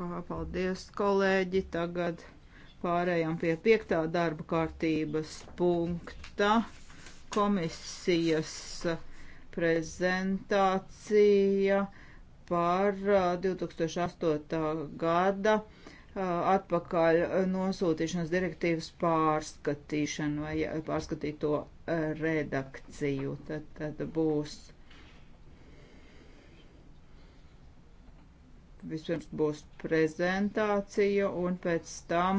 kā paldies kolēģi. Tagad pārējām pie piektā darba kārtības punkta komisijas prezentācija par 2008. Uh, gada uh, atpakaļ nosūtīšanas direktīvas pārskatīšanu vai uh, pārskatīto redakciju. Tad, tad būs Vispirms būs prezentācija un pēc tam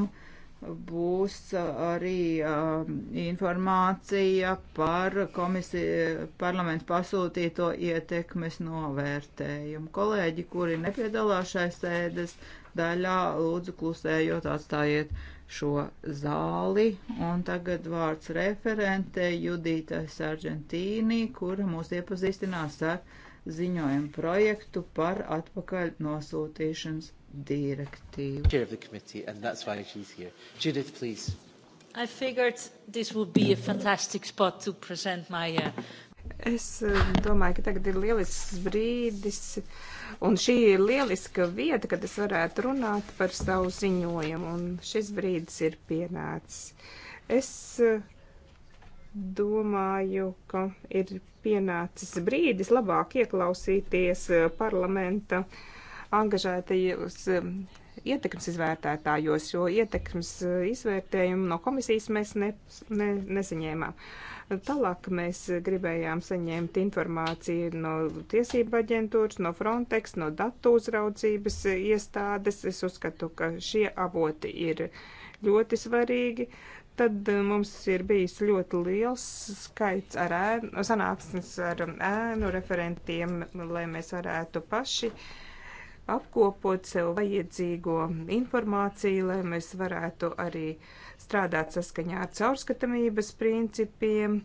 būs uh, arī um, informācija par komisiju parlamentu pasūtīto ietekmes novērtējumu. Kolēģi, kuri nepiedalās šai sēdes daļā, lūdzu klusējot atstājiet šo zāli. Un tagad vārds referente Judītai Sargentīnī, kura mūs iepazīstinās ar ziņojumu projektu par atpakaļ nosūtīšanas direktīvu. Judith, please. I figured this would be a fantastic spot to present my. Uh... Es uh, domāju, ka tagad ir lielisks brīdis, un šī ir lieliska vieta, kad es varētu runāt par savu ziņojumu, un šis brīdis ir pienācis. Es uh, domāju, ka ir pienācis brīdis labāk ieklausīties eh, parlamenta angažētajos eh, ietekmes izvērtētājos, jo ietekmes eh, izvērtējumu no komisijas mēs ne, ne, nesaņēmām. Tālāk mēs gribējām saņemt informāciju no tiesība aģentūras, no Frontex, no datu uzraudzības iestādes. Es uzskatu, ka šie avoti ir ļoti svarīgi. Uh, tad eh, mums ir bijis ļoti liels skaits ar ēnu, sanāksmes ar um, ēnu referentiem, lai mēs varētu paši apkopot sev vajadzīgo informāciju, lai mēs varētu arī strādāt saskaņā ar caurskatamības principiem.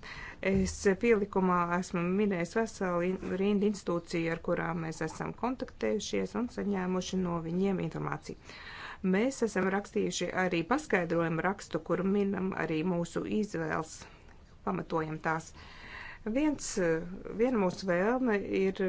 Es pielikumā esmu minējis veselu rindu institūciju, ar kurām mēs esam kontaktējušies un saņēmuši no viņiem informāciju. Mēs esam rakstījuši arī paskaidrojumu rakstu, kur minam arī mūsu izvēles, pamatojam tās. Viens, viena mūsu vēlme ir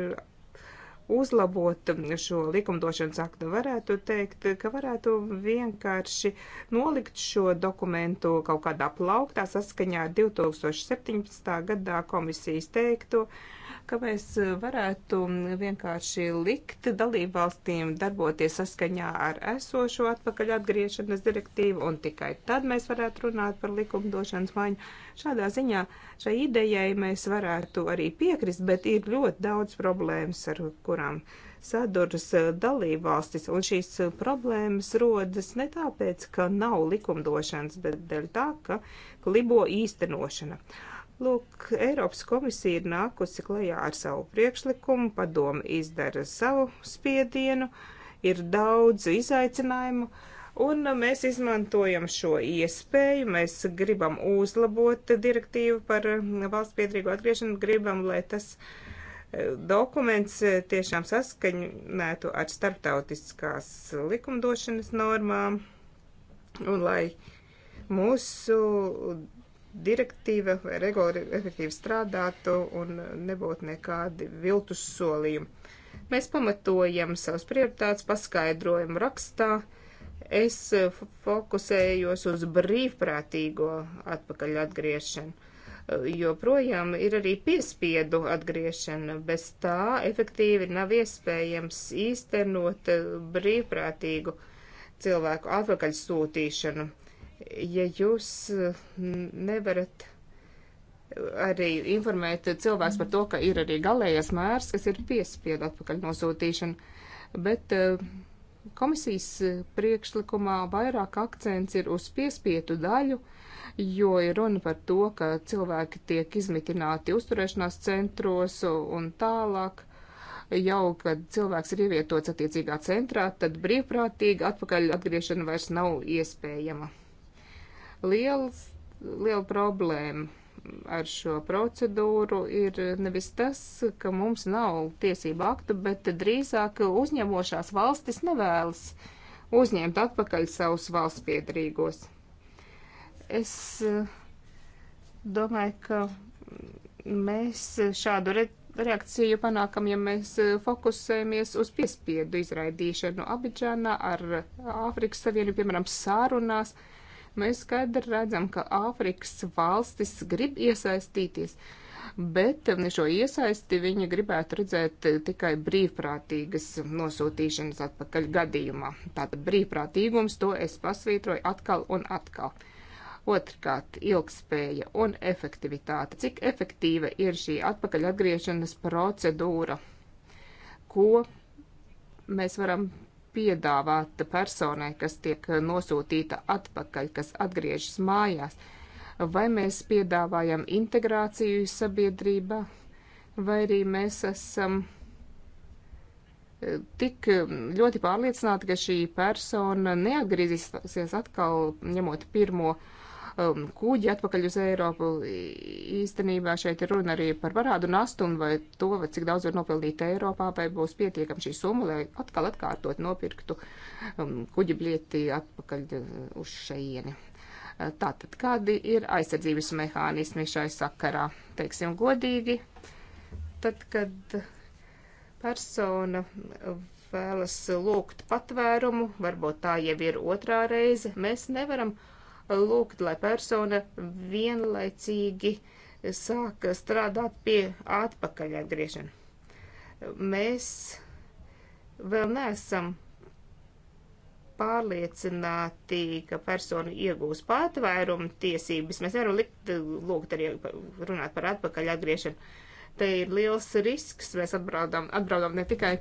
uzlabot šo likumdošanas aktu. Varētu teikt, ka varētu vienkārši nolikt šo dokumentu kaut kādā plauktā saskaņā ar 2017. gadā komisijas teikto. Uh, ka mēs varētu vienkārši likt dalībvalstīm darboties saskaņā ar esošo atpakaļ atgriešanas direktīvu, un tikai tad mēs varētu runāt par likumdošanas maiņu. Šādā ziņā šai idejai mēs varētu arī piekrist, bet ir ļoti daudz problēmas, ar kurām saduras dalībvalstis, un šīs problēmas rodas ne tāpēc, ka nav likumdošanas, bet dēļ tā, ka klibo īstenošana. Uh, Lūk, Eiropas komisija ir nākusi klajā ar savu priekšlikumu, padomu izdara savu spiedienu, ir daudz izaicinājumu, un mēs izmantojam šo iespēju, mēs gribam uzlabot direktīvu par valsts piedrīgu atgriešanu, gribam, lai tas e, dokuments e, tiešām saskaņētu ar starptautiskās likumdošanas normām, un lai mūsu direktīva vai regula efektīvi strādātu un nebūtu nekādi viltus solījumi. Mēs pamatojam savas prioritātes paskaidrojumu rakstā. Es fokusējos uz brīvprātīgo atpakaļ atgriešanu, jo projām ir arī piespiedu atgriešana. Bez tā efektīvi nav iespējams īstenot brīvprātīgu cilvēku atpakaļ sūtīšanu ja jūs eh, nevarat arī informēt cilvēks par to, ka ir arī galējais mērs, kas ir piespiedu atpakaļ nosūtīšana, bet eh, komisijas eh, priekšlikumā vairāk akcents ir uz piespiedu daļu, jo ir runa par to, ka cilvēki tiek izmitināti uzturēšanās centros un tālāk jau, kad cilvēks ir ievietots attiecīgā centrā, tad brīvprātīga atpakaļ atgriešana vairs nav iespējama. Liels, liela problēma ar šo procedūru ir nevis tas, ka mums nav tiesību aktu, bet drīzāk uzņemošās valstis nevēlas uzņemt atpakaļ savus valsts piedrīgos. Es eh, domāju, ka mēs šādu re reakciju panākam, ja mēs eh, fokusējamies uz piespiedu izraidīšanu Abidžānā ar Āfrikas Savienību, piemēram, sārunās. Uh, Mēs skaidri redzam, ka Āfrikas valstis grib iesaistīties, bet šo iesaisti viņi gribētu redzēt tikai brīvprātīgas nosūtīšanas atpakaļ gadījumā. Tātad brīvprātīgums to es pasvītroju atkal un atkal. Otrkārt, ilgspēja un efektivitāte. Cik efektīva ir šī atpakaļ atgriešanas procedūra? Ko mēs varam piedāvāt personai, kas tiek nosūtīta atpakaļ, kas atgriežas mājās? Vai mēs piedāvājam integrāciju sabiedrībā, vai arī mēs esam eh, tik mm, ļoti pārliecināti, ka šī persona neatgriezīsies atkal, ņemot pirmo uh, um, kuģi atpakaļ uz Eiropu. Īstenībā šeit ir runa arī par varādu nastu un vai to, vai cik daudz var nopildīt Eiropā, vai būs pietiekama šī summa, lai atkal atkārtot nopirktu um, kuģi blieti atpakaļ uh, uz šeieni. Uh, tātad, kādi ir aizsardzības mehānismi šai sakarā? Teiksim godīgi, tad, kad persona vēlas lūgt patvērumu, varbūt tā jau ir otrā reize, mēs nevaram lūgt, lai persona vienlaicīgi sāk strādāt pie atpakaļ atgriešana. Mēs vēl neesam pārliecināti, ka persona iegūs patvērumu tiesības. Mēs nevaram likt, lūgt arī runāt par atpakaļ atgriešanu. Te ir liels risks. Mēs atbraudām, atbraudām ne tikai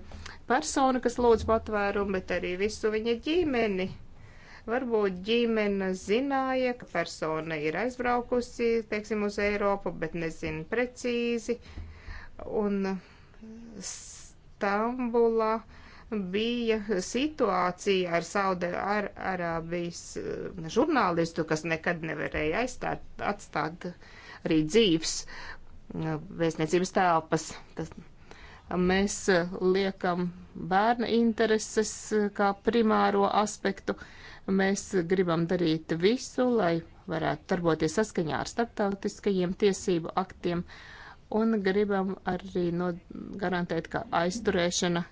personu, kas lūdz patvērumu, bet arī visu viņa ģimeni. Varbūt ģimene zināja, ka persona ir aizbraukusi, teiksim, uz Eiropu, bet nezina precīzi. Un Stambulā bija situācija ar Saudi ar Arābijas eh, žurnālistu, kas nekad nevarēja aizstāt, atstāt arī dzīves eh, vēstniecības telpas. Tas, mēs eh, liekam bērna intereses kā primāro aspektu, Mēs gribam darīt visu, lai varētu darboties saskaņā ar starptautiskajiem tiesību aktiem un gribam arī no, garantēt, ka aizturēšana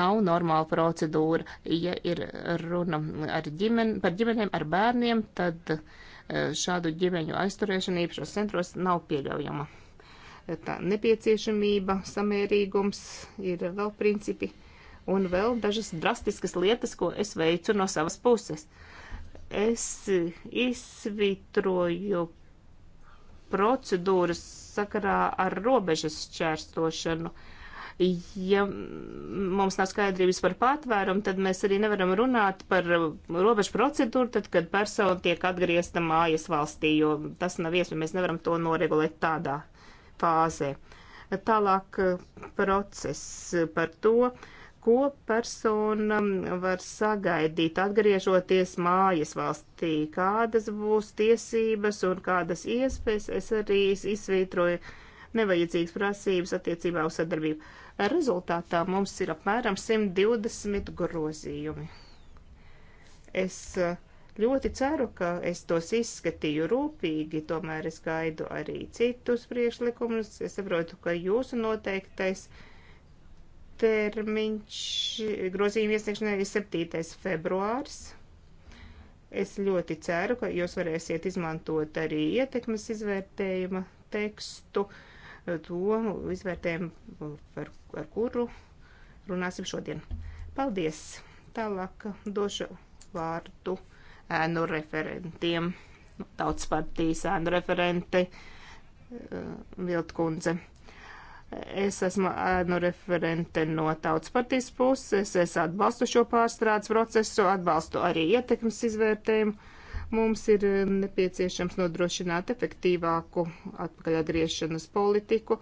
nav normāla procedūra. Ja ir runa ar ģimen, par ģimenēm, ar bērniem, tad e, šādu ģimeņu aizturēšana īpašos centros nav pieļaujama. Tā nepieciešamība, samērīgums ir vēl principi, un vēl dažas drastiskas lietas, ko es veicu no savas puses. Es izsvitroju procedūras sakarā ar robežas šķērstošanu. Ja mums nav skaidrības par patvērumu, tad mēs arī nevaram runāt par robežu procedūru, tad, kad persona tiek atgriezta mājas valstī, jo tas nav iespējams, mēs nevaram to noregulēt tādā fāzē. Tālāk eh, process par to, uh, ko persona var sagaidīt, atgriežoties mājas valstī, kādas būs tiesības un kādas iespējas. Es arī izsvītroju nevajadzīgas prasības attiecībā uz sadarbību. Rezultātā mums ir apmēram 120 grozījumi. Es eh, ļoti ceru, ka es tos izskatīju rūpīgi, tomēr es gaidu arī citus priekšlikumus. Es saprotu, ka jūsu noteiktais ir termiņš grozījuma iesniegšanai ir 7. februārs. Es ļoti ceru, ka jūs varēsiet izmantot arī ietekmes izvērtējuma tekstu, to izvērtējumu, par, ar kuru runāsim šodien. Paldies! Tālāk došu vārdu ēnu referentiem. Tautas partijas ēnu referente eh, Viltkundze. Uh, Es esmu ēnu referente no tautas partijas puses, es atbalstu šo pārstrādes procesu, atbalstu arī ietekmes izvērtējumu. Mums ir um, nepieciešams nodrošināt efektīvāku atpakaļatgriešanas politiku.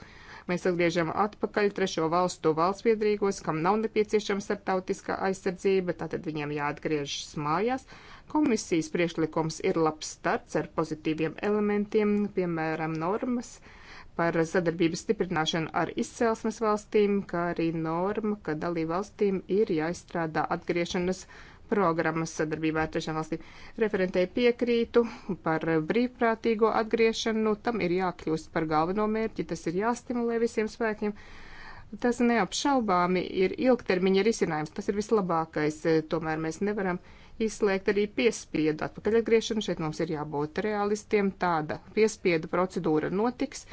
Mēs atgriežam atpakaļ trešo valstu valstspiedrīgos, kam nav nepieciešama starptautiskā aizsardzība, tātad viņiem jāatgriežas mājās. Komisijas priešlikums ir labs starts ar pozitīviem elementiem, piemēram, normas. Uh, par sadarbības stiprināšanu ar izcelsmes valstīm, kā arī norma, ka dalību valstīm ir jāizstrādā atgriešanas programmas sadarbībā ar trešām valstīm. Referentei piekrītu par brīvprātīgo atgriešanu, tam ir jākļūst par galveno mērķi, tas ir jāstimulē visiem spēkiem. Tas neapšaubāmi ir ilgtermiņa risinājums, tas ir vislabākais, tomēr mēs nevaram izslēgt arī piespiedu atpakaļatgriešanu. Šeit mums ir jābūt realistiem. Tāda piespiedu procedūra notiks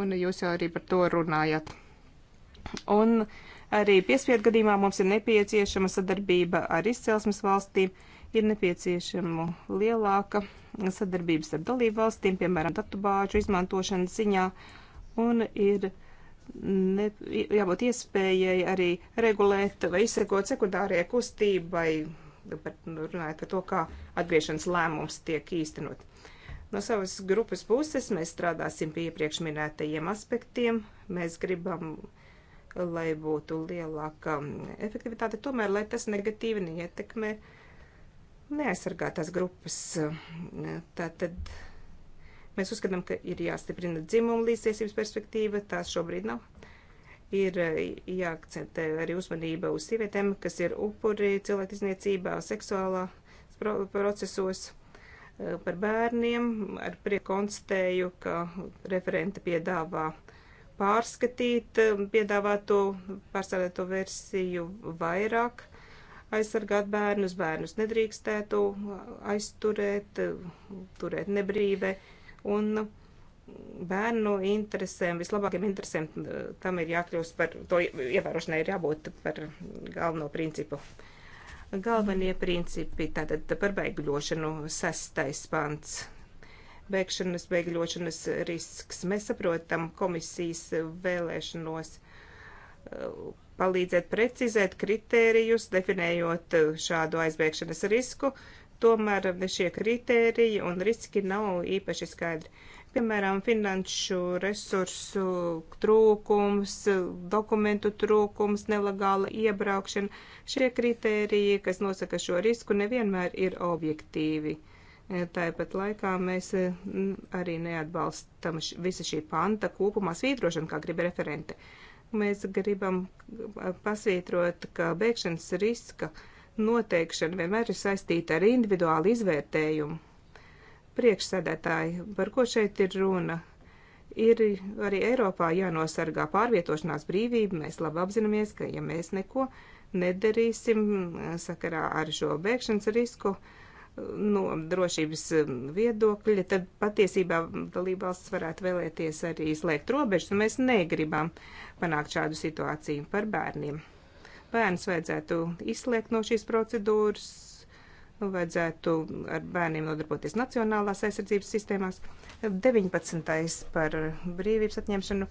un jūs jau arī par to runājat. Un arī piespiedu gadījumā mums ir nepieciešama sadarbība ar izcelsmes valstīm, ir nepieciešama lielāka sadarbības ar dalību valstīm, piemēram, datubāžu izmantošanas ziņā, un ir ne, jābūt iespējai arī regulēt vai izsekot sekundārajai kustībai, runājot par to, kā atgriešanas lēmums tiek īstenot. No savas grupas puses mēs strādāsim pie iepriekš minētajiem aspektiem. Mēs gribam, lai būtu lielāka mm, efektivitāte, tomēr, lai tas negatīvi neietekmē neaizsargātās grupas. Mm, Tātad mēs uzskatām, ka ir jāstiprina dzimuma līdztiesības perspektīva, tās šobrīd nav ir eh, jāakcentē arī uzmanība uz sievietēm, kas ir upuri cilvēktiesniecībā, seksuālā procesos. Eh, par bērniem. Ar prieku konstatēju, ka referenta piedāvā pārskatīt eh, piedāvāto pārstrādāto versiju vairāk, aizsargāt bērnus, bērnus nedrīkstētu aizturēt, eh, turēt nebrīvē. Un bērnu interesēm, vislabākiem interesēm, tam ir jākļūst par, to ievērošanai ir jābūt par galveno principu. Uh, Galvenie principi, tātad par bēgļošanu, sestais pants. Bēgšanas, bēgļošanas risks. Mēs saprotam komisijas vēlēšanos uh, palīdzēt precizēt kritērijus, definējot uh, šādu aizbēgšanas risku. Tomēr šie kritēriji un riski nav īpaši skaidri. Piemēram, finanšu resursu trūkums, dokumentu trūkums, nelegāla iebraukšana. Šie kritēriji, kas nosaka šo risku, nevienmēr ir objektīvi. E, tāpat laikā mēs e, arī neatbalstam visa šī panta kopumā svītrošanu, kā grib referente. Mēs gribam e, pasvītrot, ka bēgšanas riska noteikšana vienmēr ir saistīta ar individuālu izvērtējumu Priekšsēdētāji, par ko šeit ir runa? Ir arī Eiropā jānosargā pārvietošanās brīvība. Mēs labi apzināmies, ka ja mēs neko nedarīsim eh, sakarā ar šo bēgšanas risku eh, no drošības eh, viedokļa, tad patiesībā dalībvalsts varētu vēlēties arī slēgt robežas, un mēs negribam panākt šādu situāciju par bērniem bērns vajadzētu izslēgt no šīs procedūras, vajadzētu ar bērniem nodarboties nacionālās aizsardzības sistēmās. 19. par brīvības atņemšanu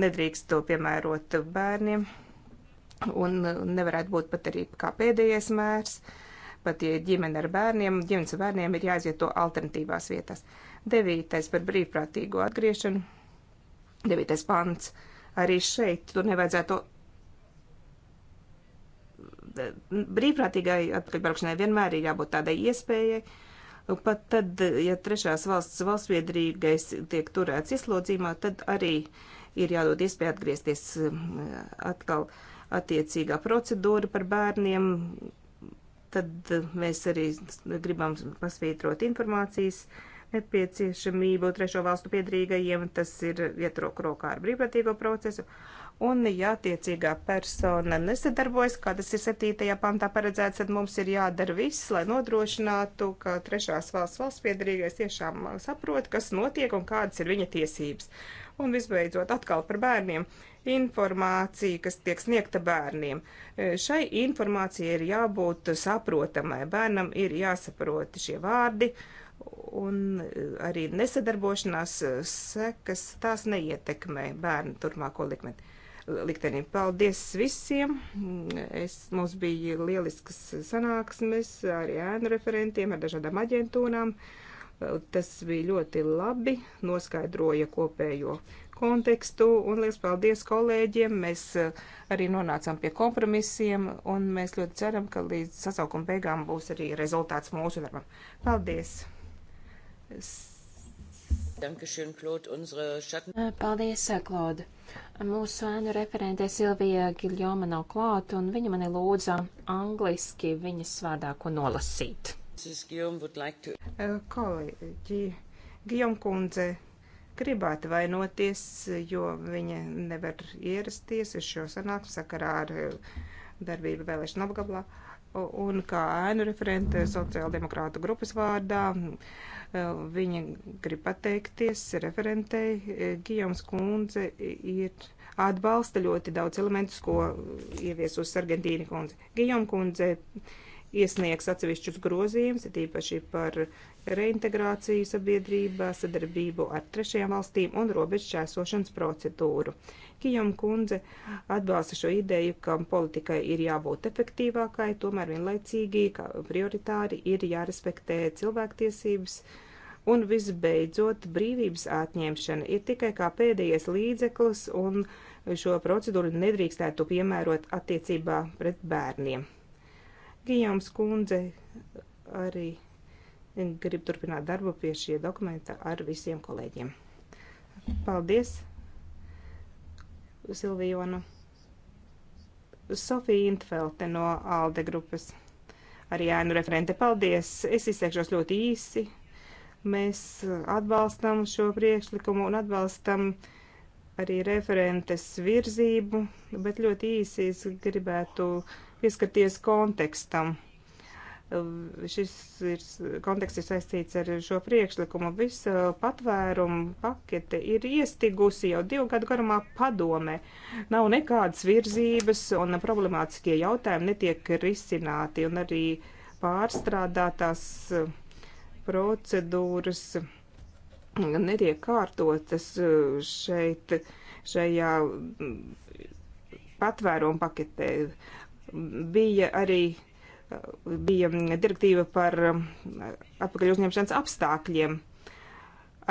nedrīkst to piemērot bērniem un nevarētu būt pat arī kā pēdējais mērs. Pat ja ģimene ar bērniem, ģimenes ar bērniem ir jāiziet to alternatīvās vietās. 9. par brīvprātīgo atgriešanu. 9. pants. Arī šeit tur nevajadzētu brīvprātīgai atpakaļbraukšanai vienmēr ir jābūt tādai iespējai. Pat tad, ja trešās valsts valstsviedrīgais tiek turēts ieslodzījumā, tad arī ir jādod iespēja atgriezties um, atkal attiecīgā procedūra par bērniem. Tad um, mēs arī gribam pasvītrot informācijas uh, nepieciešamību trešo valstu piedrīgajiem, tas ir ietrok rokā ar brīvprātīgo procesu. Un, ja attiecīgā persona nesadarbojas, kā tas ir 7. pantā paredzēts, tad mums ir jādara viss, lai nodrošinātu, ka trešās valsts valsts piedrīgais tiešām saprot, kas notiek un kādas ir viņa tiesības. Un visbeidzot, atkal par bērniem. Informācija, kas tiek sniegta bērniem. Šai informācijai ir jābūt saprotamai. Bērnam ir jāsaproti šie vārdi, uh, un eh, arī nesadarbošanās eh, sekas tās neietekmē bērnu turpmāko likmeni. Likteni. Paldies visiem! Es, mums bija lieliskas sanāksmes ar ēnu referentiem, ar dažādām aģentūrām. Eh, tas bija ļoti labi, noskaidroja kopējo kontekstu un liels paldies kolēģiem. Mēs arī nonācām pie kompromisiem un mēs ļoti ceram, ka līdz sasaukuma beigām būs arī rezultāts mūsu darbam. Paldies! Eh, paldies, Klauda. Eh, Mūsu ēnu referente Silvija Giljoma nav klāt, un viņa mani lūdza angliski viņas vārdā, ko nolasīt. Eh, kolēģi, Gijom kundze gribētu vainoties, jo viņa nevar ierasties uz šo sanāksmu sakarā ar darbību vēlēšanu apgablā. Un kā ēnu referente sociāldemokrātu grupas vārdā Viņa grib pateikties referentei. E, Gijoms kundze ir atbalsta ļoti daudz elementus, ko ieviesus Argentīna kundze. Gijom kundze iesniegs atsevišķus grozījumus, tīpaši par reintegrāciju sabiedrībā, sadarbību ar trešajām valstīm un robežu šķērsošanas procedūru. Kijam kundze atbalsta šo ideju, ka politikai ir jābūt efektīvākai, tomēr vienlaicīgi, ka prioritāri ir jārespektē cilvēktiesības. Un visbeidzot, brīvības atņemšana ir tikai kā pēdējais līdzeklis, un šo procedūru nedrīkstētu piemērot attiecībā pret bērniem. Gijams kundze arī grib turpināt darbu pie šie dokumenta ar visiem kolēģiem. Paldies! Silvijonu. Sofija Intfelte no ALDE grupas. Arī ēnu referente, paldies! Es izteikšos ļoti īsi. Mēs atbalstam šo priekšlikumu un atbalstam arī referentes virzību, bet ļoti īsi es gribētu pieskarties kontekstam Ehm, šis ir, konteksts ir saistīts ar šo priekšlikumu. Visa patvērumu pakete ir iestigusi jau divu gadu garumā padome. Nav nekādas virzības un problemātiskie jautājumi netiek risināti un arī pārstrādātās eh, procedūras netiek kārtotas eh, šeit, šajā mm, patvērumu paketē. Bija arī bija direktīva par um, atpakaļ uzņemšanas apstākļiem.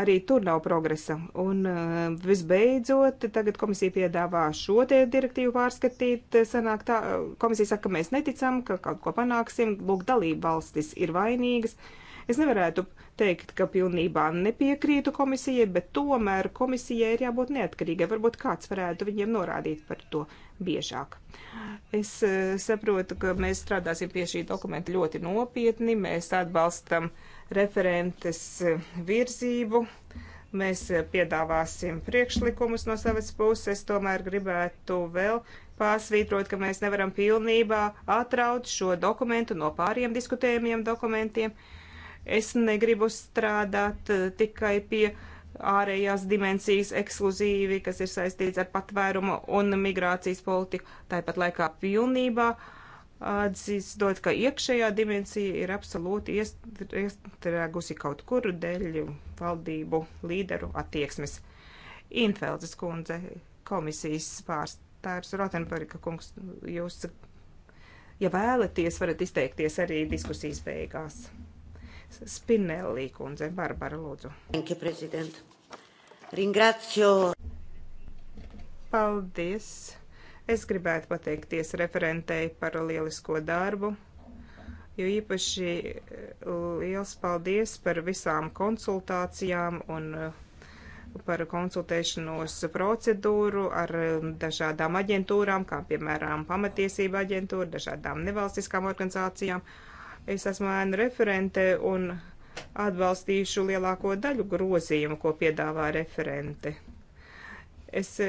Arī tur nav progresa. Un um, visbeidzot, tagad komisija piedāvā šo te direktīvu pārskatīt. Sanāk tā, uh, komisija saka, ka mēs neticam, ka kaut ko panāksim. Lūk, dalība valstis ir vainīgas. Uh, Es nevarētu teikt, ka pilnībā nepiekrītu komisijai, bet tomēr komisijai ir jābūt neatkarīgai. Varbūt kāds varētu viņiem norādīt par to biežāk. Es eh, saprotu, ka mēs strādāsim pie šī dokumenta ļoti nopietni. Mēs atbalstam referentes eh, virzību. Mēs eh, piedāvāsim priekšlikumus no savas puses, tomēr gribētu vēl pasvītrot, ka mēs nevaram pilnībā atraut šo dokumentu no pāriem diskutējumiem dokumentiem. Uh, Es negribu strādāt eh, tikai pie ārējās dimensijas ekskluzīvi, kas ir saistīts ar patvērumu un migrācijas politiku. Tāpat laikā pilnībā atzīstot, ka iekšējā dimensija ir absolūti iestrēgusi kaut kur dēļ valdību līderu attieksmes. Infeldes kundze, komisijas pārstāvis Rotenberga kungs, jūs, ja vēlaties, varat izteikties arī diskusijas beigās. Spinelli kundze. Barbara, lūdzu. Thank you, President. Ringrazio. Paldies. Es gribētu pateikties referentei par lielisko darbu, jo īpaši eh, liels paldies par visām konsultācijām un eh, par konsultēšanos procedūru ar eh, dažādām aģentūrām, kā piemēram pamatiesība aģentūra, dažādām nevalstiskām organizācijām Es esmu ēnu referente un atbalstīšu lielāko daļu grozījumu, ko piedāvā referente. Es e,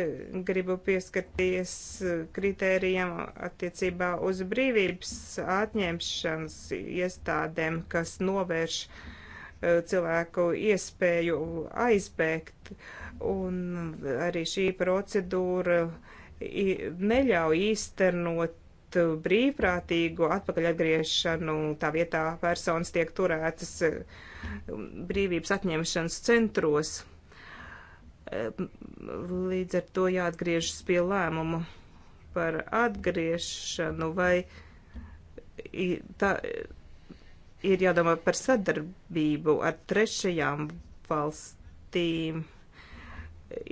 gribu pieskarties e, kritērijiem attiecībā uz brīvības atņemšanas iestādēm, kas novērš e, cilvēku iespēju aizbēgt, un arī šī procedūra neļauj īstenot panākt brīvprātīgu atpakaļ atgriešanu, tā vietā personas tiek turētas eh, brīvības atņemšanas centros. Eh, līdz ar to jāatgriežas pie lēmumu par atgriešanu vai tā ir jādomā par sadarbību ar trešajām valstīm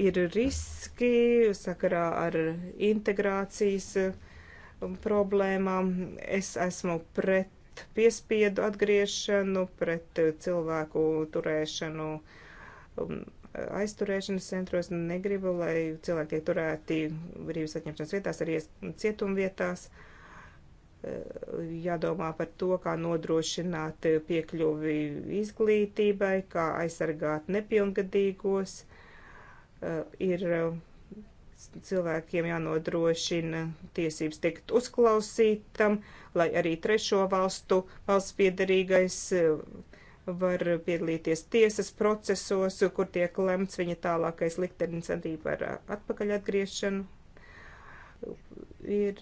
ir riski sakarā ar integrācijas problēmām. Es esmu pret piespiedu atgriešanu, pret cilvēku turēšanu um, aizturēšanas centros. Negribu, lai cilvēki tiek turēti brīvas atņemšanas vietās, arī cietumvietās. Uh, jādomā par to, kā nodrošināt piekļuvi izglītībai, kā aizsargāt nepilngadīgos. Uh, ir uh, cilvēkiem jānodrošina tiesības tikt uzklausītam, lai arī trešo valstu valsts piedarīgais eh, var piedalīties tiesas procesos, kur tiek lemts viņa tālākais liktenis arī par eh, atpakaļ atgriešanu. Ir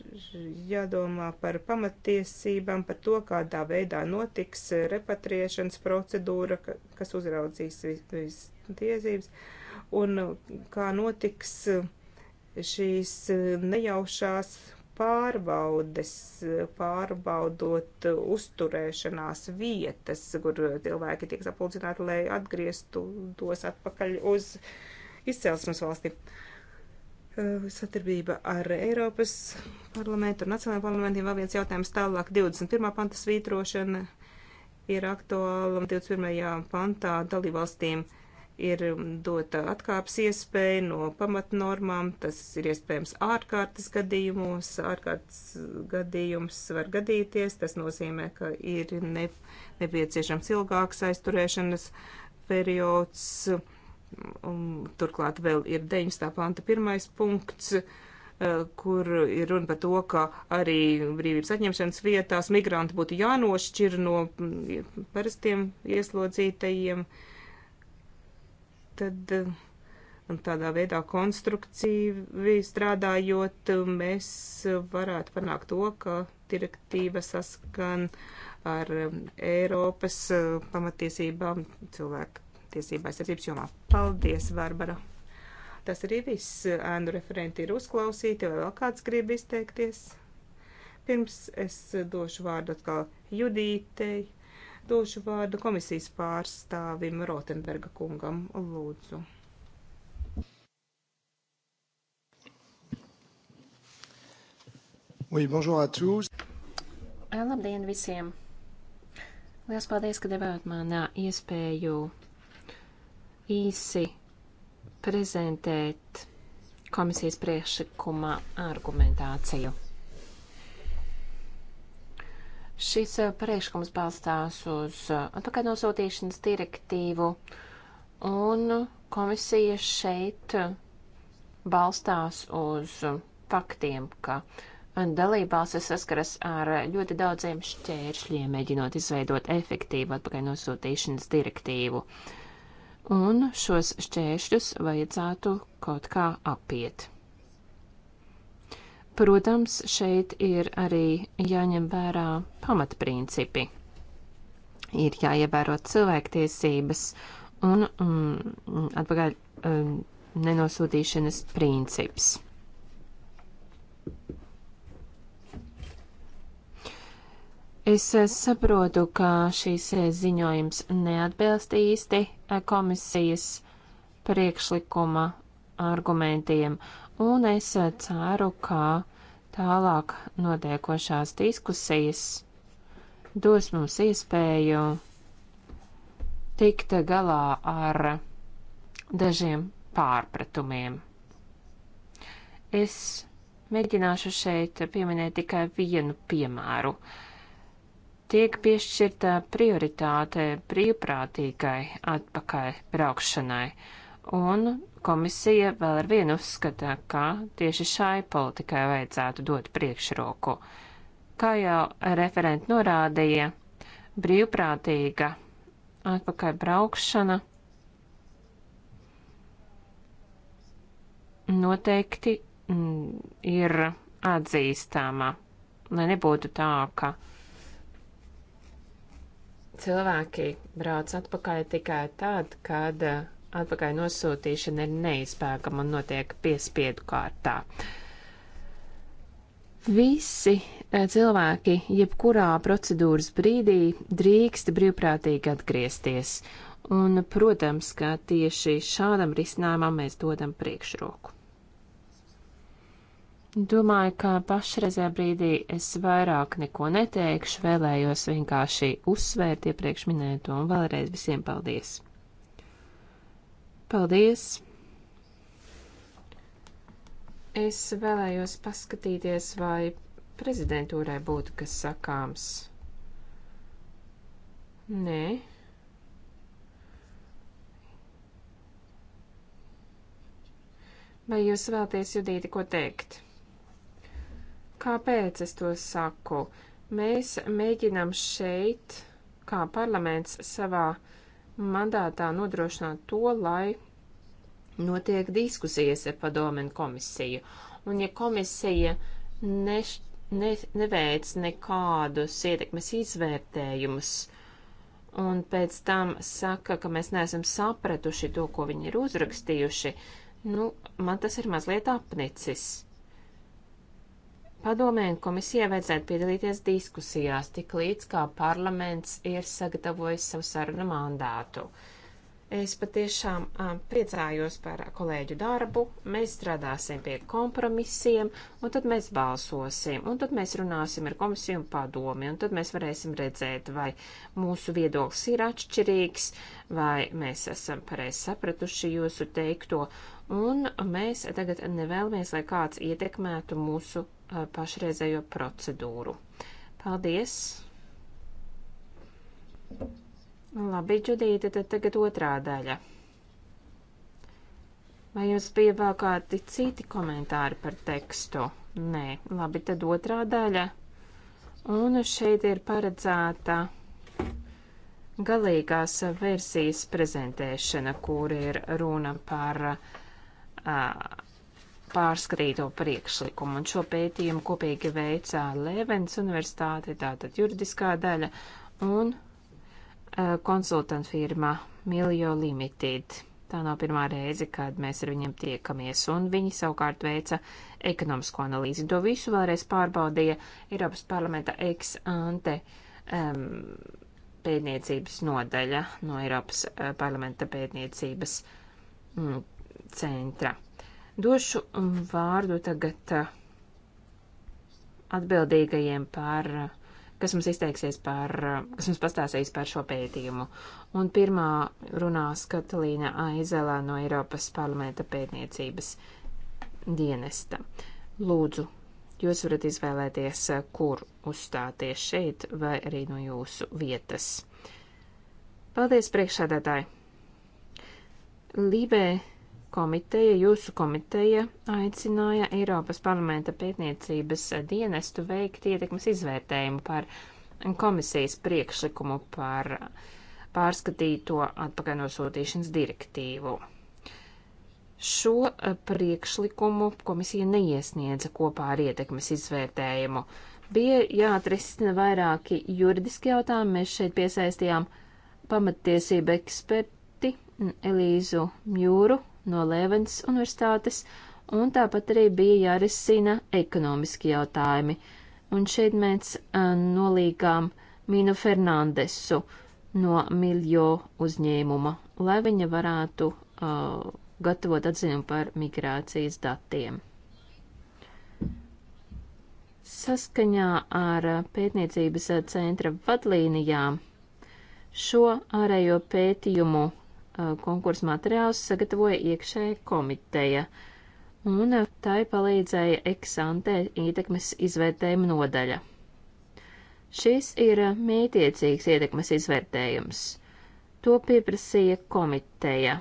jādomā par pamatiesībām, par to, kādā veidā notiks eh, repatriešanas procedūra, kas uzraudzīs visas tiesības, un kā notiks uh, šīs eh, nejaušās pārbaudes, eh, pārbaudot eh, uzturēšanās vietas, kur cilvēki tiek sapulcināti, lai atgrieztu tos atpakaļ uz izcelsmes valsti. Satarbība ar Eiropas parlamentu un nacionālajiem parlamentiem vēl viens jautājums tālāk. 21. panta svītrošana ir aktuāla 21. pantā dalībvalstīm. valstīm ir um, dota atkāpes iespēja no pamatnormām. Tas ir iespējams ārkārtas gadījumos. Ārkārtas uh, gadījums var gadīties. Tas nozīmē, ka ir ne, nepieciešams ilgāks aizturēšanas periods. Un, um, turklāt vēl ir 9. panta pirmais punkts, uh, kur ir runa par to, ka arī brīvības atņemšanas vietās migranti būtu jānošķir no mm, parastiem ieslodzītajiem. Uh, tad eh, tādā veidā konstruktīvi strādājot, mēs varētu panākt to, ka direktīva saskan ar eh, Eiropas eh, pamatiesībām cilvēku tiesībā aizsardzības jomā. Paldies, Barbara! Tas arī viss. Ēnu referenti ir uzklausīti, vai vēl kāds grib izteikties? Pirms es došu vārdu atkal Judītei Došu vārdu komisijas pārstāvim Rotenberga kungam. Lūdzu. Oui, bonjour à tous. Eh, labdien visiem! Lielas paldies, ka devāt man iespēju īsi prezentēt komisijas priekšlikuma argumentāciju. Šis eh, priekšlikums balstās uz eh, atpakaļ nosūtīšanas direktīvu, un komisija šeit eh, balstās uz faktiem, ka dalībvalstis saskaras ar ļoti daudziem šķēršļiem, mēģinot izveidot efektīvu atpakaļ nosūtīšanas direktīvu. Un šos šķēršļus vajadzētu kaut kā apiet. Protams, šeit ir arī jāņem vērā pamatprincipi. Ir jāievēro cilvēktiesības un mm, atpakaļ mm, nenosūtīšanas princips. Es eh, saprotu, ka šīs eh, ziņojums neatbilst īsti eh, komisijas priekšlikuma argumentiem, un es ceru, ka tālāk notiekošās diskusijas dos mums iespēju tikt galā ar dažiem pārpratumiem. Es mēģināšu šeit pieminēt tikai vienu piemēru. Tiek piešķirta prioritāte brīvprātīgai atpakaļ braukšanai un komisija vēl ar vienu uzskata, ka tieši šai politikai vajadzētu dot priekšroku. Kā jau referenti norādīja, brīvprātīga atpakaļ braukšana noteikti mm, ir atzīstāma, lai nebūtu tā, ka cilvēki brauc atpakaļ tikai tad, kad atpakaļ nosūtīšana ir neizpēkama un notiek piespiedu kārtā. Visi eh, cilvēki, jebkurā procedūras brīdī, drīkst brīvprātīgi atgriezties, un, protams, ka tieši šādam risinājumam mēs dodam priekšroku. Domāju, ka pašreizē brīdī es vairāk neko neteikšu, vēlējos vienkārši uzsvērt iepriekš minēto un vēlreiz visiem paldies! Paldies! Es vēlējos paskatīties, vai prezidentūrai būtu kas sakāms. Nē. Vai jūs vēlaties, Judīti, ko teikt? Kāpēc es to saku? Mēs mēģinām šeit, kā parlaments, savā mandātā nodrošināt to, lai notiek diskusijas ar padomenu komisiju. Un ja komisija neš, ne, neveic nekādus ietekmes izvērtējumus un pēc tam saka, ka mēs neesam sapratuši to, ko viņi ir uzrakstījuši, nu, man tas ir mazliet apnicis. Padomē un komisijai vajadzētu piedalīties diskusijās, tik līdz kā parlaments ir sagatavojis savu sarunu mandātu. Es patiešām priecājos par kolēģu darbu. Mēs strādāsim pie kompromisiem, un tad mēs balsosim, un tad mēs runāsim ar komisiju un padomi, un tad mēs varēsim redzēt, vai mūsu viedoklis ir atšķirīgs, vai mēs esam pareizi sapratuši jūsu teikto, un mēs tagad nevēlamies, lai kāds ietekmētu mūsu uh, pašreizējo procedūru. Paldies! Labi, Džudīte, tad tagad otrā daļa. Vai jums bija vēl kādi citi komentāri par tekstu? Nē, labi, tad otrā daļa. Un šeit ir paredzēta galīgās versijas prezentēšana, kur ir runa par uh, pārskatīto priekšlikumu, un šo pētījumu kopīgi veicā Lēvens universitāte, tātad juridiskā daļa, un konsultanta firma Miljo Limited. Tā nav pirmā reize, kad mēs ar viņiem tiekamies, un viņi savukārt veica ekonomisko analīzi. To visu vēlreiz pārbaudīja Eiropas parlamenta ex-ante um, pētniecības nodaļa no Eiropas uh, parlamenta pētniecības mm, centra. Došu vārdu tagad uh, atbildīgajiem par, uh, kas mums izteiksies par, uh, kas mums pastāstīs par šo pētījumu. Un pirmā runās Katalīna Aizelā no Eiropas parlamenta pētniecības dienesta. Lūdzu, jūs varat izvēlēties, kur uzstāties šeit vai arī no jūsu vietas. Paldies, priekšsēdētāji! Lībē komiteja, jūsu komiteja aicināja Eiropas parlamenta pētniecības dienestu veikt ietekmes izvērtējumu par komisijas priekšlikumu par pārskatīto atpakaļ nosūtīšanas direktīvu. Šo eh, priekšlikumu komisija neiesniedza kopā ar ietekmes izvērtējumu. Bija jāatrisina vairāki juridiski jautājumi. Mēs šeit piesaistījām pamatiesību eksperti Elīzu Mjūru no Lēvens universitātes, un tāpat arī bija jārisina ekonomiski jautājumi. Un šeit mēs uh, nolīgām Minu Fernandesu no Miljo uzņēmuma, lai viņa varētu uh, gatavot atziņu par migrācijas datiem. Saskaņā ar pētniecības centra vadlīnijām šo ārējo pētījumu Uh, konkursu materiālus sagatavoja iekšēja komiteja, un uh, tai palīdzēja eksantē ietekmes izvērtējuma nodaļa. Šis ir uh, mētiecīgs ietekmes izvērtējums. To pieprasīja komiteja.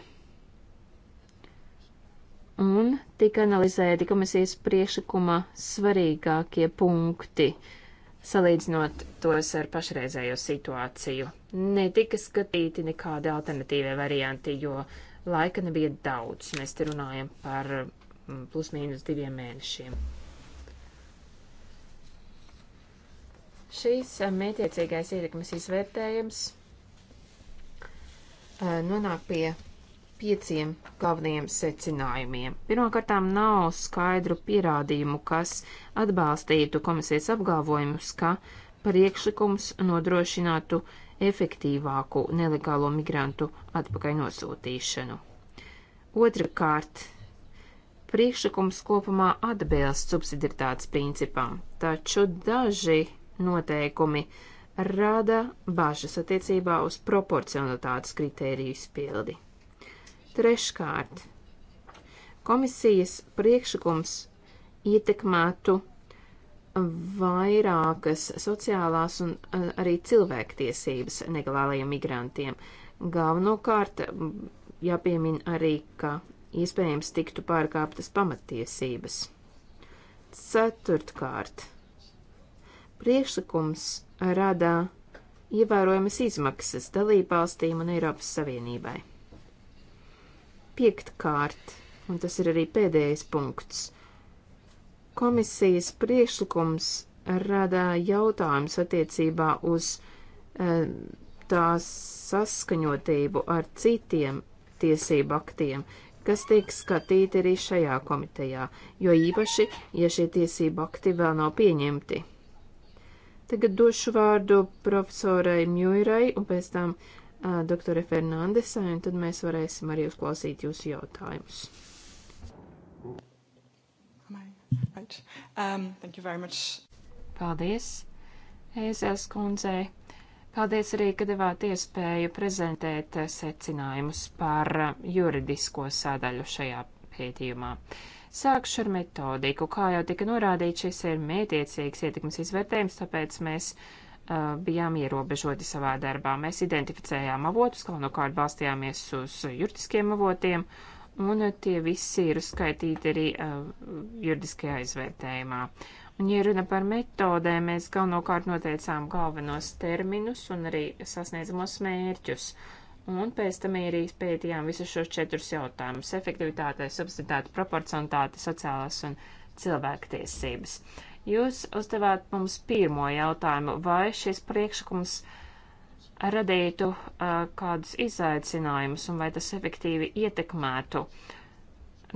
Un tika analizēti komisijas priekšlikuma svarīgākie punkti. Uh, salīdzinot tos ar pašreizējo situāciju. Netika skatīti nekādi alternatīvie varianti, jo laika nebija daudz. Mēs te runājam par mm, plus mīnus diviem mēnešiem. Šīs eh, mētiecīgais ietekmes izvērtējums eh, nonāk pie pieciem galvenajiem secinājumiem. Pirmkārtām nav skaidru pierādījumu, kas atbalstītu komisijas apgalvojumus, ka priekšlikums nodrošinātu efektīvāku nelegālo migrantu atpakaļ nosūtīšanu. Otrakārt, priekšlikums kopumā atbilst subsidiaritātes principam, taču daži noteikumi rada bažas attiecībā uz proporcionalitātes kritēriju izpildi. Treškārt, komisijas priekšlikums ietekmētu vairākas sociālās un arī cilvēktiesības negalālajiem migrantiem. Galvenokārt jāpiemin arī, ka iespējams tiktu pārkāptas pamatiesības. Ceturtkārt, priekšlikums rada ievērojamas izmaksas dalībvalstīm un Eiropas Savienībai. Piektkārt, un tas ir arī pēdējais punkts, komisijas priekšlikums rada jautājums attiecībā uz eh, tās saskaņotību ar citiem tiesību aktiem, kas tiek skatīti arī šajā komitejā, jo īpaši, ja šie tiesību akti vēl nav pieņemti. Tagad došu vārdu profesorai Mjuirai un pēc tam doktore Fernandesai, un tad mēs varēsim arī uzklausīt jūsu jautājumus. Right. Um, Paldies, Eizers kundzei. Paldies arī, ka devāt iespēju prezentēt secinājumus par juridisko sadaļu šajā pētījumā. Sākšu ar metodiku. Kā jau tika norādīts, šis ir mētiecīgs ietekmes izvērtējums, tāpēc mēs bijām ierobežoti savā darbā. Mēs identificējām avotus, galvenokārt balstījāmies uz juridiskiem avotiem, un tie visi ir uzskaitīti arī juridiskajā izvērtējumā. Un, ja runa par metodēm, mēs galvenokārt noteicām galvenos terminus un arī sasniedzamos mērķus. Un pēc tam arī izpētījām visus šos četrus jautājumus - efektivitāte, subsiditāte, proporcionalitāte, sociālās un cilvēktiesības. Uh, Jūs uzdevāt mums pirmo jautājumu, vai šis priekšlikums radītu uh, kādus izaicinājumus un vai tas efektīvi ietekmētu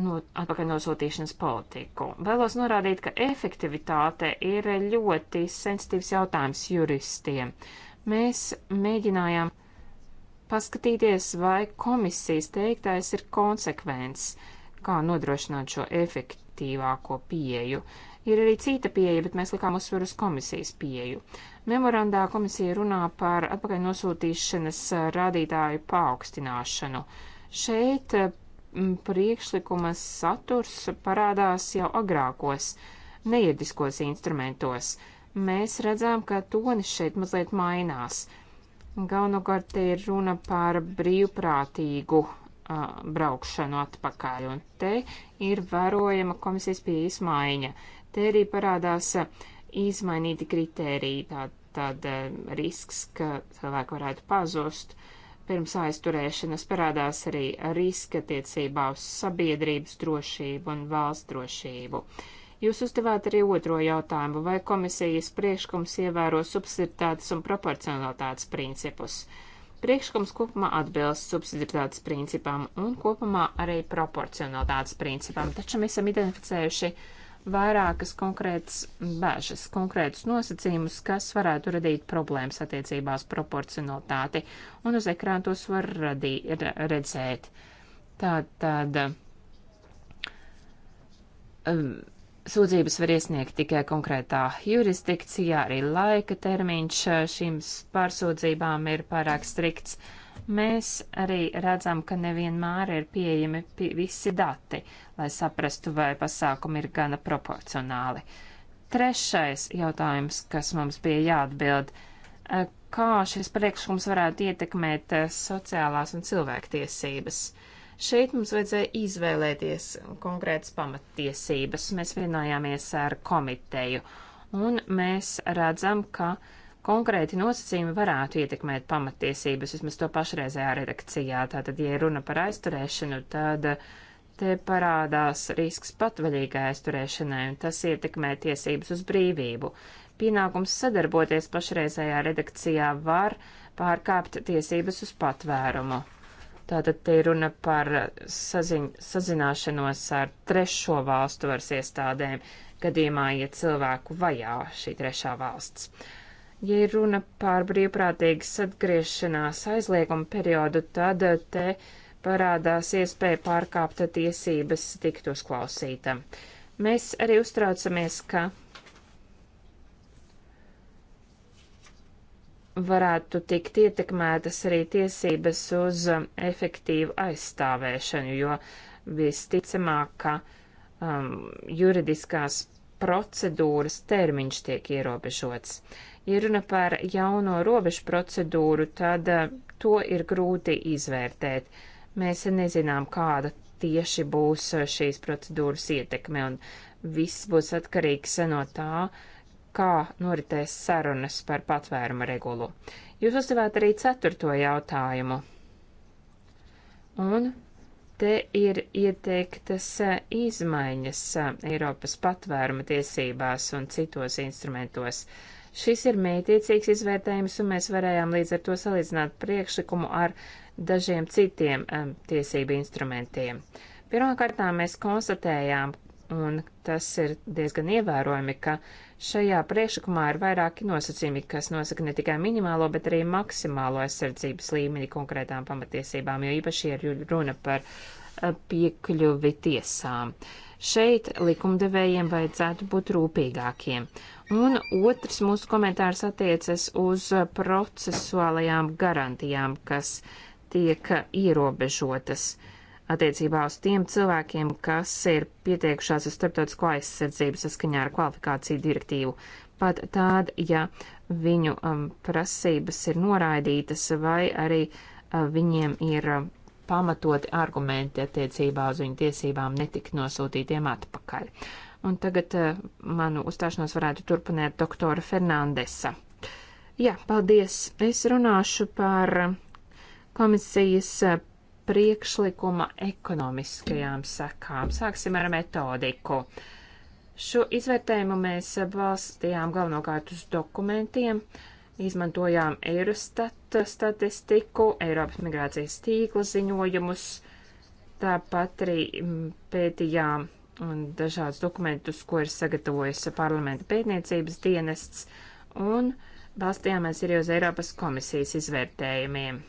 no, atpakaļ nosūtīšanas politiku. Vēlos norādīt, ka efektivitāte ir ļoti sensitīvs jautājums juristiem. Mēs mēģinājām paskatīties, vai komisijas teiktais ir konsekvents, kā nodrošināt šo efektīvāko pieju. Uh, Ir arī cita pieeja, bet mēs likām uzsveru uz komisijas pieeju. Memorandā komisija runā par atpakaļ nosūtīšanas eh, rādītāju paaugstināšanu. Šeit eh, priekšlikuma saturs parādās jau agrākos neirdiskos instrumentos. Mēs redzam, ka tonis šeit mazliet mainās. Galvenokārt te ir runa par brīvprātīgu uh, braukšanu atpakaļ, un te ir vērojama komisijas pieejas maiņa. Te arī parādās eh, izmainīti kritēriji, tātad tā, eh, risks, ka cilvēki varētu pazust. Pirms aizturēšanas parādās arī riska attiecībā uz sabiedrības drošību un valsts drošību. Jūs uzdevāt arī otro jautājumu, vai komisijas priekšlikums ievēro subsidiaritātes un proporcionalitātes principus. Priekšlikums kopumā atbilst subsidiaritātes principam un kopumā arī proporcionalitātes principam, taču mēs esam identificējuši uh, vairākas konkrētas bāžas, konkrētus nosacījumus, kas varētu radīt problēmas attiecībās proporcionalitāti, un uz ekrāna tos var radī, redzēt. Tātad um, sūdzības var iesniegt tikai konkrētā jurisdikcijā, arī laika termiņš uh, šīm pārsūdzībām ir pārāk strikts. Uh, Mēs arī redzam, ka nevienmēr ir pieejami visi dati, lai saprastu, vai pasākumi ir gana proporcionāli. Trešais jautājums, kas mums bija jāatbild, e, kā šis priekšlikums varētu ietekmēt e, sociālās un cilvēktiesības. Šeit mums vajadzēja izvēlēties konkrētas pamattiesības. Mēs vienojāmies ar komiteju, un mēs redzam, ka uh, konkrēti nosacījumi varētu ietekmēt pamatiesības, vismaz to pašreizējā redakcijā. Tātad, ja runa par aizturēšanu, tad te parādās risks patvaļīgai aizturēšanai, un tas ietekmē tiesības uz brīvību. Pienākums sadarboties pašreizējā redakcijā var pārkāpt tiesības uz patvērumu. Tātad te ir runa par saziņ, sazināšanos ar trešo valstu varas iestādēm, gadījumā, ja cilvēku vajā šī trešā valsts. Uh, Ja ir runa par brīvprātīgas atgriešanās aizlieguma periodu, tad eh, te parādās iespēja pārkāpt tiesības tikt uzklausītam. Mēs arī uztraucamies, ka varētu tikt ietekmētas arī tiesības uz um, efektīvu aizstāvēšanu, jo visticamāk, ka um, juridiskās procedūras termiņš tiek ierobežots. Uh, Ja runa par jauno robežu procedūru, tad eh, to ir grūti izvērtēt. Mēs nezinām, kāda tieši būs eh, šīs procedūras ietekme, un viss būs atkarīgs eh, no tā, kā noritēs sarunas par patvēruma regulu. Jūs uzdevāt arī ceturto jautājumu. Un te ir ieteiktas izmaiņas Eiropas patvēruma tiesībās un citos instrumentos. Uh, Šis ir mētiecīgs izvērtējums, un mēs varējām līdz ar to salīdzināt priekšlikumu ar dažiem citiem um, tiesību instrumentiem. Pirmkārt, mēs konstatējām, un tas ir diezgan ievērojami, ka šajā priekšlikumā ir vairāki nosacījumi, kas nosaka ne tikai minimālo, bet arī maksimālo aizsardzības līmeni konkrētām pamatiesībām, jo īpaši ir runa par eh, piekļuvi tiesām. Šeit likumdevējiem vajadzētu būt rūpīgākiem, Un otrs mūsu komentārs attiecas uz procesuālajām garantijām, kas tiek ierobežotas attiecībā uz tiem cilvēkiem, kas ir pieteikušās uz starptautisko aizsardzību saskaņā ar kvalifikāciju direktīvu. Pat tād, ja viņu um, prasības ir noraidītas vai arī uh, viņiem ir uh, pamatoti argumenti attiecībā uz viņu tiesībām netikt nosūtītiem atpakaļ. Uh, Un tagad uh, manu uzstāšanos varētu turpināt doktora Fernandesa. Jā, paldies. Es runāšu par komisijas eh, priekšlikuma ekonomiskajām sekām. Sāksim ar metodiku. Šo izvērtējumu mēs balstījām galvenokārt uz dokumentiem, izmantojām Eurostat statistiku, Eiropas migrācijas tīkla ziņojumus, tāpat arī mm, pētījām dažādus dokumentus, ko ir sagatavojis parlamenta pētniecības dienests, un balstījāmies arī uz Eiropas komisijas izvērtējumiem.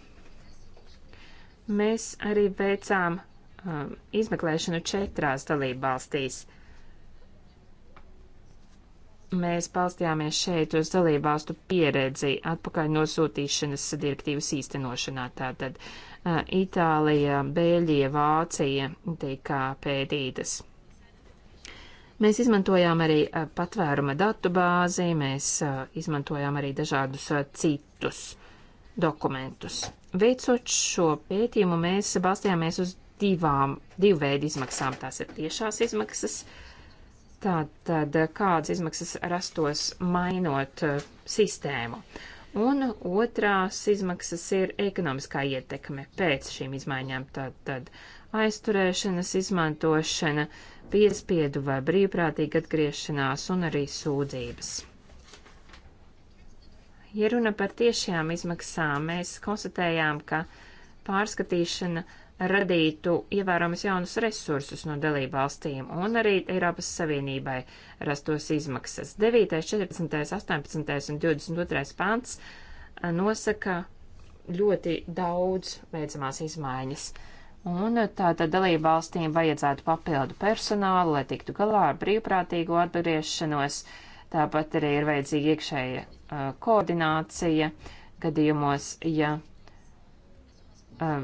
Mēs arī veicām um, izmeklēšanu četrās dalībvalstīs. Mēs balstījāmies šeit uz dalībvalstu pieredzi atpakaļ nosūtīšanas direktīvas īstenošanā. Tātad uh, Itālija, Bēļģija, Vācija tika pētītas. Mēs izmantojām arī patvēruma datu bāzi, mēs izmantojām arī dažādus citus dokumentus. Veicot šo pētījumu, mēs balstījāmies uz divām, divu veidu izmaksām. Tās ir tiešās izmaksas. Tātad, kādas izmaksas rastos mainot sistēmu. Un otrās izmaksas ir ekonomiskā ietekme pēc šīm izmaiņām. Tātad, aizturēšanas izmantošana, uh, piespiedu vai brīvprātīgu atgriešanās un arī sūdzības. Ja runa par tiešajām izmaksām, mēs konstatējām, ka pārskatīšana radītu ievērojams jaunus resursus no dalību valstīm un arī Eiropas Savienībai rastos izmaksas. 9., 14., 18. un 22. pants nosaka ļoti daudz veicamās izmaiņas. Un tātad dalību valstīm vajadzētu papildu personālu, lai tiktu galā ar brīvprātīgo atgriešanos. Tāpat arī ir vajadzīga iekšēja uh, koordinācija gadījumos, ja uh,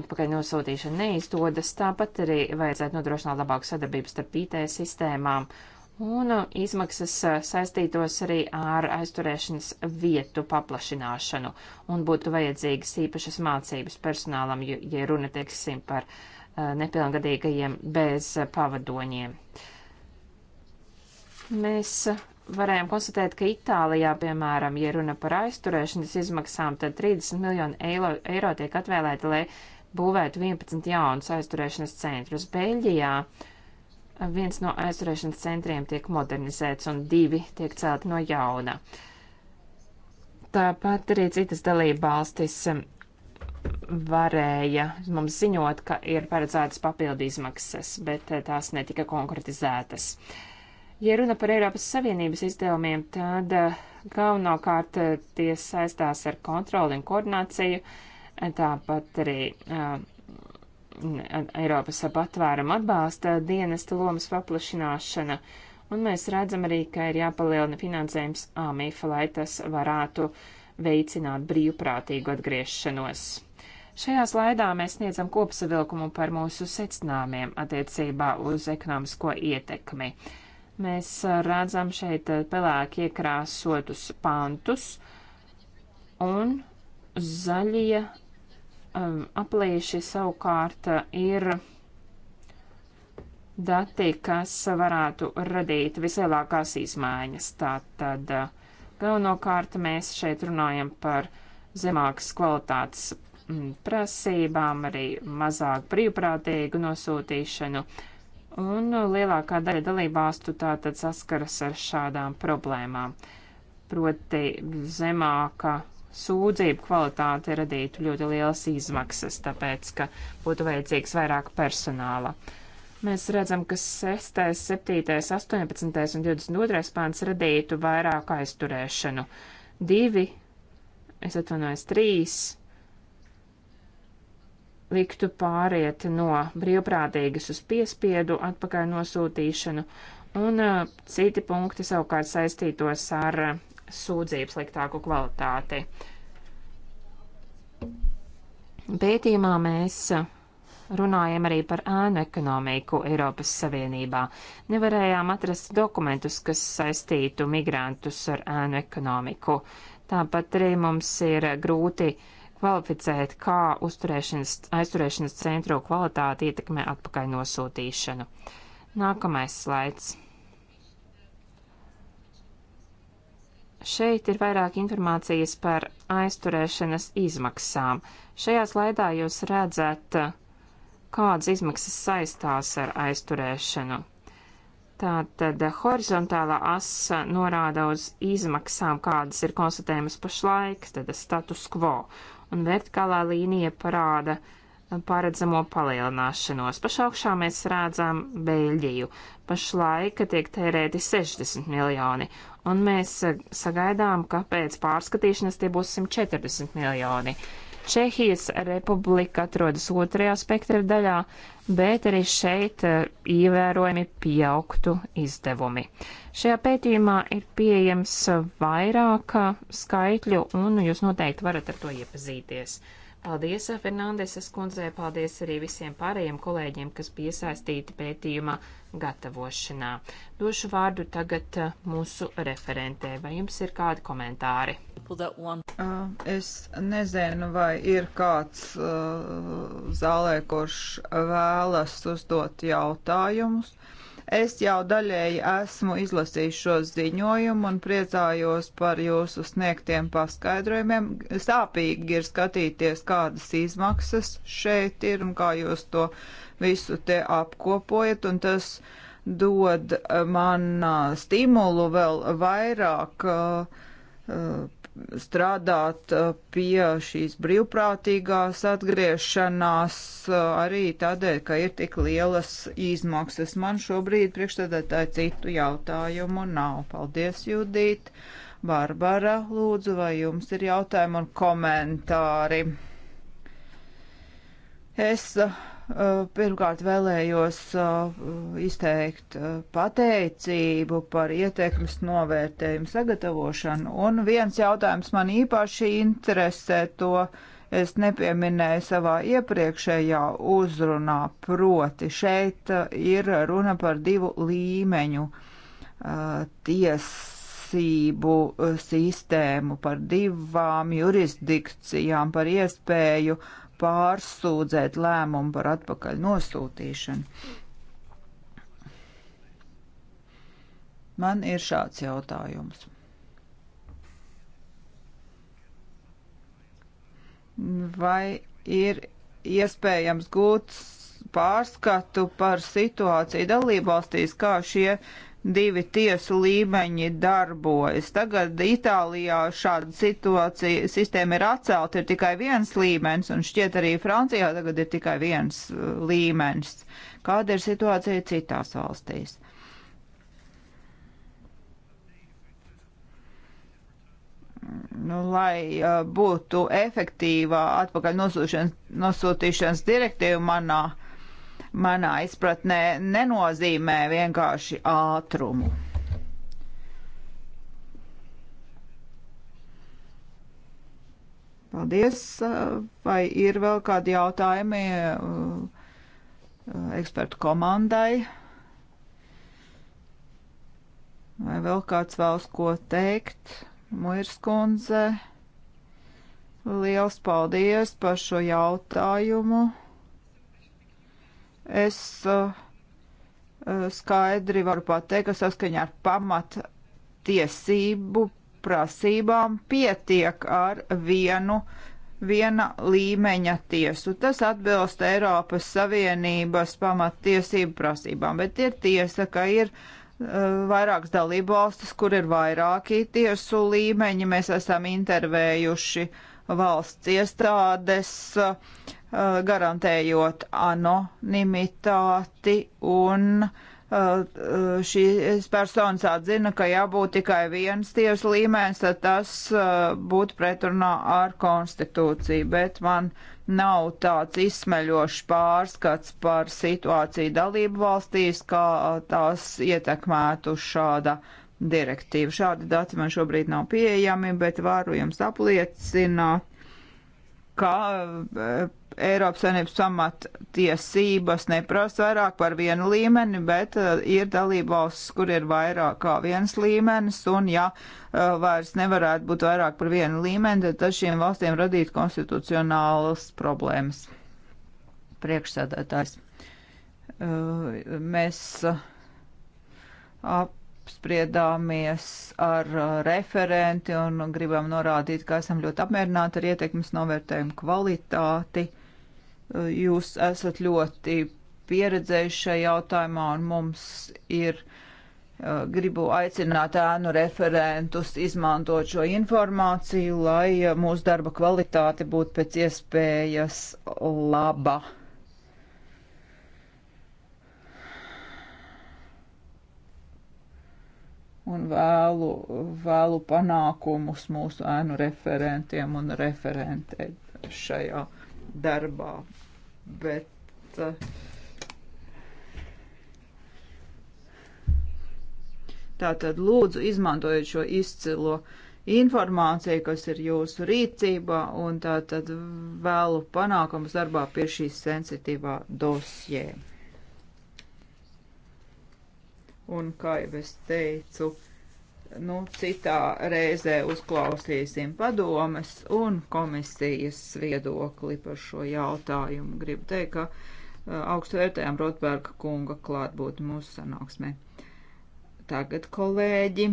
atpakaļ nosūtīšana neizdodas. Tāpat arī vajadzētu nodrošināt labāku sadarbību starp IT sistēmām. Uh, un uh, izmaksas uh, saistītos arī ar aizturēšanas vietu paplašināšanu, un būtu vajadzīgas īpašas mācības personālam, ja runa, teiksim, par uh, nepilngadīgajiem bez pavadoņiem. Mēs varējām konstatēt, ka Itālijā, piemēram, ja runa par aizturēšanas izmaksām, tad 30 miljonu eiro, eiro tiek atvēlēti, lai būvētu 11 jaunus aizturēšanas centrus Beļģijā viens no aizturēšanas centriem tiek modernizēts un divi tiek celti no jauna. Tāpat arī citas dalība valstis um, varēja mums ziņot, ka ir paredzētas papildu izmaksas, bet eh, tās netika konkretizētas. Ja runa par Eiropas Savienības izdevumiem, tad eh, galvenokārt eh, tie saistās ar kontroli un koordināciju, tāpat arī uh, Eiropas patvēruma atbalsta dienesta lomas paplašināšana, un mēs redzam arī, ka ir jāpalielina finansējums AMIF, lai tas varētu veicināt brīvprātīgu atgriešanos. Šajā slaidā mēs sniedzam kopsavilkumu par mūsu secinājumiem attiecībā uz ekonomisko ietekmi. Mēs redzam šeit pelēk iekrāsotus pantus, un zaļie um, aplīši savukārt uh, ir dati, kas varētu radīt vislielākās izmaiņas. Tātad uh, galvenokārt mēs šeit runājam par zemākas kvalitātes mm, prasībām, arī mazāk brīvprātīgu nosūtīšanu, un lielākā daļa dalībvalstu tātad saskaras ar šādām problēmām. Proti zemāka sūdzību kvalitāte radītu ļoti lielas izmaksas, tāpēc, ka būtu vajadzīgs vairāk personāla. Mēs redzam, ka 6., 7., 18. un 22. pāns radītu vairāk aizturēšanu. Divi, es atvainojos, trīs liktu pāriet no brīvprātīgas uz piespiedu atpakaļ nosūtīšanu, un uh, citi punkti savukārt saistītos ar uh, sūdzību sliktāku kvalitāti. Pētījumā mēs runājam arī par ēnu ekonomiku Eiropas Savienībā. Nevarējām atrast dokumentus, kas saistītu migrantus ar ēnu ekonomiku. Tāpat arī mums ir grūti kvalificēt, kā uzturēšanas, aizturēšanas centru kvalitāti ietekmē atpakaļ nosūtīšanu. Nākamais slaids. Šeit ir vairāk informācijas par aizturēšanas izmaksām. Šajā slaidā jūs redzat, kādas izmaksas saistās ar aizturēšanu. Tātad horizontālā asa norāda uz izmaksām, kādas ir konstatējamas pašlaik, tad status quo, un vertikālā līnija parāda paredzamo palielināšanos. Pašaugšā mēs rādzām Beļģiju. Pašlaik tiek tērēti 60 miljoni, un mēs sagaidām, ka pēc pārskatīšanas tie būs 140 miljoni. Čehijas republika atrodas otrajā spektra daļā, bet arī šeit eh, ievērojami pieaugtu izdevumi. Šajā pētījumā ir pieejams vairāk skaitļu, un jūs noteikti varat ar to iepazīties. Paldies Fernandeses kundzei, paldies arī visiem pārējiem kolēģiem, kas bija iesaistīti pētījuma gatavošanā. Došu vārdu tagad eh, mūsu referentē. Vai jums ir kādi komentāri? Es nezinu, vai ir kāds uh, zālē, kurš vēlas uzdot jautājumus. Uh, Es jau daļēji esmu izlasījis šo ziņojumu un priecājos par jūsu sniegtiem paskaidrojumiem. Sāpīgi ir skatīties, kādas izmaksas šeit ir un kā jūs to visu te apkopojat, un tas dod eh, man eh, stimulu vēl vairāk uh, Eh, strādāt eh, pie šīs brīvprātīgās atgriešanās eh, arī tādēļ, ka ir tik lielas izmaksas. Man šobrīd priekšstādātāji citu jautājumu nav. Paldies, Judīt. Barbara, lūdzu, vai jums ir jautājumi un komentāri? Es Eh, pirmkārt vēlējos eh, izteikt eh, pateicību par ietekmes novērtējumu sagatavošanu, un viens jautājums man īpaši interesē to, es nepieminēju savā iepriekšējā uzrunā, proti šeit ir runa par divu līmeņu tiesību sistēmu, par divām jurisdikcijām, par iespēju uh, pārsūdzēt lēmumu par atpakaļ nosūtīšanu. Man ir šāds jautājums. Vai ir iespējams gūt pārskatu par situāciju dalībvalstīs, kā šie uh, divi tiesu līmeņi darbojas. Tagad Itālijā šāda situācija, sistēma ir atcelta, ir tikai viens līmenis, un šķiet arī Francijā tagad ir tikai viens uh, līmenis. Kāda ir situācija citās valstīs? Nu, lai uh, būtu efektīvā atpakaļ nosūtīšanas direktīva manā uh, manā izpratnē nenozīmē vienkārši ātrumu. Paldies. Vai ir vēl kādi jautājumi uh, ekspertu komandai? Vai vēl kāds vēlas ko teikt? Muirs kundze, liels paldies par šo jautājumu. Es uh, uh, skaidri varu pateikt, ka saskaņā ar pamat tiesību prasībām pietiek ar vienu viena līmeņa tiesu. Tas atbilst Eiropas Savienības pamattiesību prasībām, bet ir tiesa, ka ir uh, vairākas dalībvalstis, kur ir vairāki tiesu līmeņi. Mēs esam intervējuši uh, valsts iestādes, eh, garantējot anonimitāti un eh, šīs personas atzina, ka jābūt tikai viens tiesas līmenis, tad tas eh, būtu pretrunā ar konstitūciju, bet man nav tāds izsmeļošs pārskats par situāciju dalību valstīs, kā tās ietekmētu šāda direktīvu. Šādi dati man šobrīd nav pieejami, bet varu jums apliecināt, ka e, Eiropas Savienības pamattiesības neprasa vairāk par vienu līmeni, bet e, ir dalība valsts, kur ir vairāk kā viens līmenis, un ja e, vairs nevarētu būt vairāk par vienu līmeni, tad šiem valstiem radītu konstitucionālas problēmas. Priekšsēdētājs. Mēs ap apspriedāmies ar uh, referenti un gribam norādīt, ka esam ļoti apmierināti ar ietekmes novērtējumu kvalitāti. Uh, jūs esat ļoti pieredzējuši šajā jautājumā un mums ir uh, gribu aicināt ēnu referentus izmantot šo informāciju, lai mūsu darba kvalitāte būtu pēc iespējas laba. un vēlu, vēlu panākumus mūsu ēnu referentiem un referentē šajā darbā. Bet eh, tātad lūdzu izmantojiet šo izcilo informāciju, kas ir jūsu rīcībā, un tātad vēlu panākumus darbā pie šīs sensitīvā dosjē un, kā jau es teicu, nu, citā reizē uzklausīsim padomes un komisijas viedokli par šo jautājumu. Gribu teikt, ka augstu vērtējām Rotberga kunga klātbūtni mūsu sanāksmē. Tagad, kolēģi,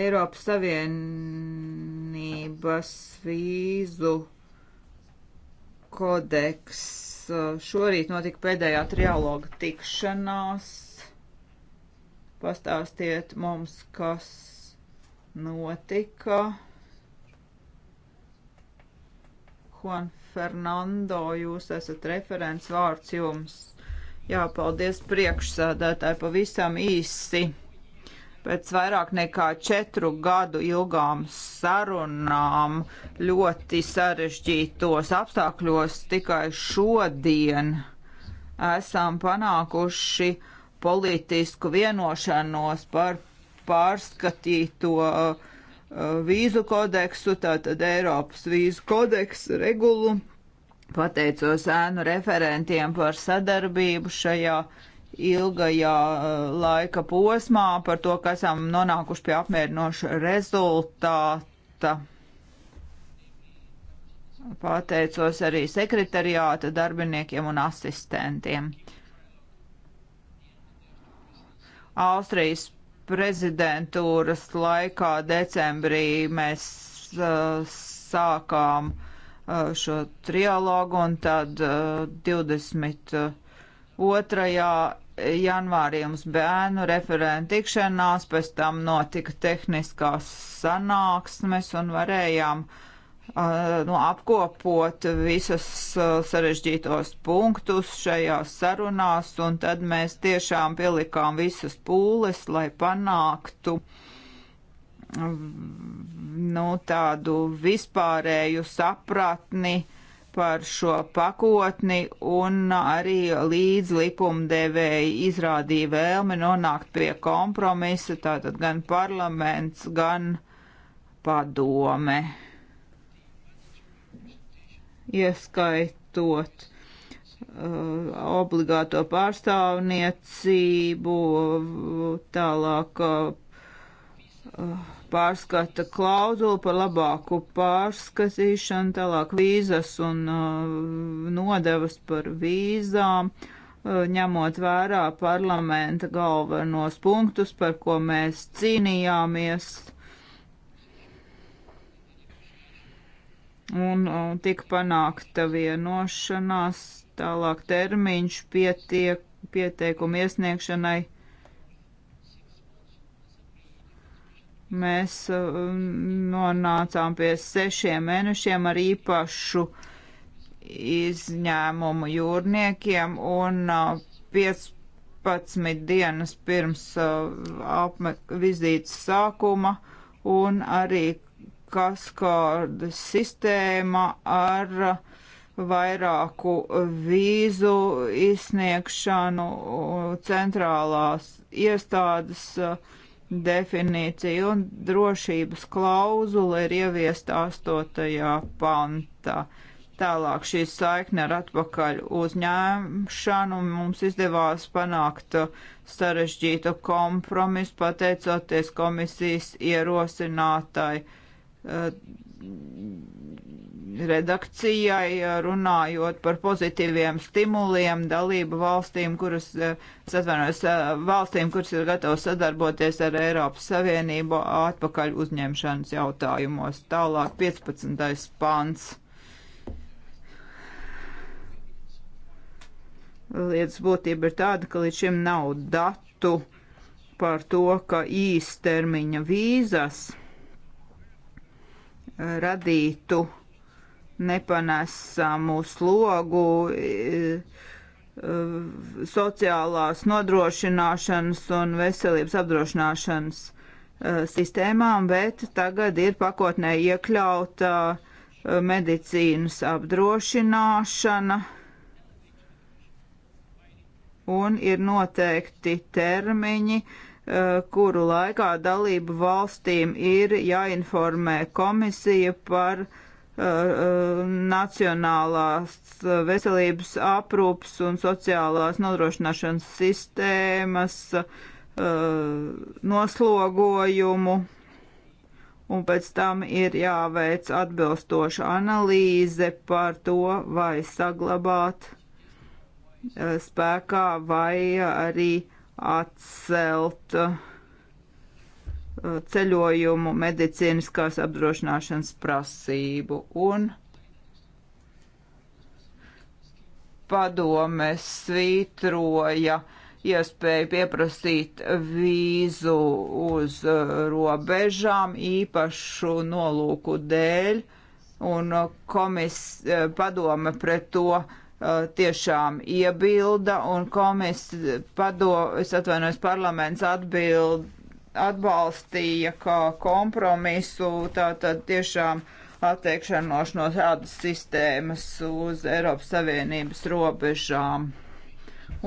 Eiropas Savienības vīzu kodeks. Šorīt notika pēdējā trialoga tikšanās. Pastāstiet mums, kas notika. Juan Fernando, jūs esat referents vārds jums. Jā, paldies priekšsādātāji pavisam īsi pēc vairāk nekā četru gadu ilgām sarunām ļoti sarežģītos apstākļos tikai šodien esam panākuši politisku vienošanos par pārskatīto uh, uh, vīzu kodeksu, tātad Eiropas vīzu kodeksu regulu. Pateicos ēnu referentiem par sadarbību šajā uh, ilgajā eh, laika posmā par to, ka esam nonākuši pie apmierinoša rezultāta. Pateicos arī sekretariāta darbiniekiem un asistentiem. Austrijas prezidentūras laikā decembrī mēs uh, sākām uh, šo trialogu un tad uh, 22 janvārī mums bērnu referenta tikšanās, pēc tam notika tehniskās sanāksmes un varējām uh, nu, apkopot visus uh, sarežģītos punktus šajās sarunās, un tad mēs tiešām pielikām visas pūles, lai panāktu mm, nu, tādu vispārēju sapratni uh, par šo pakotni un arī līdz likumdevēji izrādīja vēlmi nonākt pie kompromisa, tātad gan parlaments, gan padome. Ieskaitot uh, obligāto pārstāvniecību, uh, tālāk uh, uh pārskata klauzulu par labāku pārskatīšanu, tālāk vīzas un uh, nodevas par vīzām, uh, ņemot vērā parlamenta galvenos punktus, par ko mēs cīnījāmies. Un, un uh, tika panākta vienošanās, tālāk termiņš pietiek, pieteikumu iesniegšanai mēs uh, nonācām pie sešiem mēnešiem ar īpašu izņēmumu jūrniekiem un 15 uh, dienas pirms uh, vizītes sākuma un arī kaskārdas sistēma ar vairāku vīzu izsniegšanu centrālās iestādes uh, definīcija un drošības klauzula ir ieviesta 8. pantā. Tālāk šī saikne ar atpakaļ uzņēmšanu mums izdevās panākt sarežģītu kompromisu pateicoties komisijas ierosinātai uh, redakcijai, runājot par pozitīviem stimuliem dalību valstīm, kuras, eh, es atvainojos, eh, valstīm, kuras ir gatavas sadarboties ar Eiropas Savienību atpakaļ uzņemšanas jautājumos. Tālāk 15. pants. Lietas būtība ir tāda, ka līdz šim nav datu par to, ka īstermiņa vīzas radītu nepanesamu slogu e, sociālās nodrošināšanas un veselības apdrošināšanas e, sistēmām, bet tagad ir pakotnē iekļauta e, medicīnas apdrošināšana un ir noteikti termiņi, uh, Eh, kuru laikā dalību valstīm ir jāinformē komisija par uh, nacionālās veselības aprūpas un sociālās nodrošināšanas sistēmas uh, noslogojumu, un pēc tam ir jāveic atbilstoša analīze par to, vai saglabāt uh, spēkā vai arī uh, atcelt uh, ceļojumu medicīniskās apdrošināšanas prasību un padome svītroja iespēju pieprasīt vīzu uz uh, robežām īpašu nolūku dēļ, un uh, komis padome pret to Eh, tiešām iebilda un komis pado, es atvainojos, parlaments atbild, atbalstīja kā kompromisu, tātad tiešām atteikšanos no šādas sistēmas uz Eiropas Savienības robežām.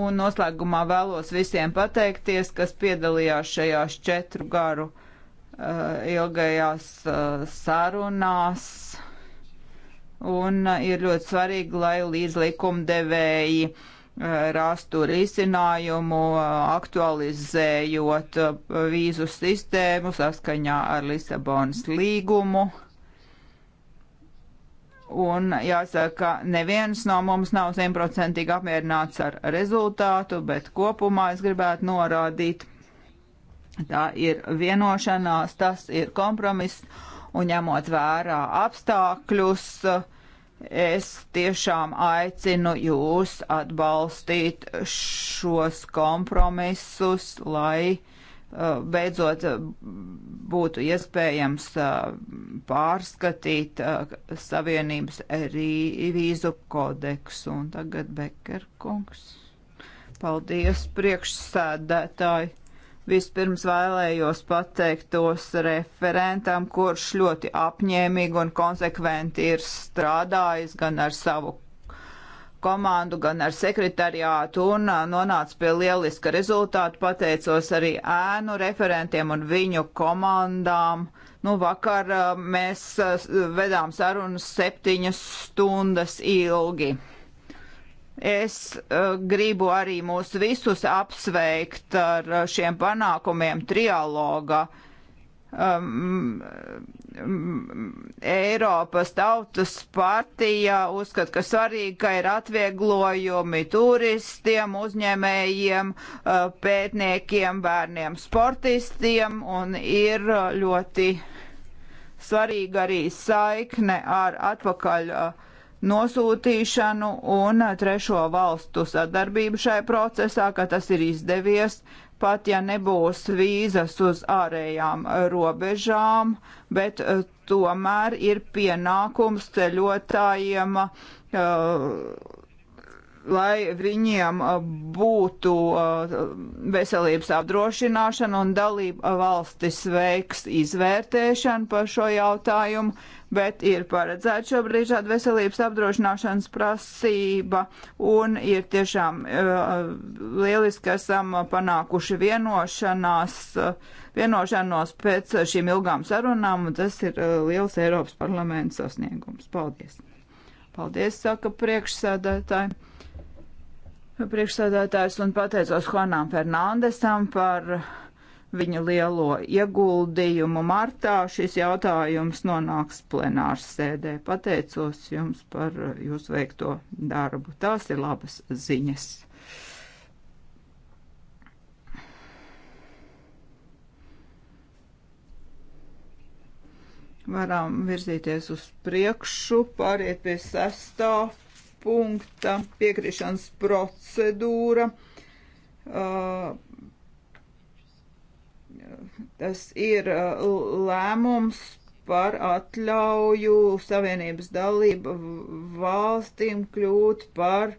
Un noslēgumā vēlos visiem pateikties, kas piedalījās šajās četru garu uh, ilgajās uh, sarunās un uh, ir ļoti svarīgi, lai līdzlikumdevēji uh, rastu risinājumu, uh, aktualizējot vīzu sistēmu saskaņā ar Lisabonas līgumu. Un jāsaka, neviens no mums nav simtprocentīgi apmierināts ar rezultātu, bet kopumā es gribētu norādīt, tā ir vienošanās, tas ir kompromiss, un ņemot vērā apstākļus, uh, Es tiešām aicinu jūs atbalstīt šos kompromisus, lai uh, beidzot uh, būtu iespējams uh, pārskatīt Savienības rīvīzu kodeksu. Un tagad Bekerkungs. Paldies, priekšsēdētāji! Vispirms vēlējos pateiktos referentam, kurš ļoti apņēmīgi un konsekventi ir strādājis gan ar savu komandu, gan ar sekretariātu un nonāca pie lieliska rezultāta. Pateicos arī ēnu referentiem un viņu komandām. Nu, vakar mēs vedām sarunas septiņas stundas ilgi. Es uh, gribu arī mūs visus apsveikt ar eh, šiem panākumiem trialoga. Um, um, Eiropas tautas partija uzskata, ka svarīgi, ka ir atvieglojumi turistiem, uzņēmējiem, uh, pētniekiem, bērniem, sportistiem un ir ļoti svarīga arī saikne ar atpakaļ. Uh, nosūtīšanu un trešo valstu sadarbību šai procesā, ka tas ir izdevies, pat ja nebūs vīzas uz ārējām robežām, bet eh, tomēr ir pienākums ceļotājiem, eh, lai viņiem eh, būtu veselības apdrošināšana un dalība valstis veiks izvērtēšanu par šo jautājumu, bet ir paredzēta šobrīd šāda veselības apdrošināšanas prasība, un ir tiešām uh, lieliski, ka esam panākuši vienošanās, uh, vienošanos pēc šīm ilgām sarunām, un tas ir uh, liels Eiropas parlamenta sasniegums. Paldies! Paldies, saka priekšsēdētāji. Priekšsēdētājs un pateicos Juanam Fernandesam par viņu lielo ieguldījumu. Martā šis jautājums nonāks plenārs sēdē. Pateicos jums par jūsu veikto darbu. Tās ir labas ziņas. Varam virzīties uz priekšu, pāriet pie sestā punkta - piekrišanas procedūra. Uh, Tas ir uh, lēmums par atļauju Savienības dalību valstīm kļūt par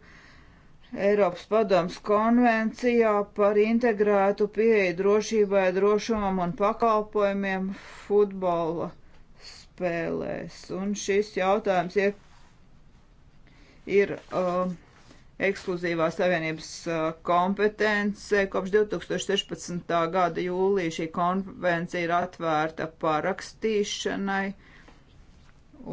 Eiropas padoms konvencijā par integrētu pieeju drošībai, drošumam un pakalpojumiem futbola spēlēs. Un šis jautājums ir, ir um, uh, ekskluzīvā savienības uh, kompetence. Kopš 2016. gada jūlija šī konvencija ir atvērta parakstīšanai.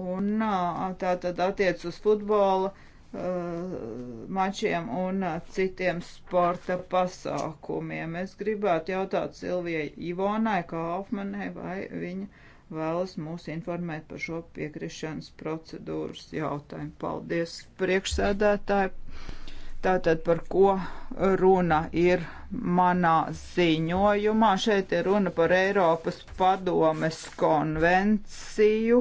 Un uh, tā tad attiec uz futbola uh, mačiem un citiem sporta pasākumiem. Es gribētu jautāt Silvijai Ivonai Kaufmanai, vai viņa vēlas mūs informēt par šo piekrišanas procedūras jautājumu. Paldies, priekšsēdētāji! Tātad par ko runa ir manā ziņojumā? Šeit ir runa par Eiropas padomes konvenciju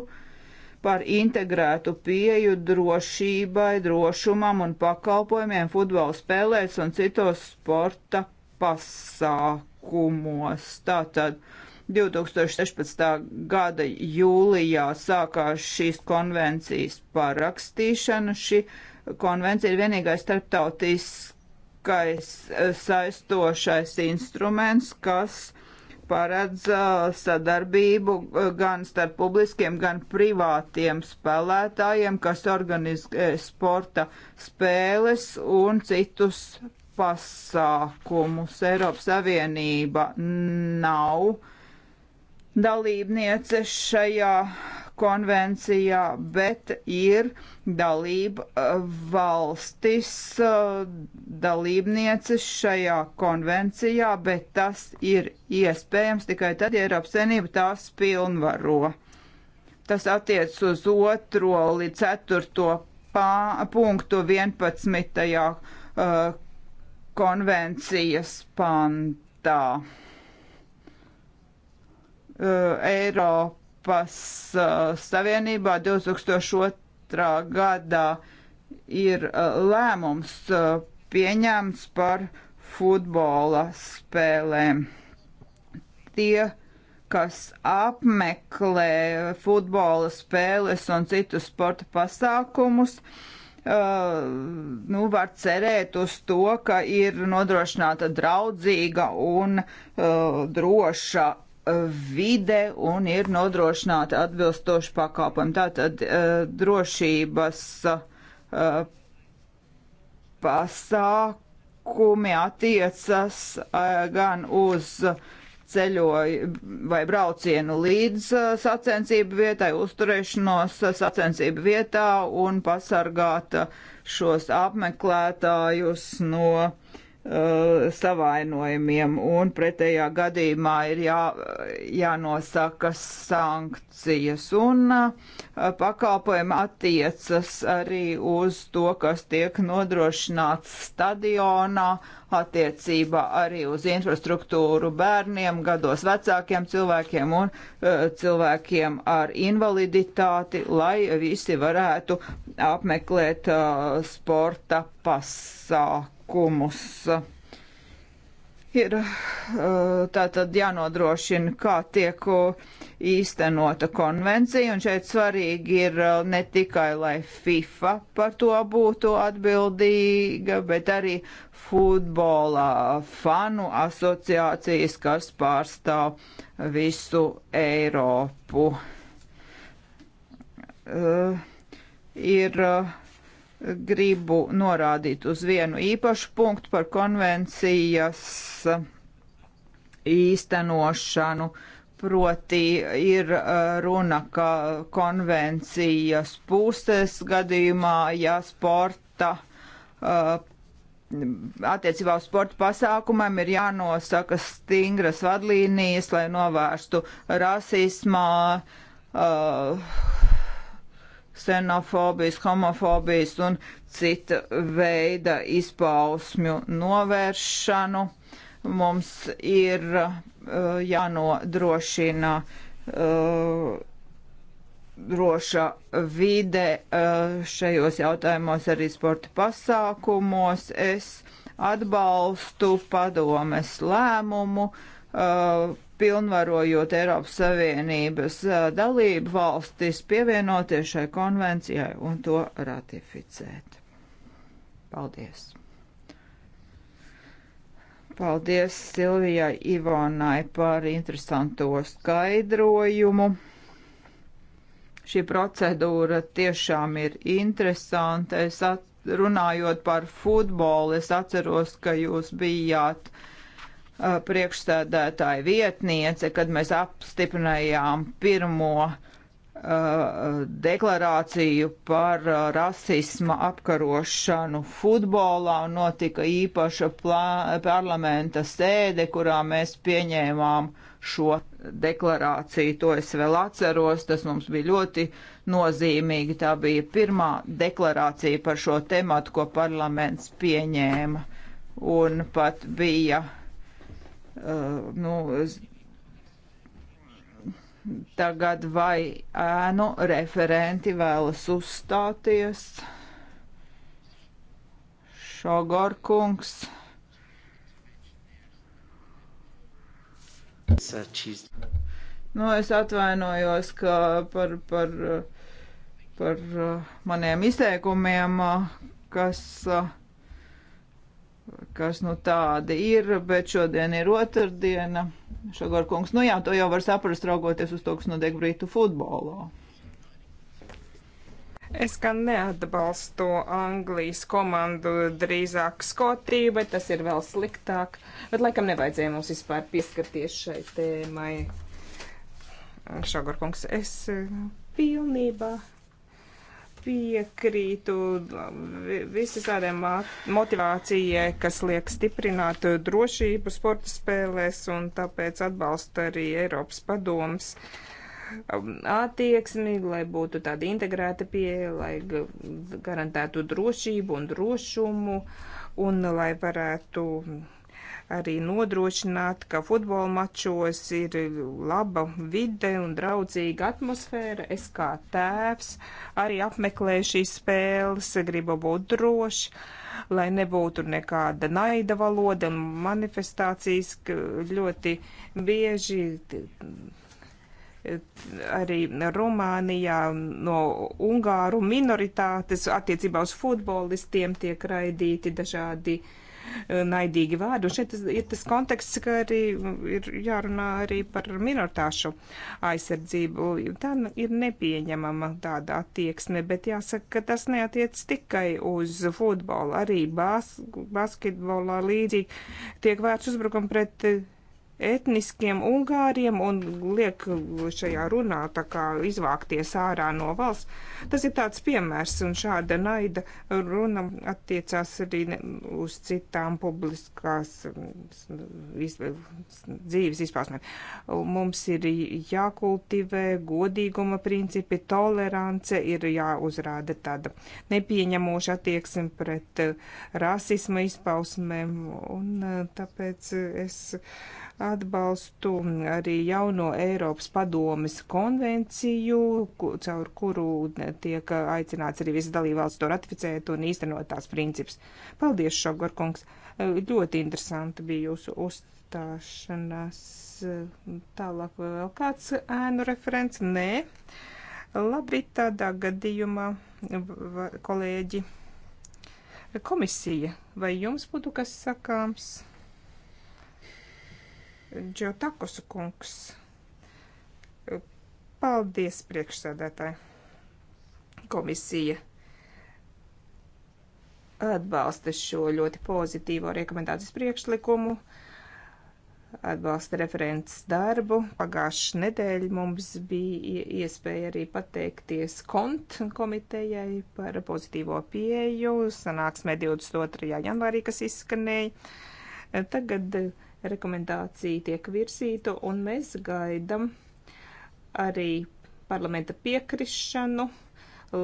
par integrētu pieju drošībai, drošumam un pakalpojumiem futbola spēlēs un citos sporta pasākumos. Tātad 2016. gada jūlijā sākās šīs konvencijas parakstīšana. Šī konvencija ir vienīgais starptautiskais eh, saistošais instruments, kas paredz eh, sadarbību eh, gan starp publiskiem, gan privātiem spēlētājiem, kas organizē sporta spēles un citus pasākumus. Eiropas Savienība nav uh, dalībnieces šajā konvencijā, bet ir dalība eh, valstis eh, dalībnieces šajā konvencijā, bet tas ir iespējams tikai tad, ja Eiropas Savienība tās pilnvaro. Tas attiec uz otro līdz ceturto pā, punktu 11. Uh, eh, konvencijas pantā. Eiropas eh, Savienībā 2002. gadā ir eh, lēmums eh, pieņemts par futbola spēlēm. Tie, kas apmeklē futbola spēles un citus sporta pasākumus, Uh, nu, var cerēt uz to, ka ir nodrošināta draudzīga un uh, droša vide un ir nodrošināta atbilstoši pakalpojumi. Tātad eh, drošības eh, pasākumi attiecas eh, gan uz ceļoju vai braucienu līdz sacensību vietai, uzturēšanos sacensību vietā un pasargāt šos apmeklētājus no uh, Uh, savainojumiem, un pretējā gadījumā ir jā, jānosaka sankcijas, un uh, pakalpojumi attiecas arī uz to, kas tiek nodrošināts stadionā, attiecībā arī uz infrastruktūru bērniem, gados vecākiem cilvēkiem un uh, cilvēkiem ar invaliditāti, lai visi varētu apmeklēt uh, sporta pasākumu likumus. Ir eh, tātad jānodrošina, kā tiek īstenota konvencija, un šeit svarīgi ir eh, ne tikai, lai FIFA par to būtu atbildīga, bet arī futbola fanu asociācijas, kas pārstāv visu Eiropu. Uh, ir uh, gribu norādīt uz vienu īpašu punktu par konvencijas īstenošanu. Proti ir uh, runa, ka konvencijas puses gadījumā, ja sporta uh, attiecībā uz sporta pasākumiem ir jānosaka stingras vadlīnijas, lai novērstu rasismā, uh, ksenofobijas, homofobijas un cita veida izpausmju novēršanu. Mums ir uh, jānodrošina uh, droša vide uh, šajos jautājumos arī sporta pasākumos. Es atbalstu padomes lēmumu. Uh, pilnvarojot Eiropas Savienības dalību valstis pievienoties šai konvencijai un to ratificēt. Paldies! Paldies Silvijai Ivonai par interesanto skaidrojumu. Šī procedūra tiešām ir interesanta. Es at, runājot par futbolu, es atceros, ka jūs bijāt uh, priekšstādātāja vietniece, kad mēs apstiprinājām pirmo deklarāciju par rasisma apkarošanu futbolā un notika īpaša parlamenta sēde, kurā mēs pieņēmām šo deklarāciju. To es vēl atceros, tas mums bija ļoti nozīmīgi. Tā bija pirmā deklarācija par šo tematu, ko parlaments pieņēma. Un pat bija uh, Eh, nu, tagad vai ēnu referenti vēlas uzstāties. Šogorkungs. Nu, es atvainojos, ka par, par, par eh, maniem izteikumiem, eh, kas uh, kas nu tādi ir, bet šodien ir otrdiena. Šogor kungs, nu jā, to jau var saprast, raugoties uz to, kas notiek Brītu futbolā. Es gan neatbalstu Anglijas komandu, drīzāk Skotiju, bet tas ir vēl sliktāk. Bet laikam nevajadzēja mums vispār pieskarties šai tēmai. Šogor kungs, es pilnībā piekrītu visas tādai motivācijai, kas liek stiprināt drošību sporta spēlēs, un tāpēc atbalsta arī Eiropas padoms um, attieksmi, lai būtu tāda integrēta pieeja, lai garantētu drošību un drošumu, un lai varētu arī nodrošināt, ka futbola mačos ir laba vide un draudzīga atmosfēra. Es kā tēvs arī apmeklēju šīs spēles, gribu būt droši, lai nebūtu nekāda naida valoda un manifestācijas ļoti bieži arī Rumānijā no ungāru minoritātes attiecībā uz futbolistiem tiek raidīti dažādi uh, naidīgi vārdi. Un šeit ir tas konteksts, ka arī ir jārunā arī par minoritāšu aizsardzību. Tā nu ir nepieņemama tāda attieksme, bet jāsaka, ka tas neatiec tikai uz futbolu. Arī bas basketbolā līdzīgi tiek vērts uzbrukumi pret etniskiem ungāriem un liek šajā runā tā kā izvākties ārā no valsts. Tas ir tāds piemērs, un šāda naida runa attiecās arī uz citām publiskās mm, dzīves izpausmēm. Mums ir jākultivē godīguma principi, tolerance, ir jāuzrāda tāda nepieņemoša attieksme pret eh, rasisma izpausmēm, un eh, tāpēc es Atbalstu arī jauno Eiropas padomes konvenciju, caur kuru tiek aicināts arī visas dalībvalsts to ratificēt un īstenot tās princips. Paldies, Šogar kungs! Ļoti interesanti bija jūsu uzstāšanās. Tālāk vēl kāds ēnu referents? Nē. Labi, tādā gadījumā, kolēģi komisija, vai jums būtu kas sakāms? Džotakosu kungs. Paldies, priekšsēdētāji. Komisija atbalsta šo ļoti pozitīvo rekomendācijas priekšlikumu, atbalsta referents darbu. Pagājušā nedēļa mums bija iespēja arī pateikties kont komitejai par pozitīvo pieeju sanāksmē 22. janvārī, kas izskanēja. Tagad uh, rekomendācija tiek virzīta, un mēs gaidam arī parlamenta piekrišanu,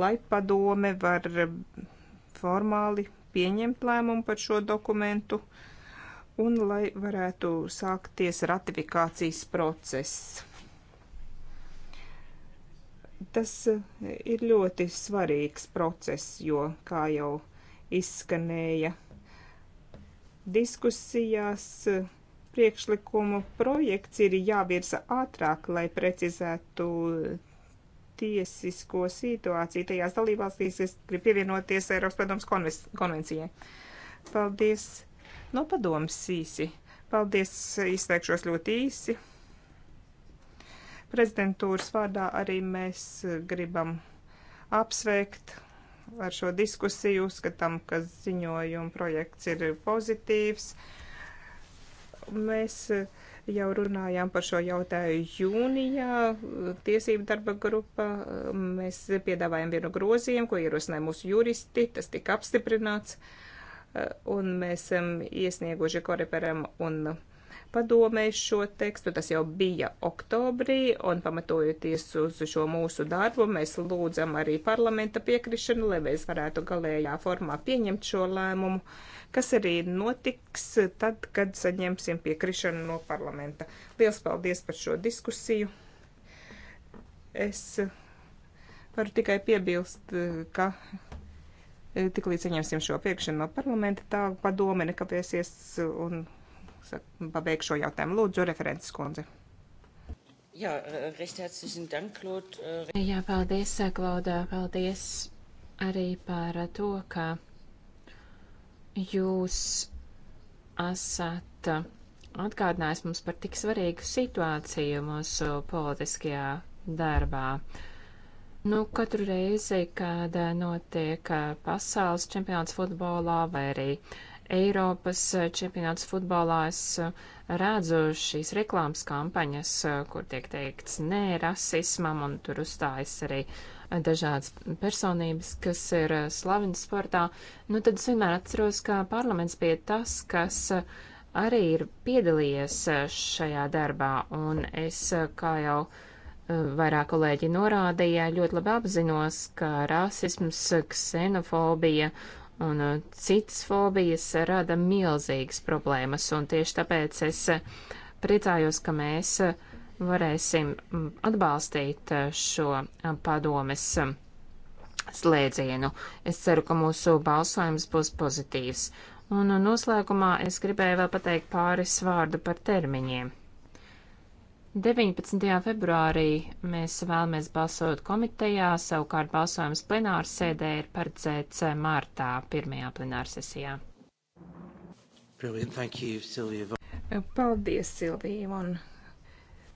lai padome var formāli pieņemt lēmumu par šo dokumentu un lai varētu sākties ratifikācijas process. Tas ir ļoti svarīgs process, jo, kā jau izskanēja diskusijās, priekšlikumu projekts ir jāvirza ātrāk, lai precizētu tiesisko situāciju tajās dalībvalstīs, kas grib pievienoties Eiropas padomas konvencijai. Paldies! No nu, padomas īsi. Paldies, izteikšos ļoti īsi. Prezidentūras vārdā arī mēs gribam apsveikt ar šo diskusiju, uzskatām, ka ziņojuma projekts ir pozitīvs Mēs eh, jau runājām par šo jautājumu jūnijā eh, tiesību darba grupa. Eh, mēs piedāvājam vienu grozījumu, ko ierosināja mūsu juristi. Tas tika apstiprināts. Un mēs esam iesnieguši koreperam un uh, padomē šo tekstu. Tas jau bija oktobrī, un pamatojoties uz šo mūsu darbu, mēs lūdzam arī parlamenta piekrišanu, lai mēs varētu galējā formā pieņemt šo lēmumu, kas arī notiks tad, kad saņemsim piekrišanu no parlamenta. Lielas paldies par šo diskusiju. Es varu tikai piebilst, ka eh, tiklīdz saņemsim šo piekrišanu no parlamenta, tā padome nekavēsies un pabeigšu šo jautājumu. Lūdzu, referents kundze. Jā, eh, recht herzlichen Dank, Claude. Eh, Jā, paldies, Klauda. Eh, paldies arī par to, ka jūs esat atgādinājis mums par tik svarīgu situāciju mūsu politiskajā darbā. Nu, katru reizi, kad notiek pasaules čempions futbolā vai arī Eiropas eh, čempionāts futbolā es eh, redzu šīs reklāmas kampaņas, eh, kur tiek teikts nē rasismam, un tur uzstājas arī dažādas personības, kas ir slavenas sportā. Nu, tad es vienmēr atceros, ka parlaments bija tas, kas arī ir piedalījies šajā darbā, un es, kā jau vairāk kolēģi norādīja, ļoti labi apzinos, ka rasisms, ksenofobija un uh, citas fobijas rada milzīgas problēmas, un tieši tāpēc es uh, priecājos, ka mēs uh, varēsim mm, atbalstīt šo padomes um, slēdzienu. Es ceru, ka mūsu balsojums būs pozitīvs. Un noslēgumā es gribēju vēl pateikt pāris vārdu par termiņiem. 19. februārī mēs vēlamies balsot komitejā, savukārt balsojums plenāra sēdē ir paredzēts martā pirmajā plenāra sesijā. You, Silvija. Paldies, Silvija! Un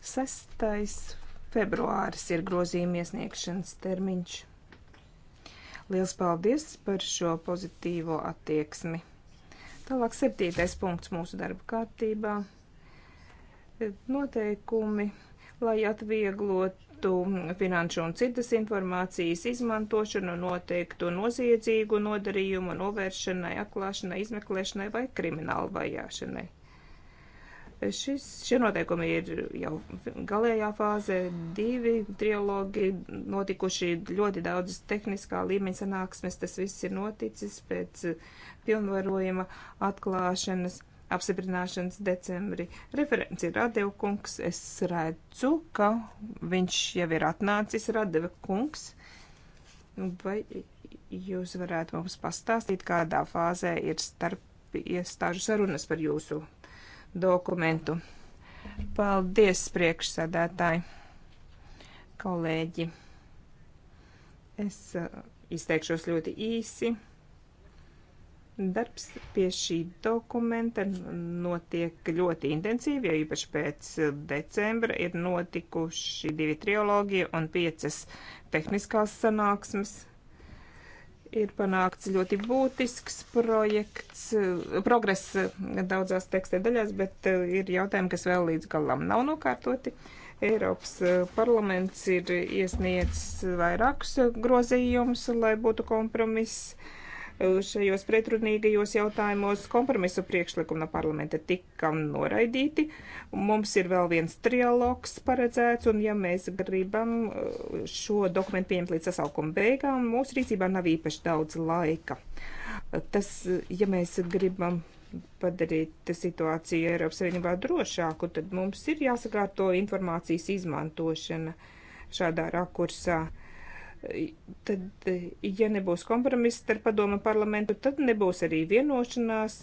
6. februāris ir grozījuma iesniegšanas termiņš. Liels paldies par šo pozitīvo attieksmi. Tālāk septītais punkts mūsu darba kārtībā noteikumi, lai atvieglotu noteiktu finanšu un citas informācijas izmantošanu, noteiktu noziedzīgu nodarījumu novēršanai, atklāšanai, izmeklēšanai vai kriminālu vajāšanai. Šis, šie noteikumi ir jau galējā fāzē, divi trilogi notikuši ļoti daudzas tehniskā līmeņa sanāksmes, tas viss ir noticis pēc pilnvarojuma atklāšanas apstiprināšanas decembrī. Referents ir Radeva kungs. Es redzu, ka viņš jau ir atnācis Radeva kungs. Vai jūs varētu mums pastāstīt, kādā fāzē ir starp iestāžu sarunas par jūsu dokumentu? Paldies, priekšsēdētāji, kolēģi. Es uh, izteikšos ļoti īsi. Darbs pie šī dokumenta notiek ļoti intensīvi, jo īpaši pēc decembra ir notikuši divi triologi un piecas tehniskās sanāksmes. Ir panākts ļoti būtisks projekts, progress daudzās tekstē daļās, bet eh, ir jautājumi, kas vēl līdz galam nav nokārtoti. Eiropas eh, parlaments ir iesniedzis vairākus eh, grozījumus, lai būtu kompromiss šajos pretrunīgajos jautājumos kompromisu priekšlikumi no parlamenta tika noraidīti. Mums ir vēl viens trialogs paredzēts, un ja mēs gribam uh, šo dokumentu pieņemt līdz sasaukuma beigām, mūsu rīcībā nav īpaši daudz laika. Tas, ja mēs gribam padarīt situāciju Eiropas Savienībā drošāku, tad mums ir jāsakārto informācijas izmantošana šādā rakursā tad, e, ja nebūs kompromiss ar padomu parlamentu, tad nebūs arī vienošanās,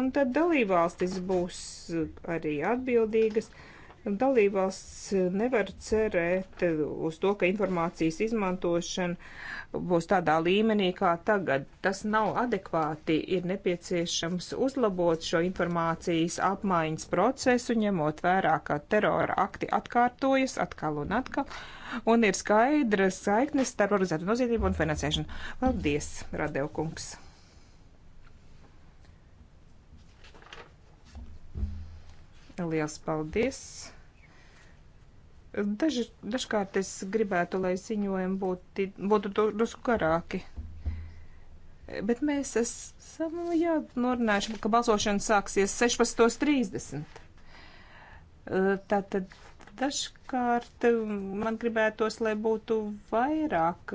un tad dalībvalstis būs arī atbildīgas. Uh, Dalībvalsts nevar cerēt uz to, ka informācijas izmantošana būs tādā līmenī kā tagad. Tas nav adekvāti. Ir nepieciešams uzlabot šo informācijas apmaiņas procesu, ņemot vērā, ka terora akti atkārtojas atkal un atkal, un ir skaidra saiknes starp organizētu noziedzību un finansēšanu. Paldies, Radevkungs! Liels paldies! Daž, dažkārt es gribētu, lai ziņojumi būti, būtu drusku garāki. Bet mēs esam jā, norunājuši, ka balsošana sāksies 16.30. Tātad dažkārt um, man gribētos, lai būtu vairāk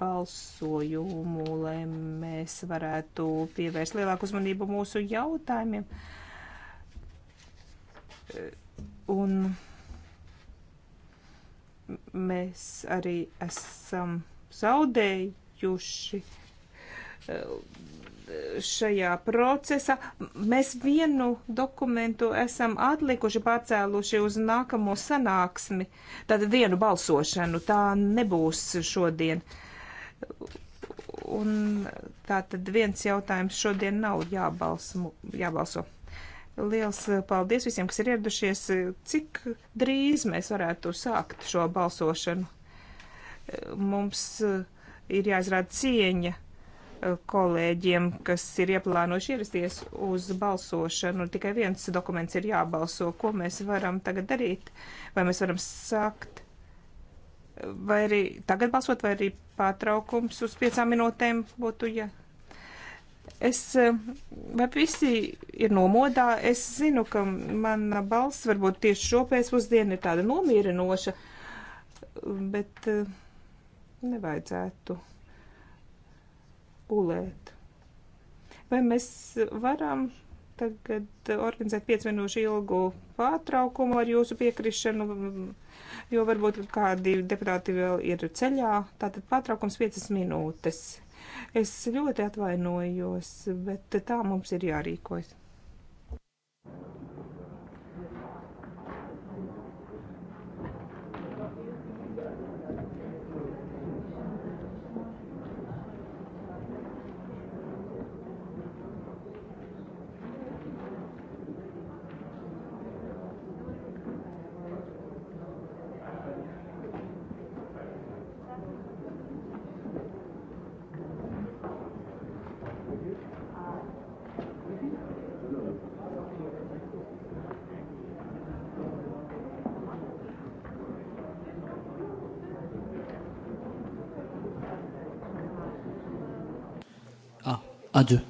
balsojumu, lai mēs varētu pievērst lielāku uzmanību mūsu jautājumiem. Un mēs arī esam zaudējuši eh, šajā procesā. Mēs vienu dokumentu esam atlikuši, pārcēluši uz nākamo sanāksmi, tātad vienu balsošanu. Tā nebūs šodien. Un tātad viens jautājums šodien nav jābalso. jābalso. Liels eh, paldies visiem, kas ir ieradušies. Cik drīz mēs varētu sākt šo balsošanu? Eh, mums eh, ir jāizrāda cieņa kolēģiem, kas ir ieplānojuši ierasties uz balsošanu. Tikai viens dokuments ir jābalso. Ko mēs varam tagad darīt? Vai mēs varam sākt? Vai arī tagad balsot, vai arī pārtraukums uz piecām minūtēm būtu, ja Es, eh, vai visi ir nomodā? Es zinu, ka mana balss varbūt tieši šo pēcpusdienu ir tāda nomierinoša, bet eh, nevajadzētu pulēt. Vai mēs varam tagad organizēt 5 minūšu ilgu pārtraukumu ar jūsu piekrišanu, jo varbūt kādi deputāti vēl ir ceļā. Tātad pārtraukums 5 minūtes. Es ļoti atvainojos, bet tā mums ir jārīkojas. à deux.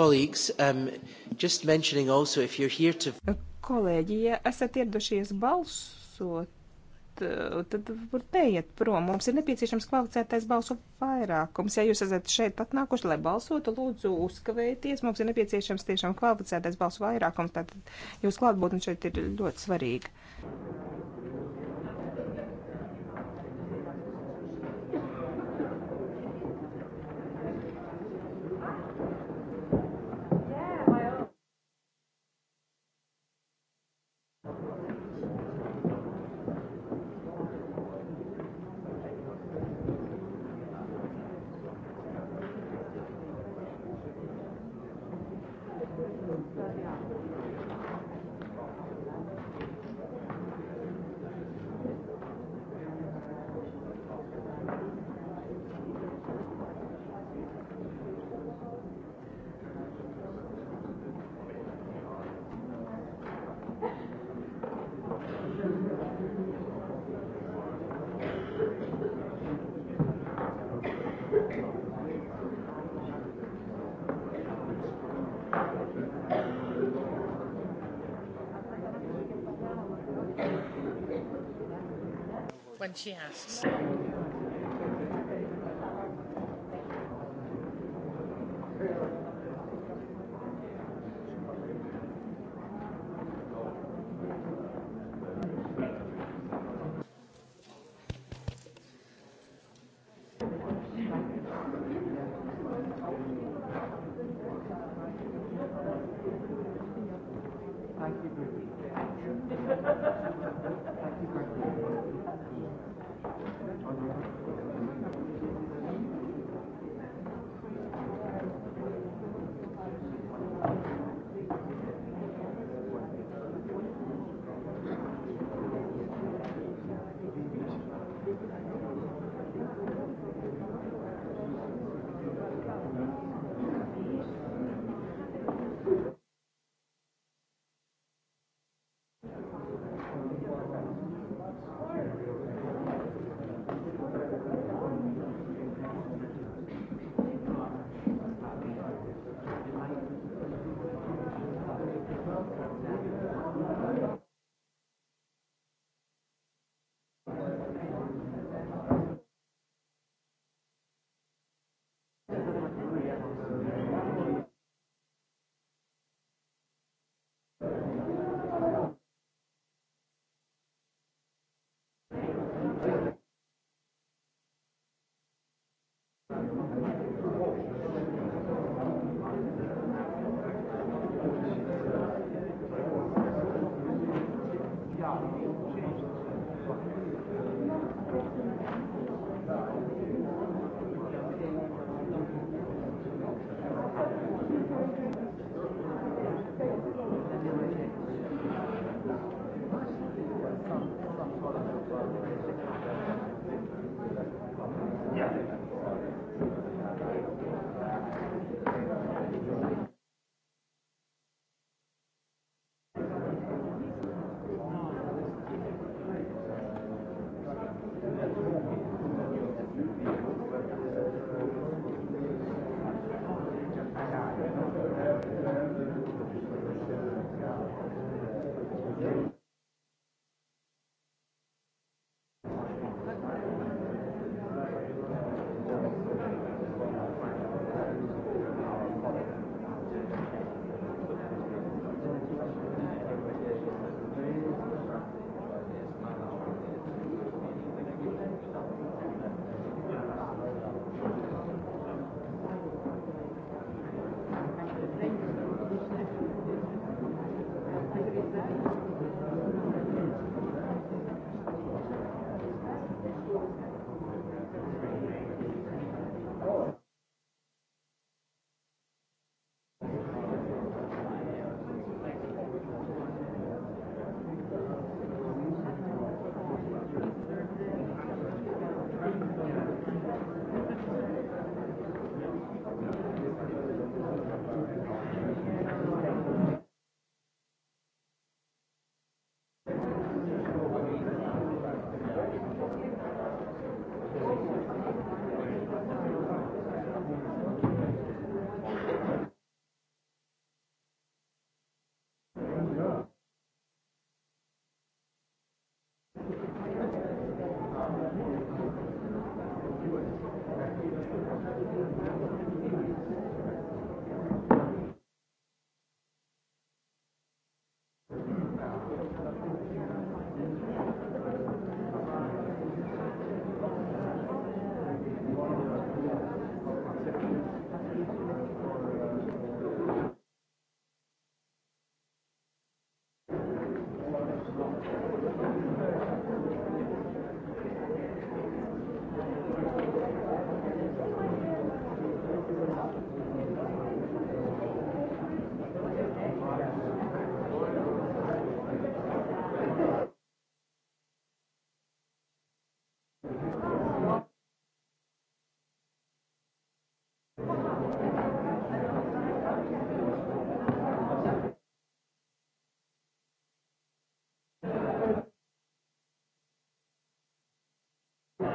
Colleagues, um, just mentioning also, if you're here to... Kolēģi, ja esat ieradušies balsot, uh, tad varbūt neiet prom. Mums ir nepieciešams kvalificētais balsu vairākums. Ja jūs esat šeit pat nākuši, lai balsotu, lūdzu uzkavēties. Mums ir nepieciešams tiešām kvalificētais balsu vairākums, tātad jūs klātbūtne šeit ir ļoti svarīga. when she asks.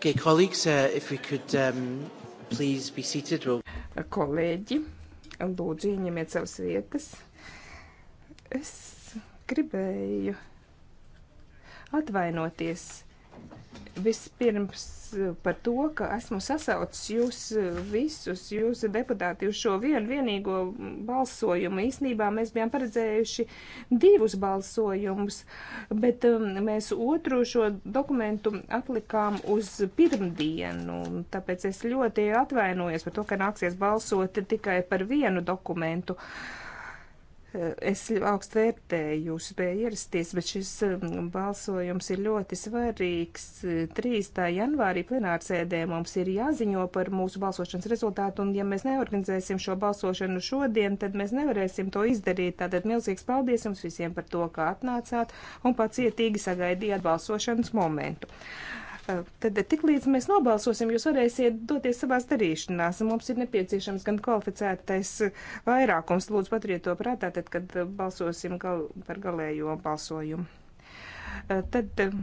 Okay, colleagues, uh, if we could um, please be seated. We'll... Kolēģi, lūdzu, ieņemiet savas vietas. Es gribēju atvainoties Vispirms eh, par to, ka esmu sasaucis jūs eh, visus, jūs deputāti, uz šo vienu vienīgo balsojumu. Īsnībā mēs bijām paredzējuši divus balsojumus, bet um, mēs otru šo dokumentu atlikām uz pirmdienu. Tāpēc es ļoti atvainojos par to, ka nāksies balsot tikai par vienu dokumentu. Uh, Es augstu vērtēju jūsu spēju ierasties, bet šis um, balsojums ir ļoti svarīgs. 3. janvārī plenārsēdē mums ir jāziņo par mūsu balsošanas rezultātu, un ja mēs neorganizēsim šo balsošanu šodien, tad mēs nevarēsim to izdarīt. Tātad milzīgs paldies jums visiem par to, kā atnācāt un pacietīgi sagaidījāt balsošanas momentu. Tad tik līdz mēs nobalsosim, jūs varēsiet doties savās darīšanās. Mums ir nepieciešams gan kvalificētais vairākums. Lūdzu, paturiet to prātā, tad, kad balsosim gal, par galējo balsojumu. Eh, tad eh,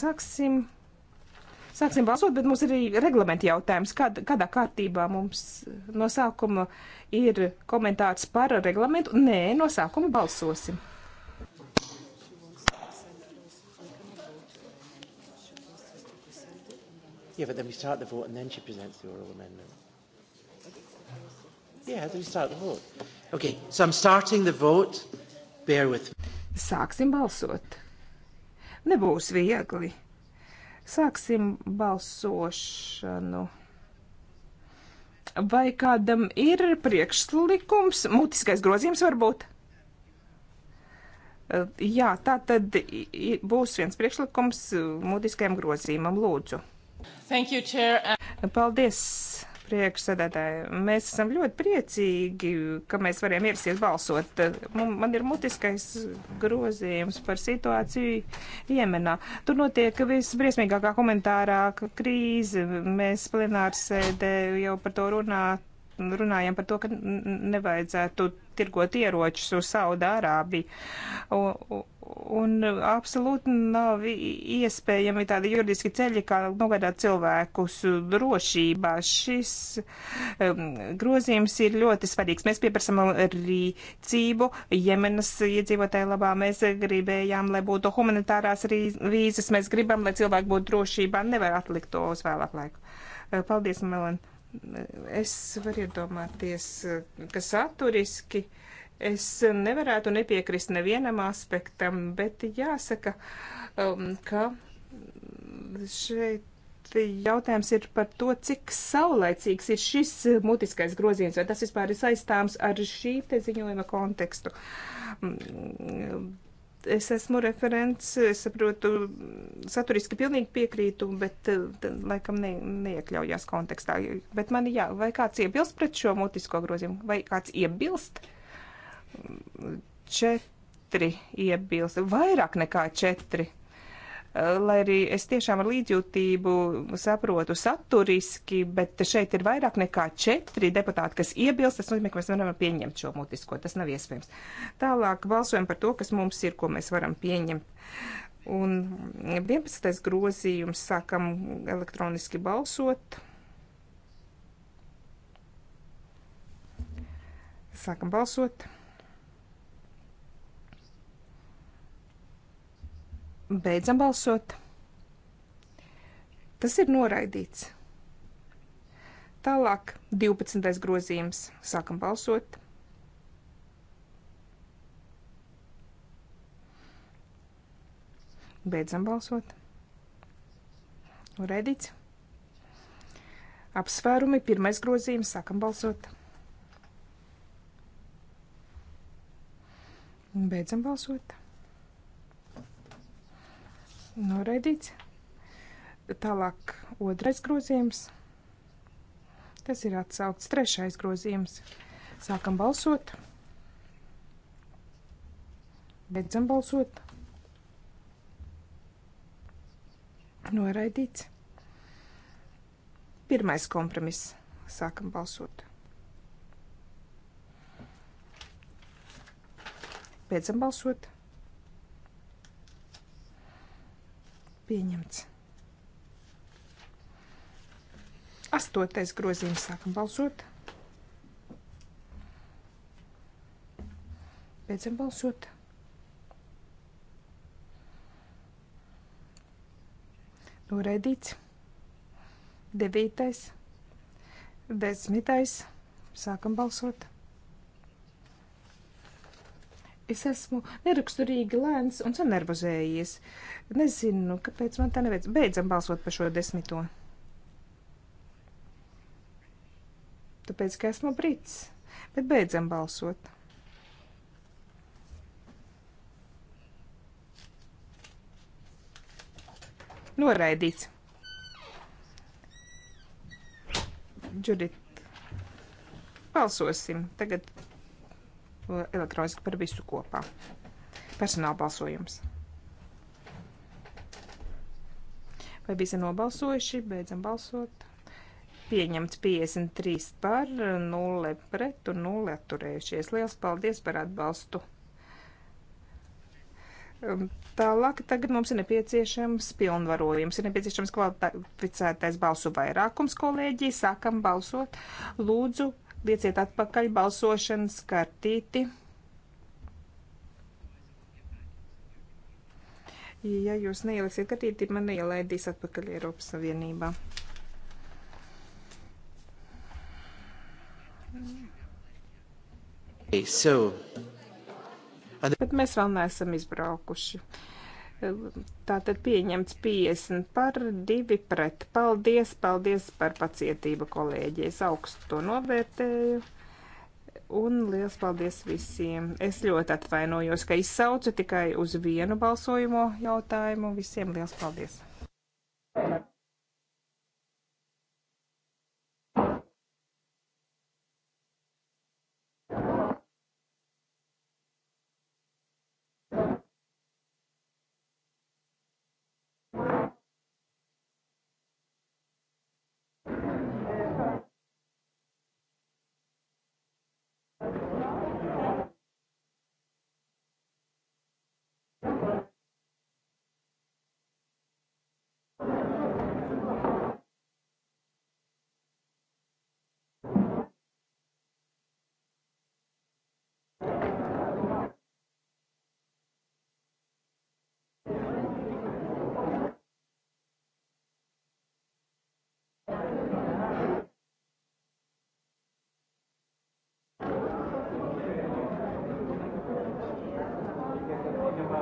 sāksim. Sāksim balsot, bet mums ir arī reglamenta jautājums. Kād, kādā kārtībā mums no sākuma ir komentārs par reglamentu? Nē, no sākuma balsosim. Yeah, but then we start the vote and then she presents the oral amendment. Yeah, then we start the vote. Okay, so I'm starting the vote. Bear with me. Sāksim balsot. Nebūs viegli. Sāksim balsošanu. Vai kādam ir priekšlikums, mutiskais grozījums varbūt? Jā, tā tad būs viens priekšlikums mutiskajam grozījumam, lūdzu. Thank you, Chair. Paldies, priekšsēdētāji. Mēs esam ļoti priecīgi, ka mēs varējām ierasties balsot. Man ir mutiskais grozījums par situāciju Jemenā. Tur notiek visbriesmīgākā komentārā krīze. Mēs plenārsēdē jau par to runāt runājam par to, ka nevajadzētu tirgot ieročus uz Saudārābiju. Un, un absolūti nav iespējami tādi juridiski ceļi, kā nogādāt cilvēkus drošībā. Šis um, grozījums ir ļoti svarīgs. Mēs pieprasām rīcību Jemenas iedzīvotāju labā. Mēs gribējām, lai būtu humanitārās vīzes. Mēs gribam, lai cilvēki būtu drošībā. Nevar atlikt to uz vēlāku laiku. Paldies, Melena es varu iedomāties, ka saturiski es nevarētu nepiekrist nevienam aspektam, bet jāsaka, um, ka šeit jautājums ir par to, cik saulēcīgs ir šis mutiskais groziens, vai tas vispār ir saistāms ar šī te ziņojuma kontekstu. Mm, Es esmu referents, es saprotu, saturiski pilnīgi piekrītu, bet eh, laikam ne, neiekļaujās kontekstā. Bet man jā, vai kāds iebilst pret šo mutisko grozījumu, vai kāds iebilst? Četri iebilst, vairāk nekā četri lai arī es tiešām ar līdzjūtību saprotu saturiski, bet šeit ir vairāk nekā četri deputāti, kas iebilst, tas nozīmē, ka mēs nevaram pieņemt šo mutisko, tas nav iespējams. Tālāk balsojam par to, kas mums ir, ko mēs varam pieņemt. Un 11. grozījums sākam elektroniski balsot. Sākam balsot. Beidzam balsot. Tas ir noraidīts. Tālāk 12. grozījums. Sākam balsot. Beidzam balsot. Redīts. Apsvērumi. Pirmais grozījums. Sākam balsot. Beidzam balsot noraidīts. Tālāk otrais grozījums. Tas ir atsaukts trešais grozījums. Sākam balsot. Beidzam balsot. Noraidīts. Pirmais kompromiss. Sākam balsot. Beidzam balsot. Pieņemts. Astotais grozījums sākam balsot. Beidzam balsot. Noraidīts. Devītais. Desmitais. Sākam balsot es esmu neraksturīgi lēns un sanervozējies. Nezinu, kāpēc man tā neveic. Beidzam balsot par šo desmito. Tāpēc, ka esmu brits, bet beidzam balsot. Noraidīts. Džudit, balsosim. Tagad elektroniski par visu kopā. Personāla balsojums. Vai visi nobalsojuši? Beidzam balsot. Pieņemts 53 par, 0 pret un 0 atturējušies. Liels paldies par atbalstu. Tālāk tagad mums ir nepieciešams pilnvarojums, ir nepieciešams kvalificētais balsu vairākums, kolēģi, sākam balsot. Lūdzu, lieciet atpakaļ balsošanas kartīti. Ja jūs neieliksiet kartīti, man neielaidīs atpakaļ Eiropas Savienībā. So, and... Bet mēs vēl neesam izbraukuši. Uh, Tātad pieņemts 50 par 2 pret. Paldies, paldies par pacietību, kolēģi. Es augstu to novērtēju. Un liels paldies visiem. Es ļoti atvainojos, ka izsaucu tikai uz vienu balsojumu jautājumu. Visiem liels paldies!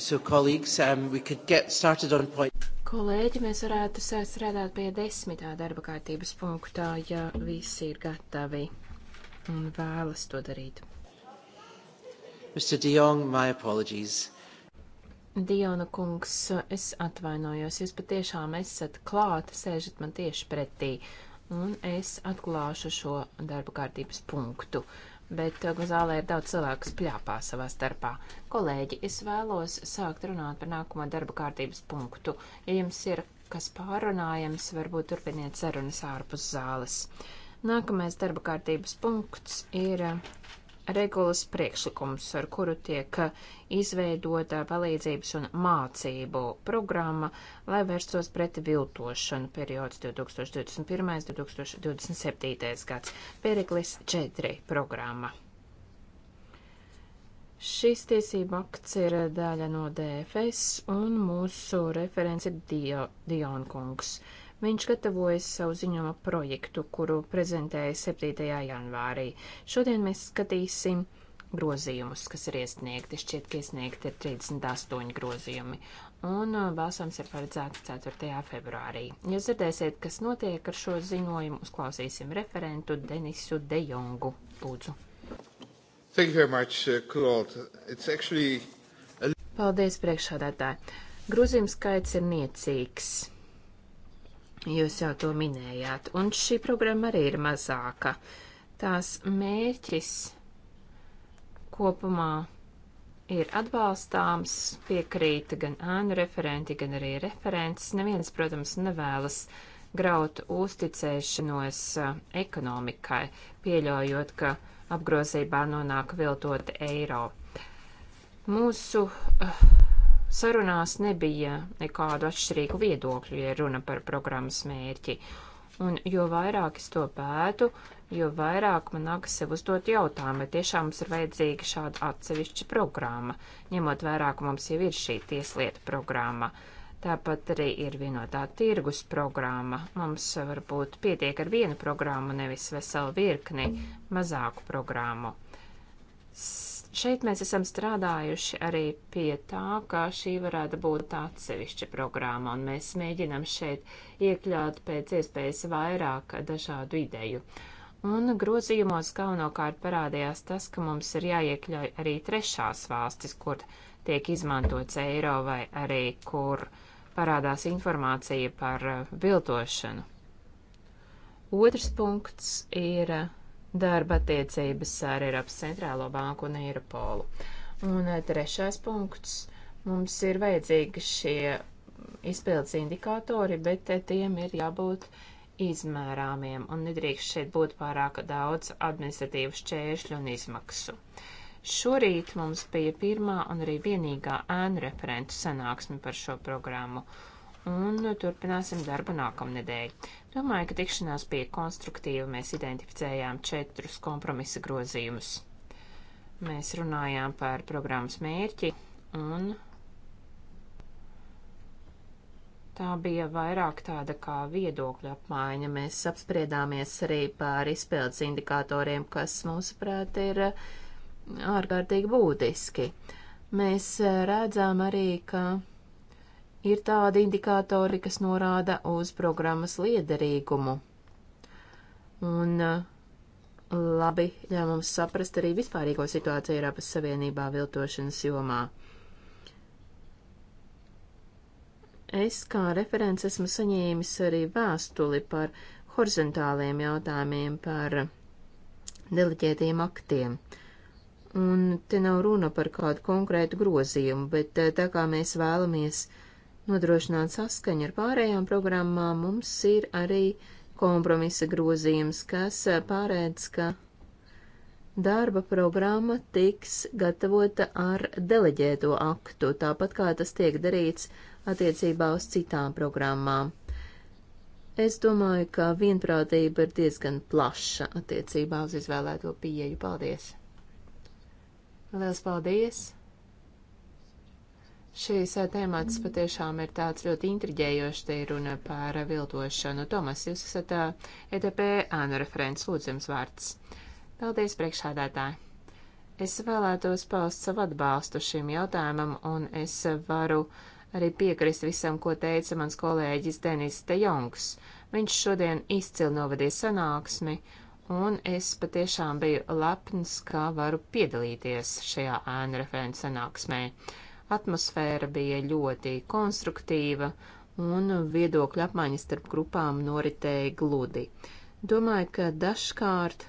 So, colleagues, um, we could get started on point. Kolēģi, mēs varētu sākt strādāt pie desmitā darba kārtības punktā, ja visi ir gatavi un vēlas to darīt. Mr. De Jong, my apologies. Diona kungs, es atvainojos, jūs patiešām esat klāt, sēžat man tieši pretī, un es atklāšu šo darba kārtības punktu. Uh, bet zālē ir daudz cilvēku, kas pļāpā savā starpā. Kolēģi, es vēlos sākt runāt par nākamo darba kārtības punktu. Ja jums ir kas pārunājams, varbūt turpiniet sarunas ārpus zāles. Nākamais darba kārtības punkts ir regulas priekšlikums, ar kuru tiek uh, izveidota palīdzības un mācību programma, lai vērstos pret viltošanu periods 2021-2027. gads, Periklis 4 programma. Šis tiesība akts ir daļa no DFS un mūsu referents ir Dio, Dionkungs. Dio Viņš gatavojas savu ziņojumu projektu, kuru prezentēja 7. janvārī. Šodien mēs skatīsim grozījumus, kas ir iesniegti. Šķiet, ka iesniegti ir 38 grozījumi. Un uh, balsams ir paredzēts 4. februārī. Jūs dzirdēsiet, kas notiek ar šo ziņojumu. Uzklausīsim referentu Denisu Dejongu. Lūdzu. Thank you very much, uh, Claude. It's actually... Paldies, priekšādātāji. Grozījums skaits ir niecīgs. Jūs jau to minējāt, un šī programma arī ir mazāka. Tās mērķis kopumā ir atbalstāms, piekrīt gan ēnu referenti, gan arī referents. Neviens, protams, nevēlas graut uzticēšanos ekonomikai, pieļaujot, ka apgrozībā nonāk viltota eiro. Mūsu uh, sarunās nebija nekādu atšķirīgu viedokļu, ja runa par programmas mērķi. Un jo vairāk es to pētu, jo vairāk man nākas sev uzdot jautājumu, vai tiešām mums ir vajadzīga šāda atsevišķa programma, ņemot vērā, ka mums jau ir šī tieslietu programma. Tāpat arī ir vienotā tirgus programma. Mums varbūt pietiek ar vienu programmu, nevis veselu virkni mazāku programmu. Šeit mēs esam strādājuši arī pie tā, ka šī varētu būt atsevišķa programma, un mēs mēģinam šeit iekļaut pēc iespējas vairāk dažādu ideju. Un grozījumos galvenokārt parādījās tas, ka mums ir jāiekļauj arī trešās valstis, kur tiek izmantots eiro vai arī kur parādās informācija par viltošanu. Otrs punkts ir darba attiecības ar Eiropas centrālo banku un Eiropolu. Un eh, trešais punkts. Mums ir vajadzīgi šie izpildes indikātori, bet eh, tiem ir jābūt izmērāmiem un nedrīkst šeit būt pārāk daudz administratīvu šķēršļu un izmaksu. Šorīt mums bija pirmā un arī vienīgā ēnu referentu sanāksme par šo programmu, un turpināsim darbu nākamnedēļ. Domāju, ka tikšanās bija konstruktīva. Mēs identificējām četrus kompromisa grozījumus. Mēs runājām par programmas mērķi un tā bija vairāk tāda kā viedokļa apmaiņa. Mēs apspriedāmies arī par izpildes indikatoriem, kas, mūsuprāt, ir ārkārtīgi būtiski. Mēs redzām arī, ka Ir tādi indikātori, kas norāda uz programmas liederīgumu. Un uh, labi ļauj mums saprast arī vispārīgo situāciju Eiropas Savienībā viltošanas jomā. Es kā referents esmu saņēmis arī vēstuli par horizontāliem jautājumiem par deleģētiem aktiem. Un te nav runa par kādu konkrētu grozījumu, bet uh, tā kā mēs vēlamies uh, nodrošināt saskaņu ar pārējām programmām, mums ir arī kompromisa grozījums, kas eh, pārēdz, ka darba programma tiks gatavota ar deleģēto aktu, tāpat kā tas tiek darīts attiecībā uz citām programmām. Es domāju, ka vienprātība ir diezgan plaša attiecībā uz izvēlēto pieeju. Paldies! Lielas paldies! Šīs eh, tēmāts patiešām ir tāds ļoti intriģējošs, te ir runa par eh, viltošanu. Tomas, jūs esat ETP eh, e ānu referents, lūdzu jums vārds. Paldies, priekšādātāji! Es vēlētos paust savu atbalstu šim jautājumam, un es varu arī piekrist visam, ko teica mans kolēģis Denis Tejongs. Viņš šodien izcili novadīja sanāksmi, un es patiešām biju lepns, kā varu piedalīties šajā ēnu referentu sanāksmē. Atmosfēra bija ļoti konstruktīva, un viedokļu apmaiņas starp grupām noritēja gludi. Domāju, ka dažkārt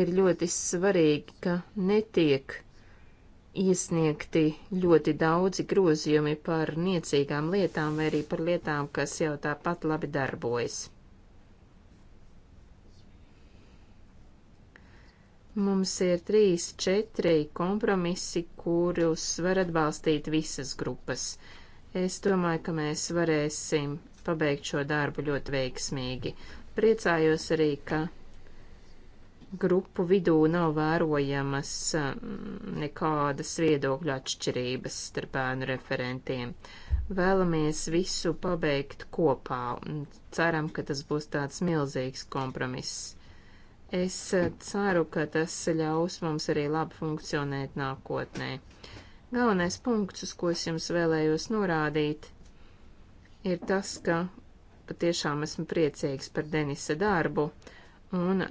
ir ļoti svarīgi, ka netiek iesniegti ļoti daudzi grozījumi par niecīgām lietām vai arī par lietām, kas jau tāpat labi darbojas. Mums ir trīs, četri kompromisi, kurus var atbalstīt visas grupas. Es domāju, ka mēs varēsim pabeigt šo darbu ļoti veiksmīgi. Priecājos arī, ka grupu vidū nav vērojamas mm, nekādas viedokļu atšķirības starp bērnu referentiem. Vēlamies visu pabeigt kopā un ceram, ka tas būs tāds milzīgs kompromiss. Es ceru, ka tas ļaus mums arī labi funkcionēt nākotnē. Galvenais punkts, uz ko es jums vēlējos norādīt, ir tas, ka patiešām esmu priecīgs par Denisa darbu un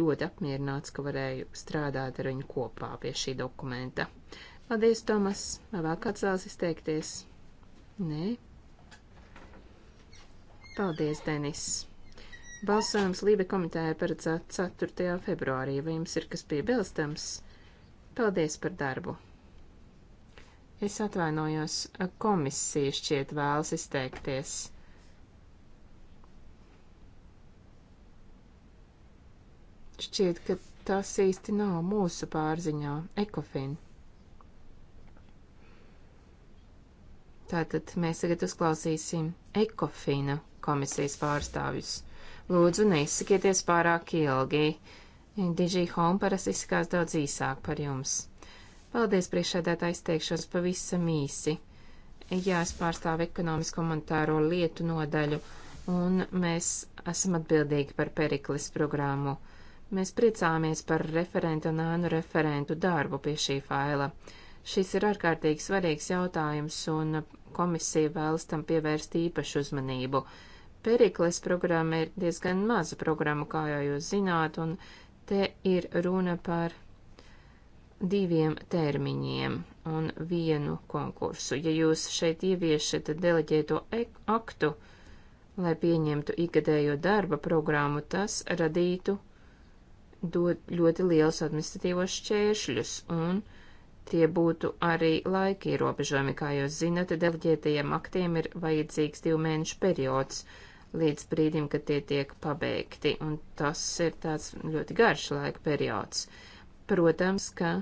ļoti apmierināts, ka varēju strādāt ar viņu kopā pie šī dokumenta. Paldies, Tomas! Vai vēl kāds vēlas izteikties? Nē? Paldies, Denis! Balsojums Lībe komitējai paredzēts 4. februārī. Vai jums ir kas piebilstams? Paldies par darbu! Es atvainojos, komisija šķiet vēlas izteikties. Šķiet, ka tas īsti nav mūsu pārziņā, ekofin. Tātad mēs tagad uzklausīsim ekofina komisijas pārstāvjus. Lūdzu, neizsakieties pārāk ilgi. Digi Home parasti izskatās daudz īsāk par jums. Paldies, priekšēdētā izteikšos pavisam īsi. Jā, es pārstāvu ekonomisko monetāro lietu nodaļu, un mēs esam atbildīgi par Periklis programmu. Mēs priecāmies par referentu un ānu referentu darbu pie šī faila. Šis ir ārkārtīgi svarīgs jautājums, un komisija vēlas tam pievērst īpašu uzmanību. Perikles programma ir diezgan maza programma, kā jau jūs zināt, un te ir runa par diviem termiņiem un vienu konkursu. Ja jūs šeit ieviešat deleģēto aktu, lai pieņemtu ikgadējo darba programmu, tas radītu ļoti liels administratīvos šķēršļus, un tie būtu arī laika ierobežojumi. Kā jūs zinat, deleģētajiem aktiem ir vajadzīgs divu mēnešu periods, līdz brīdim, kad tie tiek pabeigti, un tas ir tāds ļoti garš laika periods. Protams, ka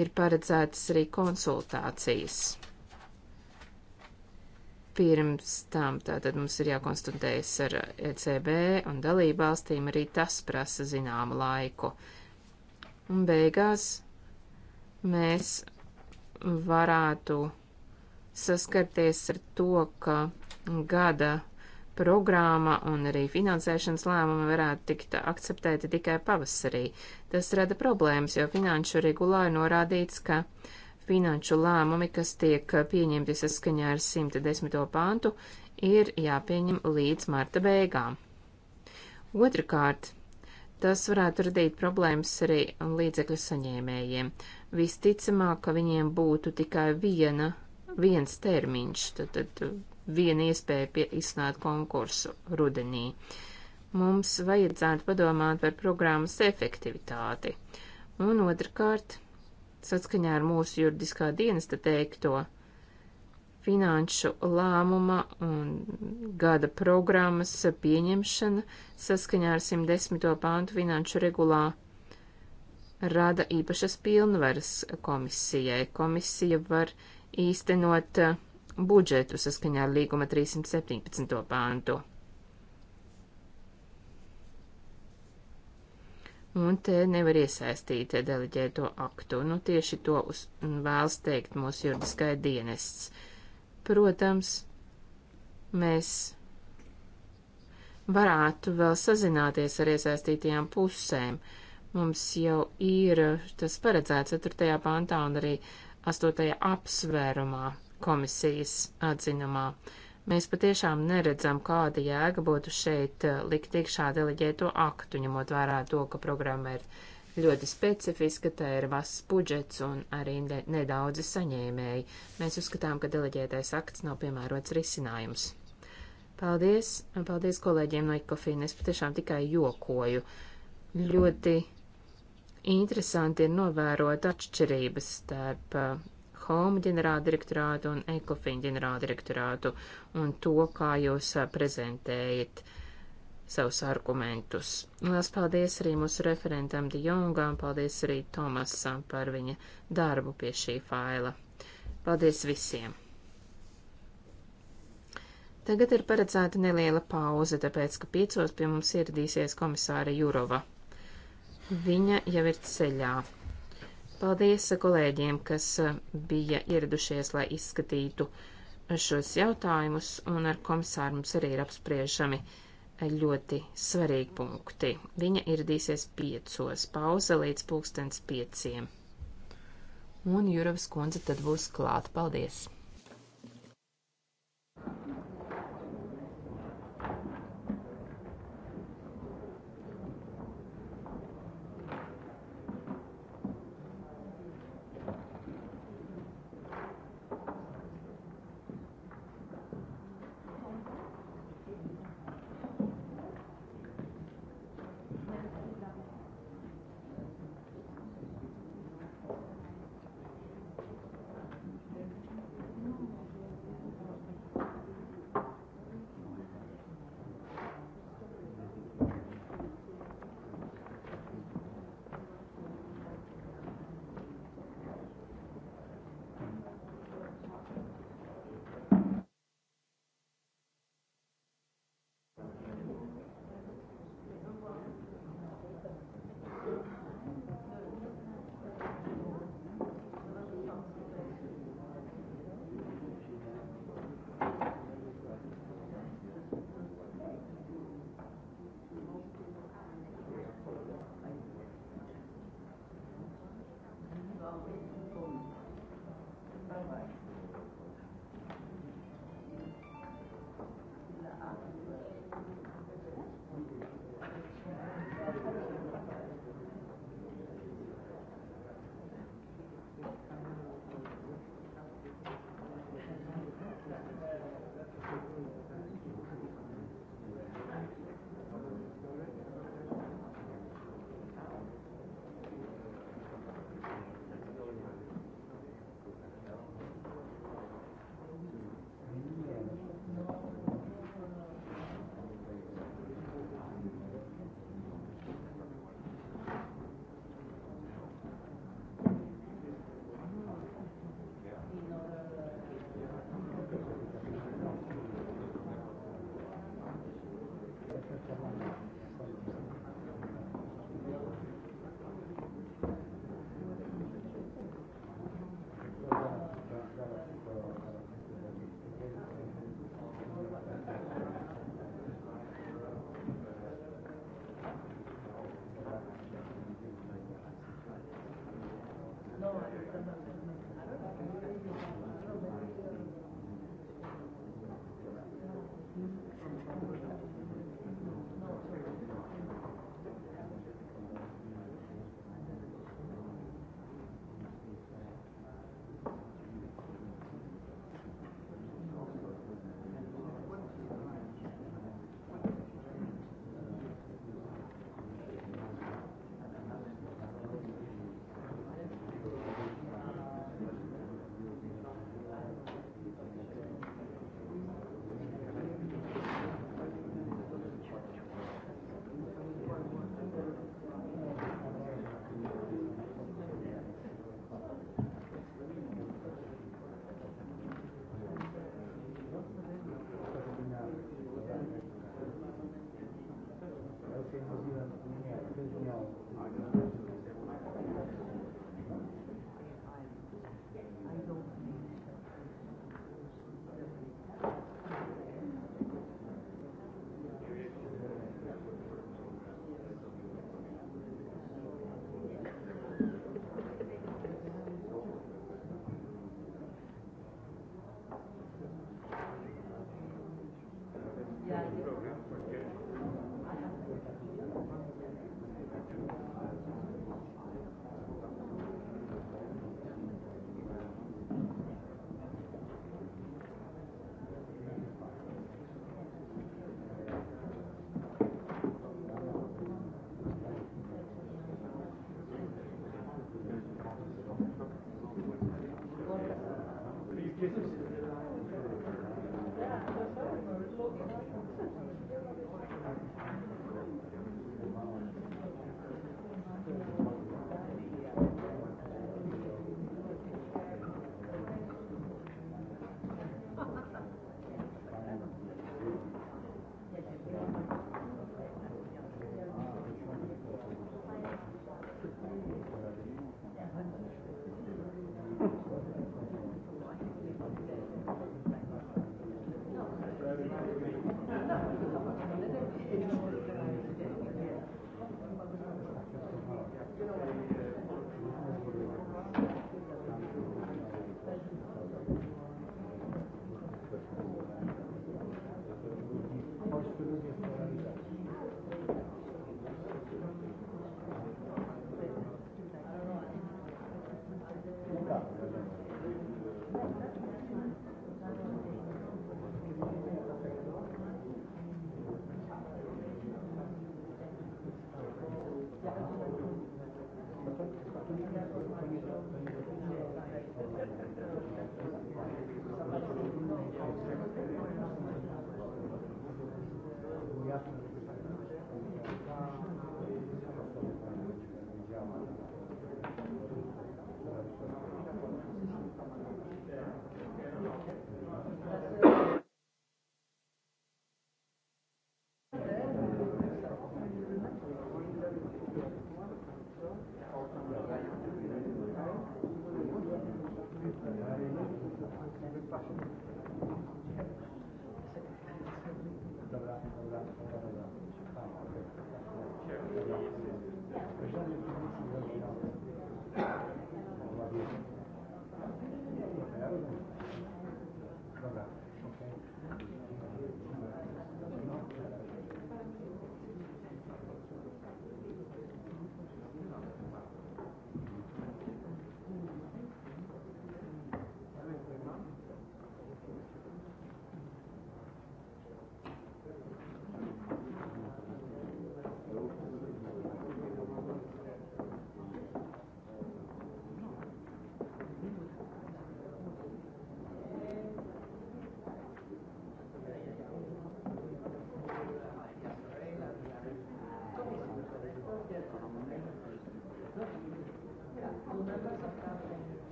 ir paredzētas arī konsultācijas. Pirms tam tātad mums ir jākonsultējas ar ECB un dalībvalstīm, arī tas prasa zināmu laiku. Un beigās mēs varētu saskarties ar to, ka gada programma un arī finansēšanas lēmumi varētu tikt akceptēti tikai pavasarī. Tas rada problēmas, jo finanšu regulā ir norādīts, ka finanšu lēmumi, kas tiek pieņemti saskaņā ar 110. pāntu, ir jāpieņem līdz marta beigām. Otrakārt, tas varētu radīt problēmas arī līdzekļu saņēmējiem. Visticamāk, ka viņiem būtu tikai viena, viens termiņš, tad, tad viena iespēja pie izslēgt konkursu rudenī. Mums vajadzētu padomāt par programmas efektivitāti. Un otrkārt, saskaņā ar mūsu juridiskā dienesta teikto, finanšu lēmuma un gada programmas pieņemšana saskaņā ar 110. pāntu finanšu regulā rada īpašas pilnvaras komisijai. Komisija var īstenot uh, budžetu saskaņā ar līguma 317. pāntu. Un te nevar iesaistīt deleģēto aktu. Nu, tieši to uz, vēlas teikt mūsu juridiskajai dienests. Protams, mēs varētu vēl sazināties ar iesaistītajām pusēm. Mums jau ir tas paredzēts 4. pantā un arī 8. apsvērumā komisijas atzinumā. Mēs patiešām neredzam, kāda jēga būtu šeit eh, likt iekšā deleģēto aktu, ņemot vērā to, ka programma ir ļoti specifiska, tā ir vass budžets un arī ne, nedaudzi saņēmēji. Mēs uzskatām, ka deleģētais akts nav piemērots risinājums. Paldies, un paldies kolēģiem no Ikofīna. Es patiešām tikai jokoju. Ļoti interesanti ir novērot atšķirības starp eh, Home ģenerāldirektorātu un Ecofin ģenerāldirektorātu un to, kā jūs prezentējat savus argumentus. Lielas paldies arī mūsu referentam Dijongam, paldies arī Tomasam par viņa darbu pie šī faila. Paldies visiem! Tagad ir paredzēta neliela pauze, tāpēc, ka piecos pie mums ieradīsies komisāra Jurova. Viņa jau ir ceļā. Paldies kolēģiem, kas eh, bija ieradušies, lai izskatītu šos jautājumus, un ar komisāru mums arī ir apspriežami ļoti svarīgi punkti. Viņa ieradīsies piecos, pauze līdz pulkstens pieciem. Un Juravas kundze tad būs klāt. Paldies!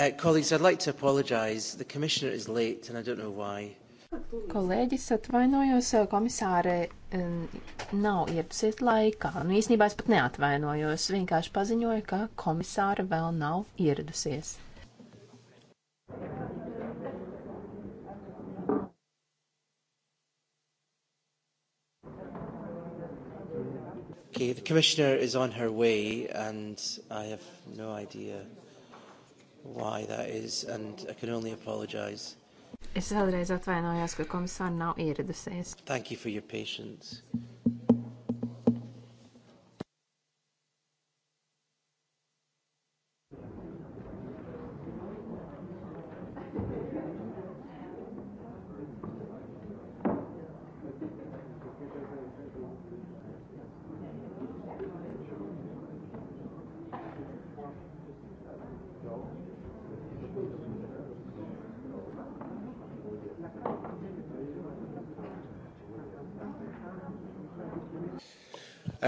Uh, colleagues, I'd like to apologise. The commissioner is late and I don't know why. Kolēģis atvainojos, eh, komisāre eh, nav ieradusies laikā. Nu, īsnībā es pat neatvainojos, vienkārši paziņoju, ka komisāre vēl nav ieradusies. Okay, the commissioner is on her way and I have no idea why that is, and I can only apologize. Es vēlreiz atvainojos, ka komisāra nav ieradusies. Thank you for your patience.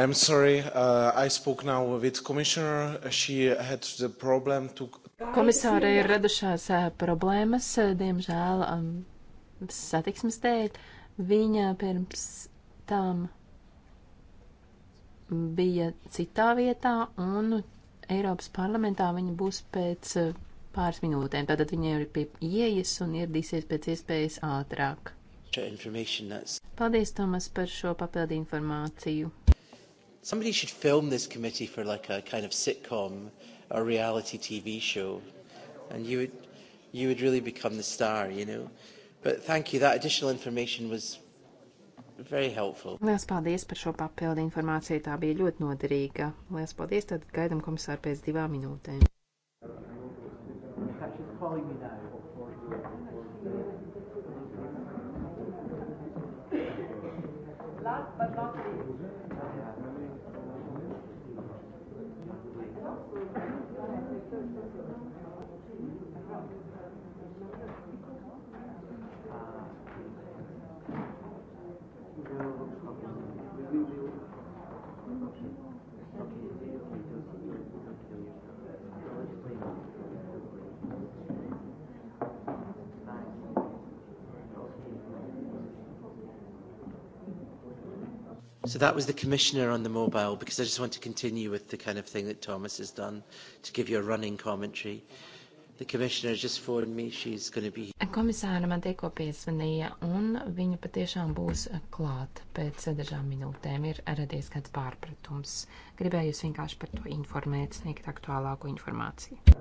I'm sorry, uh, I spoke now with commissioner. She had the problem to... Komisāra ir radušās uh, problēmas, uh, diemžēl, um, satiksmes dēļ. Viņa pirms tam bija citā vietā, un Eiropas parlamentā viņa būs pēc uh, pāris minūtēm. Tātad viņa ir pie ieejas un ieradīsies pēc iespējas ātrāk. Paldies, Tomas, par šo papildu informāciju. Somebody should film this committee for like a kind of sitcom or reality TV show, and you would, you would really become the star, you know. But thank you. That additional information was very helpful. Lielas paldies par šo papildu informāciju. Tā bija ļoti noderīga. Lielas paldies. Tad gaidam komisāru pēc divām minūtēm. calling me now. Last but not least. So that was the commissioner on the mobile, because I just want to continue with the kind of thing that Thomas has done to give you a running commentary. The commissioner just phoned me, she's going to be here. Komisāra man tikko piezvanīja, un viņa patiešām būs klāt pēc dažām minūtēm. Ir radies kāds pārpratums. Gribēju jūs vienkārši par to informēt, sniegt aktuālāko informāciju.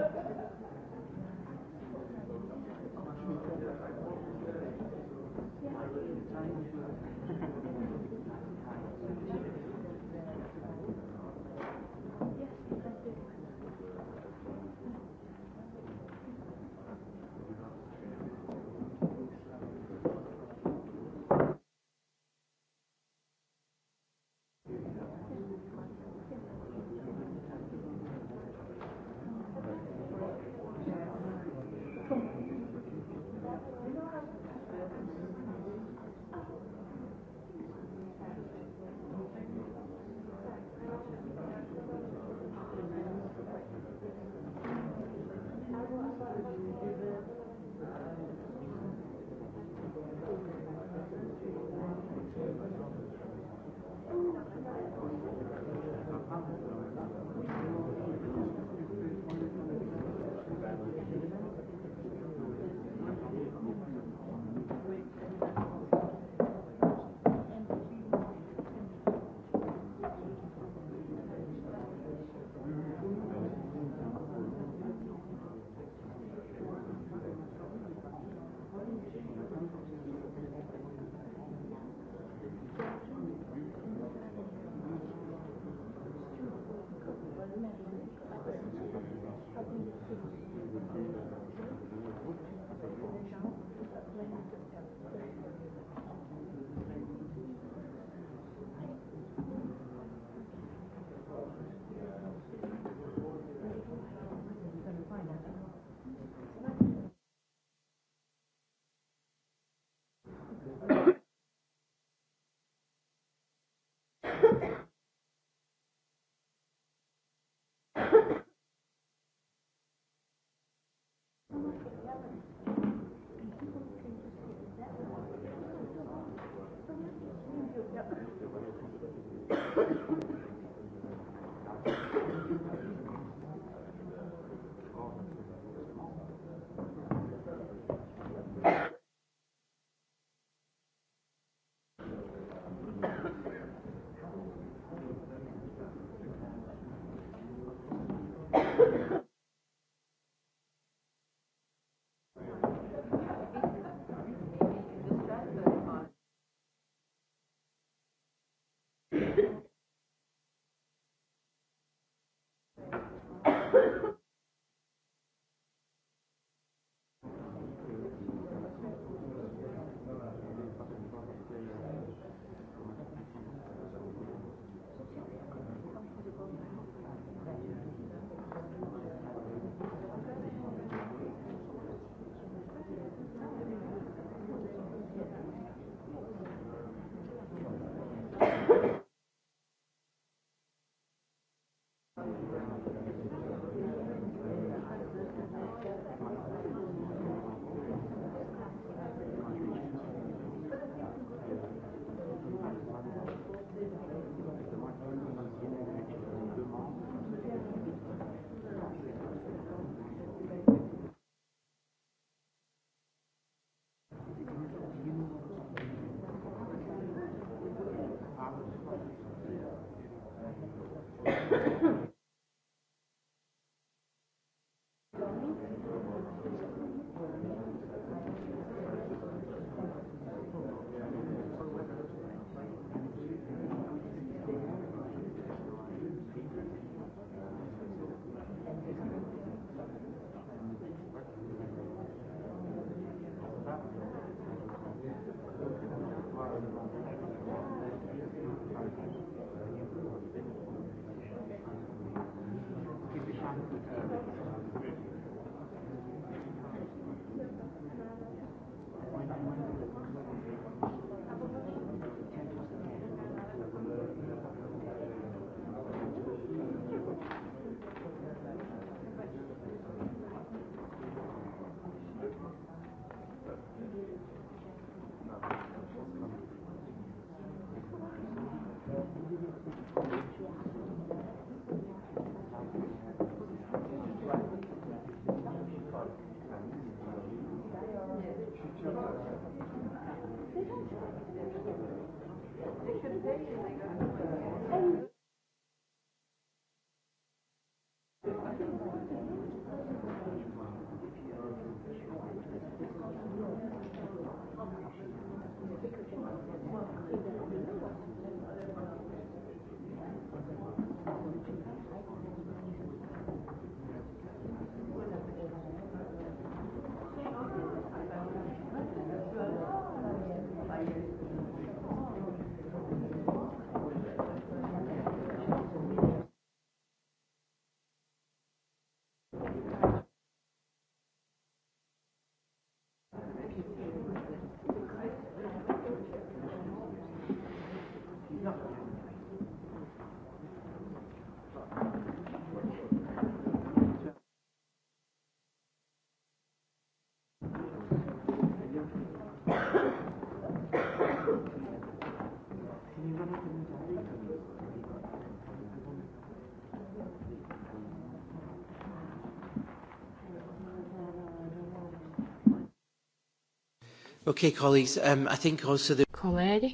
Okay, colleagues, um, I think also the... Kolēģi,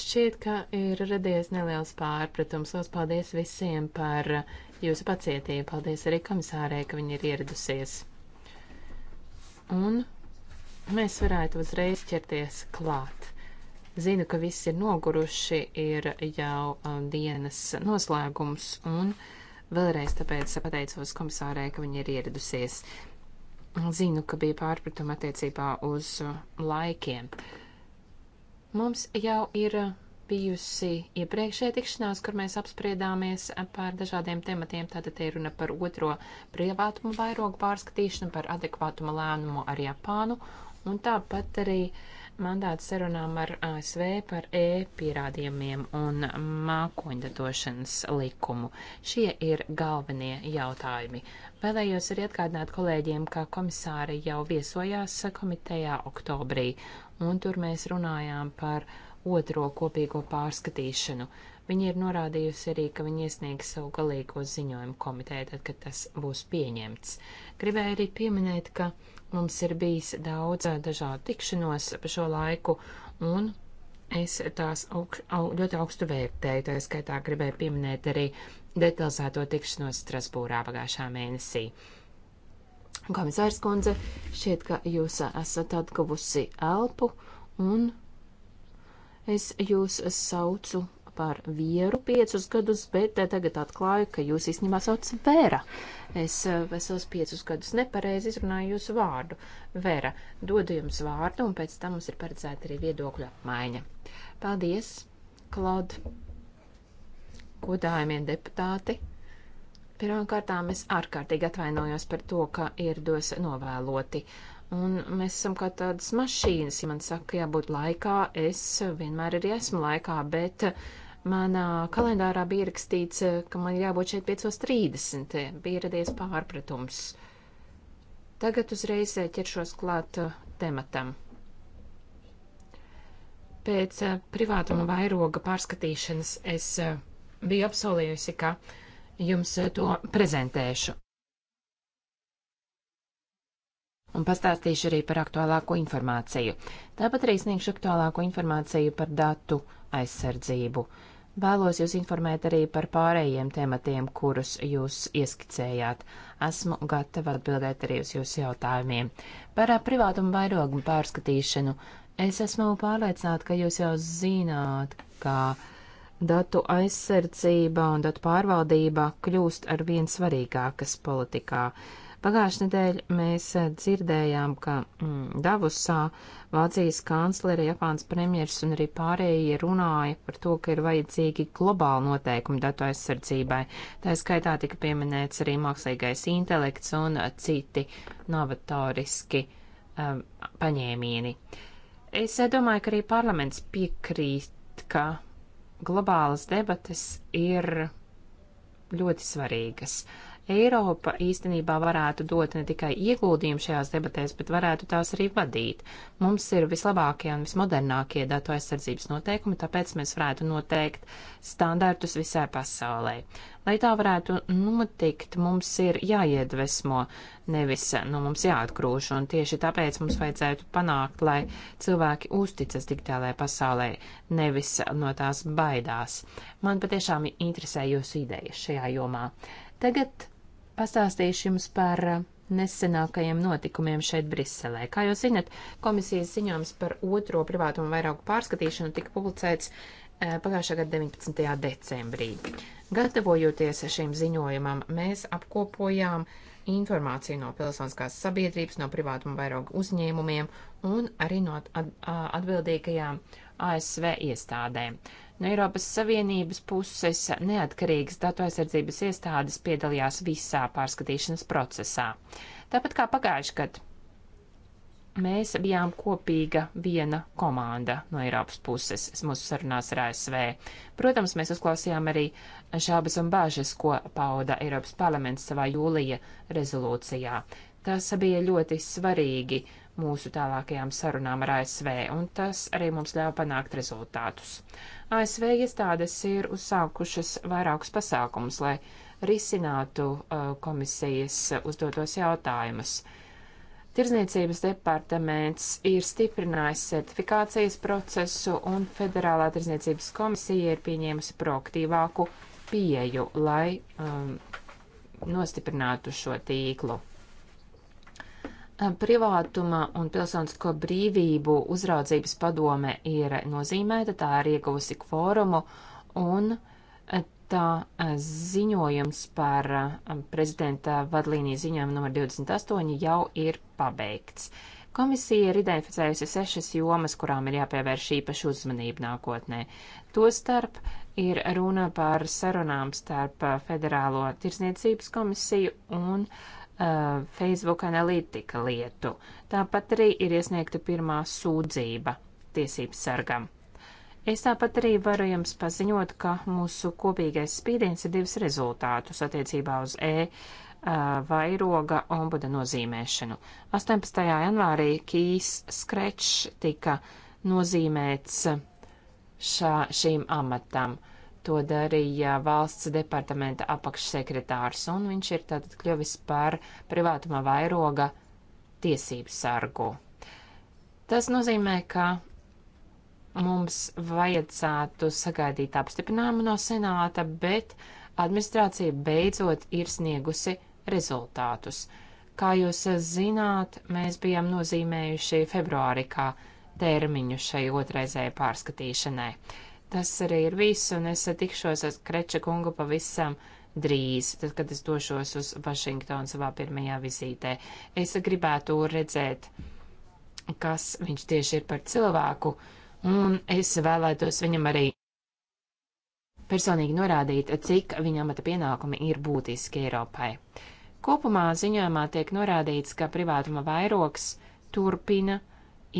šķiet, ka ir radies neliels pārpratums. Lielas paldies visiem par uh, jūsu pacietību. Paldies arī komisārē, ka viņi ir ieradusies. Un mēs varētu uzreiz ķerties klāt. Zinu, ka visi ir noguruši, ir jau um, dienas noslēgums, un vēlreiz tāpēc pateicos komisārē, ka viņi ir ieradusies. Zinu, ka bija pārpratuma attiecībā uz uh, laikiem. Mums jau ir uh, bijusi iepriekšēja tikšanās, kur mēs apspriedāmies par dažādiem tematiem. Tātad te ir runa par otro privātumu vairogu pārskatīšanu, par adekvātumu lēmumu ar Japānu un tāpat arī uh, mandātu sarunām ar ASV par e-pierādījumiem un mākoņdatošanas likumu. Šie ir galvenie jautājumi. Vēlējos arī atgādināt kolēģiem, ka komisāri jau viesojās komitejā oktobrī, un tur mēs runājām par otro kopīgo pārskatīšanu. Viņa ir norādījusi arī, ka viņa iesniegs savu galīgo ziņojumu komitē, tad, kad tas būs pieņemts. Gribēju arī pieminēt, ka Mums ir bijis daudz eh, dažādu tikšanos pa šo laiku, un es tās aug, aug, ļoti augstu vērtēju. Tā skaitā gribēju pieminēt arī detalizēto tikšanos Strasbūrā pagājušā mēnesī. Komisārs Kundze, šķiet, ka jūs eh, esat atguvusi elpu, un es jūs saucu par vieru piecus gadus, bet eh, tagad atklāju, ka jūs īstenībā sauc Vera. Es eh, vesels piecus gadus nepareizi izrunāju jūsu vārdu. Vera, dodu jums vārdu, un pēc tam mums ir paredzēta arī viedokļu apmaiņa. Paldies, Klaud, godājumie deputāti. Pirmkārtām es ārkārtīgi atvainojos par to, ka ierados novēloti. Un mēs esam kā tādas mašīnas. Ja man saka, jābūt laikā, es vienmēr arī esmu laikā, bet Manā kalendārā bija rakstīts, eh, ka man ir jābūt šeit 5.30. Bija radies pārpratums. Tagad uzreiz eh, ķeršos klāt eh, tematam. Pēc privātuma vairoga pārskatīšanas es biju apsolījusi, ka jums to prezentēšu. un pastāstīšu arī par aktuālāko informāciju. Tāpat arī sniegšu aktuālāko informāciju par datu aizsardzību. Vēlos jūs informēt arī par pārējiem tematiem, kurus jūs ieskicējāt. Esmu gatava atbildēt arī uz jūsu jautājumiem. Par privātumu vairogu pārskatīšanu. Es esmu pārliecināta, ka jūs jau zināt, ka datu aizsardzība un datu pārvaldība kļūst ar vien svarīgākas politikā. Pagājušajā nedēļā mēs eh, dzirdējām, ka mm, Davusā Vācijas kanclere, Japāns premjers un arī pārējie runāja par to, ka ir vajadzīgi globāli noteikumi datu aizsardzībai. Tā skaitā tika pieminēts arī mākslīgais intelekts un eh, citi novatoriski um, paņēmieni. Es domāju, ka arī parlaments piekrīt, ka globālas debates ir ļoti svarīgas. Eiropa īstenībā varētu dot ne tikai ieguldījumu šajās debatēs, bet varētu tās arī vadīt. Mums ir vislabākie un vismodernākie datu aizsardzības noteikumi, tāpēc mēs varētu noteikt standartus visai pasaulē. Lai tā varētu notikt, mums ir jāiedvesmo, nevis no nu, mums jāatgrūž, un tieši tāpēc mums vajadzētu panākt, lai cilvēki uzticas digitālajai pasaulē, nevis no tās baidās. Man patiešām interesē jūsu idejas šajā jomā. Tagad Pastāstīšu jums par eh, nesenākajiem notikumiem šeit Briselē. Kā jūs zinat, komisijas ziņojums par otro privātumu vairāku pārskatīšanu tika publicēts eh, pagājušā gada 19. decembrī. Gatavojoties šim ziņojumam, mēs apkopojām informāciju no pilsoniskās sabiedrības, no privātuma vairāku uzņēmumiem un arī no atbildīgajām ASV iestādēm. No Eiropas Savienības puses neatkarīgas datu aizsardzības iestādes piedalījās visā pārskatīšanas procesā. Tāpat kā pagājuši gadu, mēs bijām kopīga viena komanda no Eiropas puses mūsu sarunās ar ASV. Protams, mēs uzklausījām arī šābas un bāžas, ko pauda Eiropas parlaments savā jūlija rezolūcijā. Tas bija ļoti svarīgi mūsu tālākajām sarunām ar ASV, un tas arī mums ļāva panākt rezultātus. ASV iestādes ir uzsākušas vairākus pasākumus, lai risinātu uh, komisijas uzdotos jautājumus. Tirzniecības departaments ir stiprinājis certifikācijas procesu, un Federālā tirzniecības komisija ir pieņēmusi proaktīvāku pieju, lai um, nostiprinātu šo tīklu. Privātuma un pilsonisko brīvību uzraudzības padome ir nozīmēta, tā ir ieguvusi kvorumu un eh, tā eh, ziņojums par prezidenta vadlīniju ziņojumu numur 28 jau ir pabeigts. Komisija ir identificējusi sešas jomas, kurām ir jāpievērš īpaši uzmanība nākotnē. Tostarp ir runa par sarunām starp eh, Federālo tirsniecības komisiju un uh, Uh, Facebook analītika lietu. Tāpat arī ir iesniegta pirmā sūdzība tiesības sargam. Es tāpat arī varu jums paziņot, ka mūsu kopīgais spīdiens ir divas rezultātus attiecībā uz E uh, vairoga ombuda nozīmēšanu. 18. janvārī Kīs Skrečs tika nozīmēts šā, šīm amatam. Uh, To darīja valsts departamenta apakšsekretārs, un viņš ir tātad kļuvis par privātuma vairoga tiesību sargu. Tas nozīmē, ka mums vajadzētu sagaidīt apstiprinājumu no senāta, bet administrācija beidzot ir sniegusi rezultātus. Kā jūs zināt, mēs bijām nozīmējuši februārī kā termiņu šai otraizēji pārskatīšanai. Tas arī ir viss, un es tikšos ar Kreča kungu pavisam drīz, tad, kad es došos uz Vašingtonu savā pirmajā vizītē. Es gribētu redzēt, kas viņš tieši ir par cilvēku, un es vēlētos viņam arī personīgi norādīt, cik viņa amata pienākumi ir būtiski Eiropai. Kopumā ziņojumā tiek norādīts, ka privātuma vairoks turpina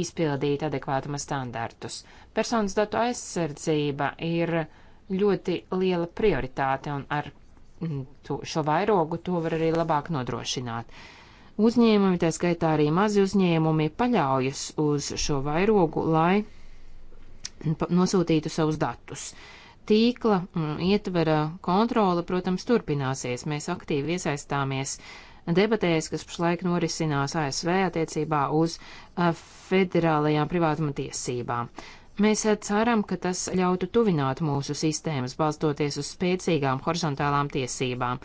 izpildīt adekvātuma standartus. Personas datu aizsardzība ir ļoti liela prioritāte un ar mm, to, šo vairogu to var arī labāk nodrošināt. Uzņēmumi, tā skaitā arī mazi uzņēmumi, paļaujas uz šo vairogu, lai nosūtītu savus datus. Tīkla mm, ietvera kontrole, protams, turpināsies. Mēs aktīvi iesaistāmies uh, debatēs, kas pašlaik norisinās ASV attiecībā uz federālajām privātuma tiesībām. Mēs ceram, ka tas ļautu tuvināt mūsu sistēmas, balstoties uz spēcīgām horizontālām tiesībām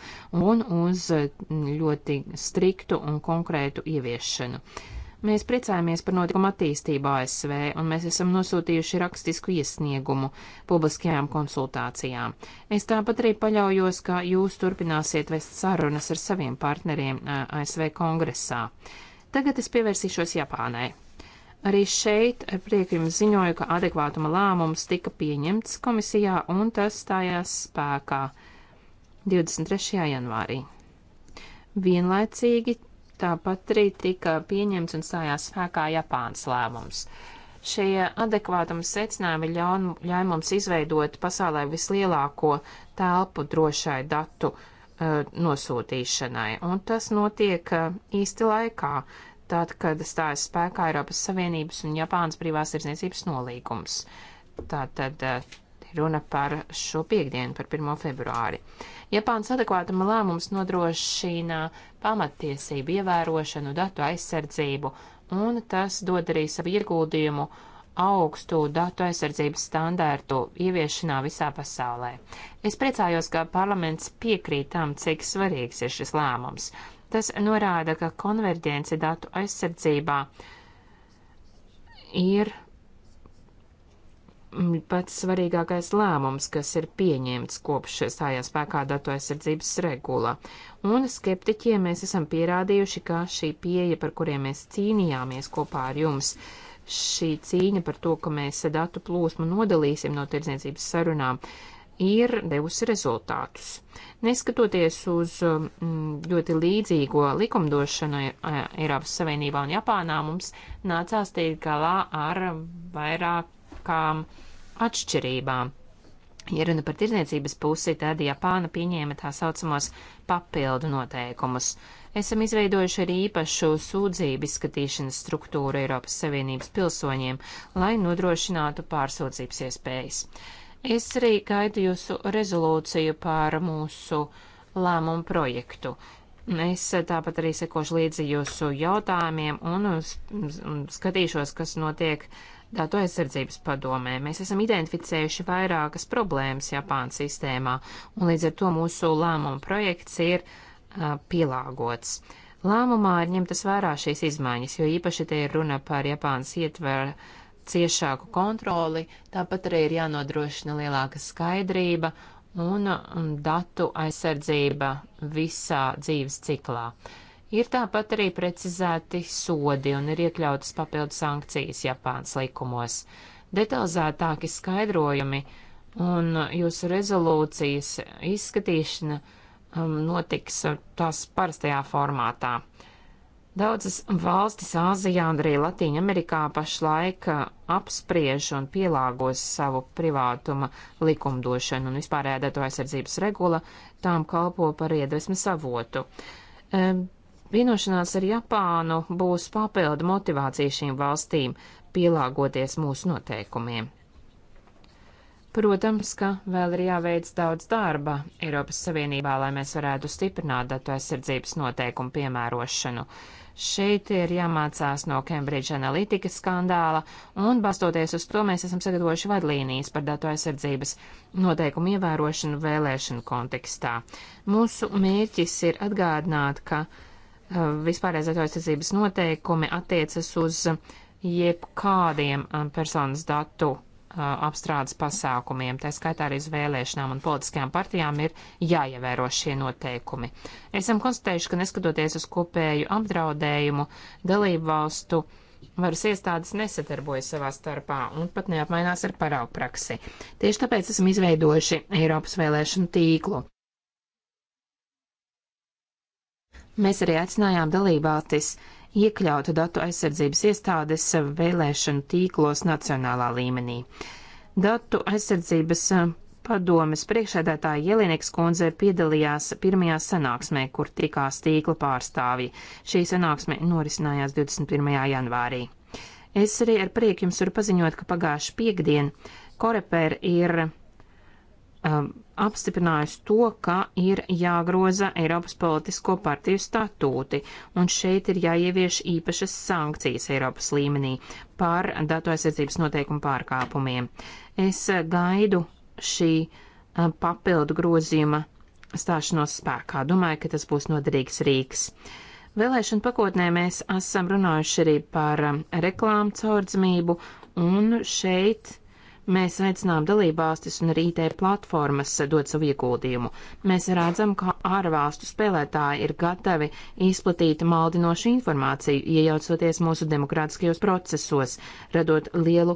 un uz ļoti striktu un konkrētu ieviešanu. Uh, Mēs priecājamies par notikumu attīstību ASV, un mēs esam nosūtījuši rakstisku iesniegumu publiskajām konsultācijām. Es tāpat arī paļaujos, ka jūs turpināsiet vest sarunas ar saviem partneriem ASV kongresā. Tagad es pievērsīšos Japānai. Arī šeit ar prieku jums ziņoju, ka adekvātuma lēmums tika pieņemts komisijā un tas stājās spēkā 23. janvārī. Vienlaicīgi Tāpat arī tika pieņemts un stājās spēkā Japānas lēmums. Šie adekvātuma secinājumi ļaun, ļauj mums izveidot pasaulē vislielāko telpu drošai datu uh, nosūtīšanai, un tas notiek uh, īsti laikā, tad, kad stājas spēkā Eiropas Savienības un Japānas privās tirdzniecības nolīgums. Tātad uh, Runa par šo piekdienu, par 1. februāri. Japāns adekvātuma lēmums nodrošina pamattiesību ievērošanu, datu aizsardzību, un tas dod arī savu ieguldījumu augstu datu aizsardzības standārtu ieviešanā visā pasaulē. Es priecājos, ka parlaments piekrīt tam, cik svarīgs ir šis lēmums. Tas norāda, ka konverģence datu aizsardzībā ir pats svarīgākais lēmums, kas ir pieņemts kopš stājās spēkā datu aizsardzības regula. Un skeptiķiem mēs esam pierādījuši, ka šī pieeja, par kuriem mēs cīnījāmies kopā ar jums, šī cīņa par to, ka mēs datu plūsmu nodalīsim no tirdzniecības sarunām, ir devusi rezultātus. Neskatoties uz um, ļoti līdzīgo likumdošanu e, e, Eiropas Savienībā un Japānā, mums nācās tikt galā ar vairāk lielākām atšķirībām. Ja runa par tirdzniecības pusi, tad Japāna pieņēma tā saucamos papildu noteikumus. Esam izveidojuši arī īpašu sūdzību izskatīšanas struktūru Eiropas Savienības pilsoņiem, lai nodrošinātu pārsūdzības iespējas. Es arī gaidu jūsu rezolūciju par mūsu lēmumu projektu. Es tāpat arī sekošu līdzi jūsu jautājumiem un skatīšos, kas notiek uh, datu aizsardzības padomē. Mēs esam identificējuši vairākas problēmas Japānas sistēmā, un līdz ar to mūsu lēmuma projekts ir uh, pielāgots. Lēmumā ir ņemtas vērā šīs izmaiņas, jo īpaši te ir runa par Japānas ietveru ciešāku kontroli, tāpat arī ir jānodrošina lielāka skaidrība un, un datu aizsardzība visā dzīves ciklā. Uh, Ir tāpat arī precizēti sodi un ir iekļautas papildu sankcijas Japānas likumos. Detalizētāki skaidrojumi un jūsu rezolūcijas izskatīšana um, notiks tās parastajā formātā. Daudzas valstis Āzijā un arī Latīņa Amerikā pašlaik uh, apspriež un pielāgos savu privātuma likumdošanu un vispārējā datu aizsardzības regula tām kalpo par iedvesmas avotu. Um, Vienošanās ar Japānu būs papildu motivācija šīm valstīm pielāgoties mūsu noteikumiem. Protams, ka vēl ir jāveic daudz darba Eiropas Savienībā, lai mēs varētu stiprināt datu aizsardzības noteikumu piemērošanu. Šeit ir jāmācās no Cambridge Analytica skandāla, un balstoties uz to mēs esam sagatavojuši vadlīnijas par datu aizsardzības noteikumu ievērošanu vēlēšanu kontekstā. Mūsu mērķis ir atgādināt, ka Eh, vispārējais aizsardzības noteikumi attiecas uz jebkādiem eh, personas datu eh, apstrādes pasākumiem, tā skaitā arī uz vēlēšanām un politiskajām partijām ir jāievēro šie noteikumi. Esam konstatējuši, ka neskatoties uz kopēju apdraudējumu, dalību valstu varas iestādes nesadarbojas savā starpā un pat neapmainās ar paraugu praksi. Tieši tāpēc esam izveidojuši Eiropas vēlēšanu tīklu. Mēs arī aicinājām dalībvalstis iekļaut datu aizsardzības iestādes vēlēšanu tīklos nacionālā līmenī. Datu aizsardzības eh, padomes priekšēdētāja Jelineks kundze piedalījās pirmajā sanāksmē, kur tikās tīkla pārstāvji. Šī sanāksme norisinājās 21. janvārī. Es arī ar prieku jums varu paziņot, ka pagājuši piekdien Koreper ir um, apstiprinājusi to, ka ir jāgroza Eiropas politisko partiju statūti, un šeit ir jāievieš īpašas sankcijas Eiropas līmenī par datu aizsardzības noteikumu pārkāpumiem. Es gaidu šī um, papildu grozījuma stāšanos spēkā. Domāju, ka tas būs noderīgs rīks. Vēlēšana pakotnē mēs esam runājuši arī par um, reklāmu caurdzamību, un šeit Mēs aicinām dalībvalstis un arī IT platformas dot savu ieguldījumu. Mēs redzam, ka ārvalstu spēlētāji ir gatavi izplatīt maldinošu informāciju, iejaucoties mūsu demokrātiskajos procesos, radot lielu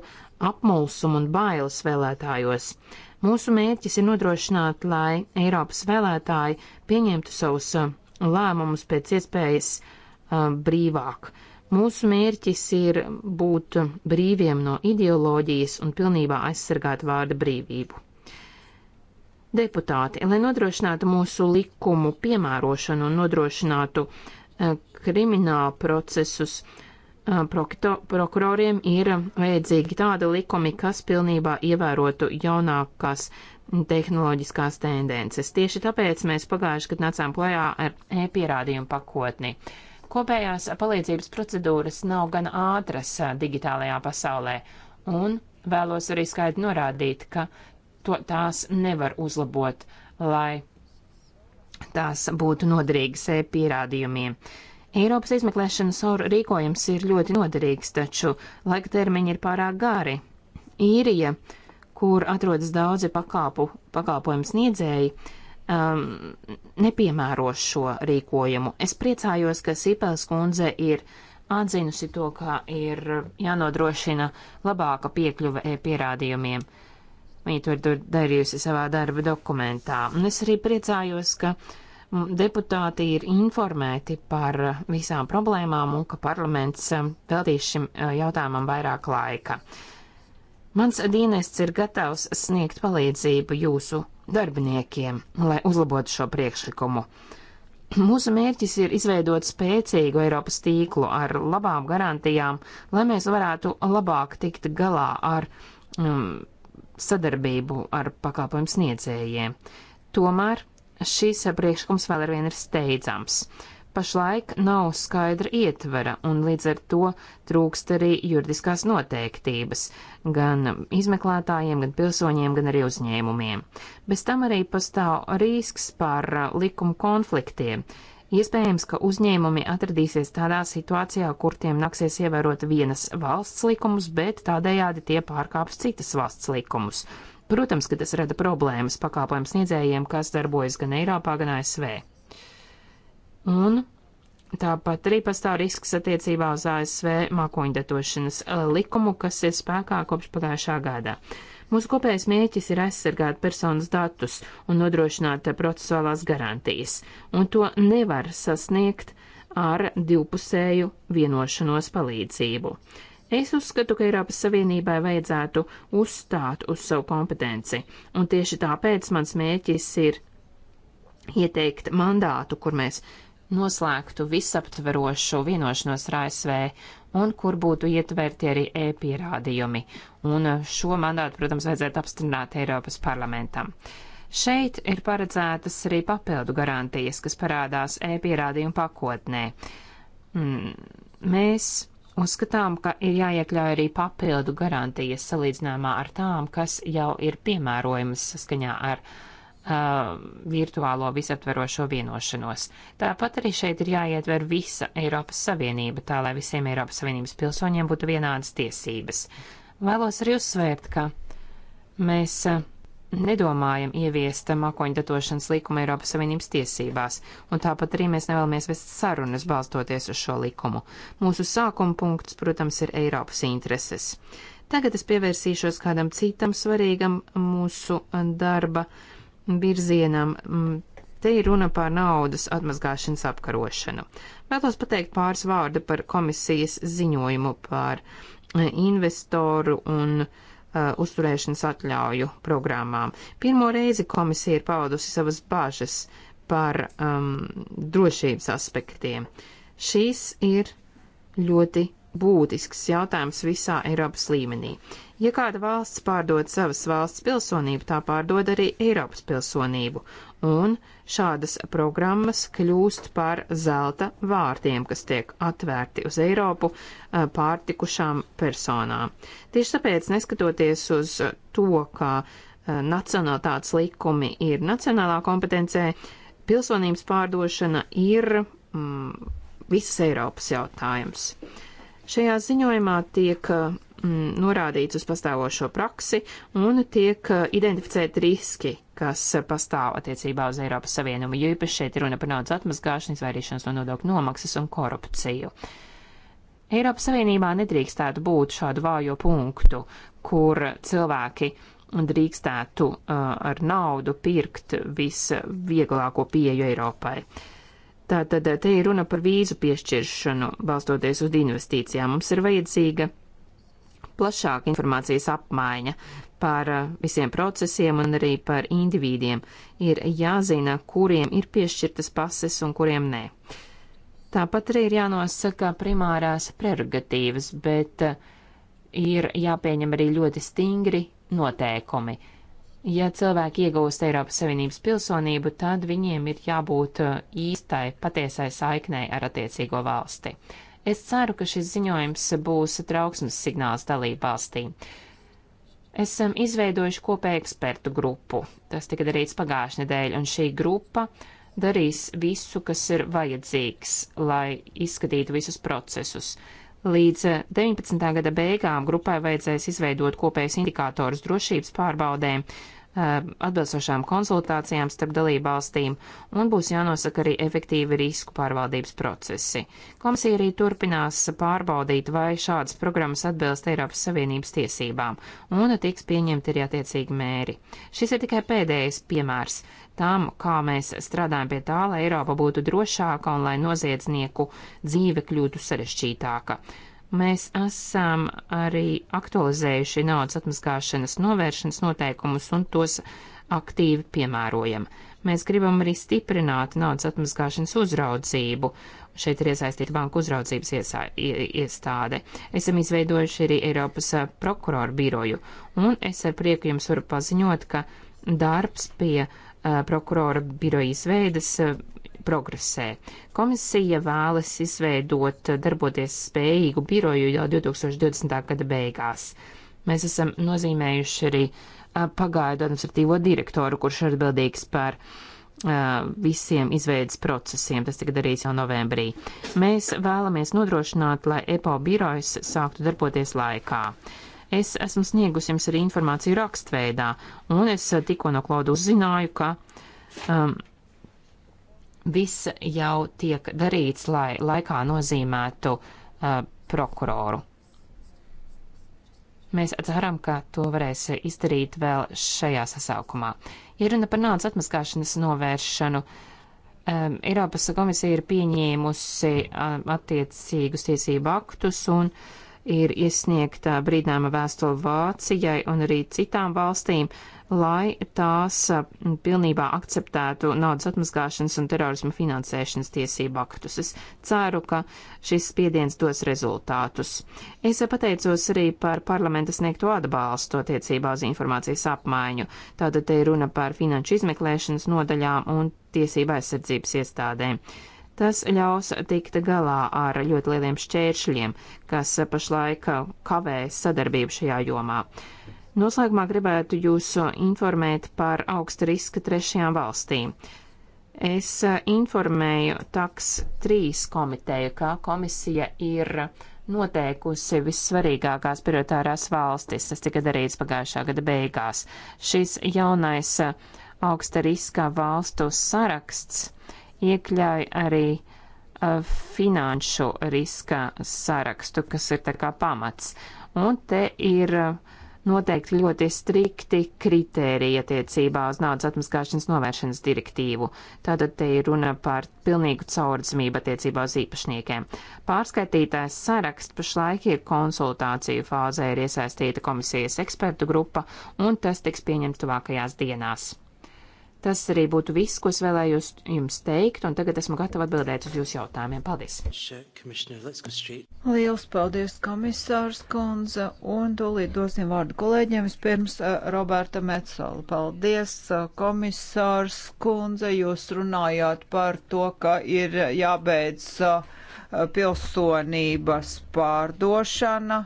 apmulsumu un bailes vēlētājos. Mūsu mērķis ir nodrošināt, lai Eiropas vēlētāji pieņemtu savus uh, lēmumus pēc iespējas uh, brīvāk. Uh, Mūsu mērķis ir būt brīviem no ideoloģijas un pilnībā aizsargāt vārda brīvību. Deputāti, lai nodrošinātu mūsu likumu piemērošanu un nodrošinātu eh, kriminālu procesus, eh, prokuroriem ir vajadzīgi tādi likumi, kas pilnībā ievērotu jaunākās tehnoloģiskās tendences. Tieši tāpēc mēs pagājuši, kad nācām klajā ar e-pierādījumu pakotni. Uh, Kopējās palīdzības procedūras nav gan ātras digitālajā pasaulē, un vēlos arī skaidri norādīt, ka to, tās nevar uzlabot, lai tās būtu noderīgas e-pierādījumiem. Eiropas izmeklēšanas rīkojums ir ļoti noderīgs, taču laika termiņi ir pārāk gari. Īrija, kur atrodas daudzi pakāpu, pakāpojumu sniedzēji, um, nepiemēros šo rīkojumu. Es priecājos, ka Sipels kundze ir atzinusi to, ka ir jānodrošina labāka piekļuve e-pierādījumiem. Viņa to ir darījusi savā darba dokumentā. Un es arī priecājos, ka mm, deputāti ir informēti par visām problēmām un ka parlaments um, veltīs šim uh, jautājumam vairāk laika. Mans dienests ir gatavs sniegt palīdzību jūsu darbiniekiem, lai uzlabotu šo priekšlikumu. Mūsu mērķis ir izveidot spēcīgu Eiropas tīklu ar labām garantijām, lai mēs varētu labāk tikt galā ar um, sadarbību ar pakalpojumu sniedzējiem. Tomēr šis priekšlikums vēl ar vienu ir steidzams pašlaik nav skaidra ietvera, un līdz ar to trūkst arī juridiskās noteiktības gan izmeklētājiem, gan pilsoņiem, gan arī uzņēmumiem. Bez tam arī pastāv risks par uh, likumu konfliktiem. Iespējams, ka uzņēmumi atradīsies tādā situācijā, kur tiem nāksies ievērot vienas valsts likumus, bet tādējādi tie pārkāps citas valsts likumus. Protams, ka tas rada problēmas pakāpojumu sniedzējiem, kas darbojas gan Eiropā, gan ASV. Un tāpat arī pastāv risks attiecībā uz ASV mākoņdatošanas eh, likumu, kas ir spēkā kopš pagājušā gadā. Mūsu kopējais mērķis ir aizsargāt personas datus un nodrošināt procesuālās garantijas, un to nevar sasniegt ar divpusēju vienošanos palīdzību. Es uzskatu, ka Eiropas Savienībai vajadzētu uzstāt uz savu kompetenci, un tieši tāpēc mans mērķis ir ieteikt mandātu, kur mēs noslēgtu visaptverošu vienošanos ar ASV un kur būtu ietverti arī e-pierādījumi. Un šo mandātu, protams, vajadzētu apstrināt Eiropas parlamentam. Šeit ir paredzētas arī papildu garantijas, kas parādās e-pierādījumu pakotnē. Mm, mēs uzskatām, ka ir jāiekļauj arī papildu garantijas salīdzinājumā ar tām, kas jau ir piemērojamas saskaņā ar ASV uh, virtuālo visaptverošo vienošanos. Tāpat arī šeit ir jāietver visa Eiropas Savienība, tā lai visiem Eiropas Savienības pilsoņiem būtu vienādas tiesības. Vēlos arī uzsvērt, ka mēs uh, nedomājam ieviest mākoņdatošanas likumu Eiropas Savienības tiesībās, un tāpat arī mēs nevēlamies vest sarunas balstoties uz šo likumu. Mūsu sākuma punkts, protams, ir Eiropas intereses. Tagad es pievērsīšos kādam citam svarīgam mūsu uh, darba uh, virzienam. Mm, te ir runa par naudas atmazgāšanas apkarošanu. Vēlos pateikt pāris vārdu par komisijas ziņojumu par eh, investoru un uh, uzturēšanas atļauju programmām. Pirmo reizi komisija ir paudusi savas bažas par um, drošības aspektiem. Šīs ir ļoti būtisks jautājums visā Eiropas līmenī. Ja kāda valsts pārdod savas valsts pilsonību, tā pārdod arī Eiropas pilsonību, un šādas programmas kļūst par zelta vārtiem, kas tiek atvērti uz Eiropu pārtikušām personām. Tieši tāpēc, neskatoties uz to, ka nacionālitātes likumi ir nacionālā kompetencē, pilsonības pārdošana ir mm, visas Eiropas jautājums. Uh, Šajā ziņojumā tiek uh, mm, norādīts uz pastāvošo praksi un tiek uh, identificēti riski, kas uh, pastāv attiecībā uz Eiropas Savienību, jo īpaši šeit ir runa par naudas atmazgāšanu, izvairīšanos no nodokļu nomaksas un korupciju. Eiropas Savienībā nedrīkstētu būt šādu vājo punktu, kur cilvēki drīkstētu uh, ar naudu pirkt visvieglāko pieju Eiropai. Uh, Tātad te ir runa par vīzu piešķiršanu, balstoties uz investīcijām. Mums ir vajadzīga plašāka informācijas apmaiņa par eh, visiem procesiem un arī par individiem. Ir jāzina, kuriem ir piešķirtas pases un kuriem nē. Tāpat arī ir jānosaka primārās prerogatīvas, bet eh, ir jāpieņem arī ļoti stingri noteikumi. Ja cilvēki iegūst Eiropas Savienības pilsonību, tad viņiem ir jābūt uh, īstai, patiesai saiknei ar attiecīgo valsti. Es ceru, ka šis ziņojums būs trauksmes signāls dalību valstīm. Esam izveidojuši kopēju ekspertu grupu. Tas tika darīts pagājušajā nedēļā, un šī grupa darīs visu, kas ir vajadzīgs, lai izskatītu visus procesus. Līdz 19. Uh, gada beigām grupai vajadzēs izveidot kopējus indikātorus drošības pārbaudēm, Um, atbilstošām konsultācijām starp dalībvalstīm un būs jānosaka arī efektīvi risku pārvaldības procesi. Komisija arī turpinās pārbaudīt, vai šādas programmas atbilst Eiropas Savienības tiesībām un tiks pieņemti arī attiecīgi mēri. Šis ir tikai pēdējais piemērs tam, kā mēs strādājam pie tā, lai Eiropa būtu drošāka un lai noziedznieku dzīve kļūtu sarežģītāka. Mēs esam arī aktualizējuši naudas atmaskāšanas novēršanas noteikumus un tos aktīvi piemērojam. Mēs gribam arī stiprināt naudas atmaskāšanas uzraudzību. Šeit ir iesaistīta banka uzraudzības iesā, iestāde. Esam izveidojuši arī Eiropas prokuroru biroju, un es ar prieku jums varu paziņot, ka darbs pie uh, prokurora biroja izveidas uh, progresē. Komisija vēlas izveidot darboties spējīgu biroju jau 2020. gada beigās. Mēs esam nozīmējuši arī pagaidu administratīvo direktoru, kurš ir atbildīgs par uh, visiem izveidas procesiem. Tas tika darīts jau novembrī. Mēs vēlamies nodrošināt, lai EPO birojas sāktu darboties laikā. Es esmu sniegusi jums arī informāciju rakstveidā, un es tikko no Klauda uzzināju, ka um, viss jau tiek darīts, lai laikā nozīmētu uh, prokuroru. Mēs ceram, ka to varēs izdarīt vēl šajā sasaukumā. Ja runa par naudas atmaskāšanas novēršanu, um, Eiropas komisija ir pieņēmusi um, attiecīgus tiesību aktus un ir iesniegta brīdinājuma vēstule Vācijai un arī citām valstīm, uh, lai tās pilnībā akceptētu naudas atmazgāšanas un terorisma finansēšanas tiesību aktus. Es ceru, ka šis spiediens dos rezultātus. Es pateicos arī par parlamenta sniegto atbalstu attiecībā uz informācijas apmaiņu. Tātad te ir runa par finanšu izmeklēšanas nodaļām un tiesība aizsardzības iestādēm. Tas ļaus tikt galā ar ļoti lieliem šķēršļiem, kas pašlaik kavē sadarbību šajā jomā. Noslēgumā gribētu jūs uh, informēt par augsta riska trešajām valstīm. Es uh, informēju TAX 3 komiteju, ka komisija ir noteikusi vissvarīgākās prioritārās valstis. Tas tika darīts pagājušā gada beigās. Šis jaunais uh, augsta riska valstu saraksts iekļauj arī finanšu riska sarakstu, kas ir tā kā pamats. Un te ir uh, noteikti ļoti strikti kritēriji attiecībā uz naudas atmaskāšanas novēršanas direktīvu. Tātad te ir runa par pilnīgu caurdzamību attiecībā uz īpašniekiem. Pārskaitītājs saraksts pašlaik ir konsultāciju fāzē, ir iesaistīta komisijas ekspertu grupa, un tas tiks pieņemts tuvākajās dienās. Tas arī būtu viss, ko es vēlējos jums teikt, un tagad esmu gatava atbildēt uz jūsu jautājumiem. Paldies! Lielas paldies, komisārs Konza, un tūlīt dosim vārdu kolēģiem. Vispirms eh, Roberta Metzola. Paldies, eh, komisārs Konza, jūs runājāt par to, ka ir jābeidz eh, pilsonības pārdošana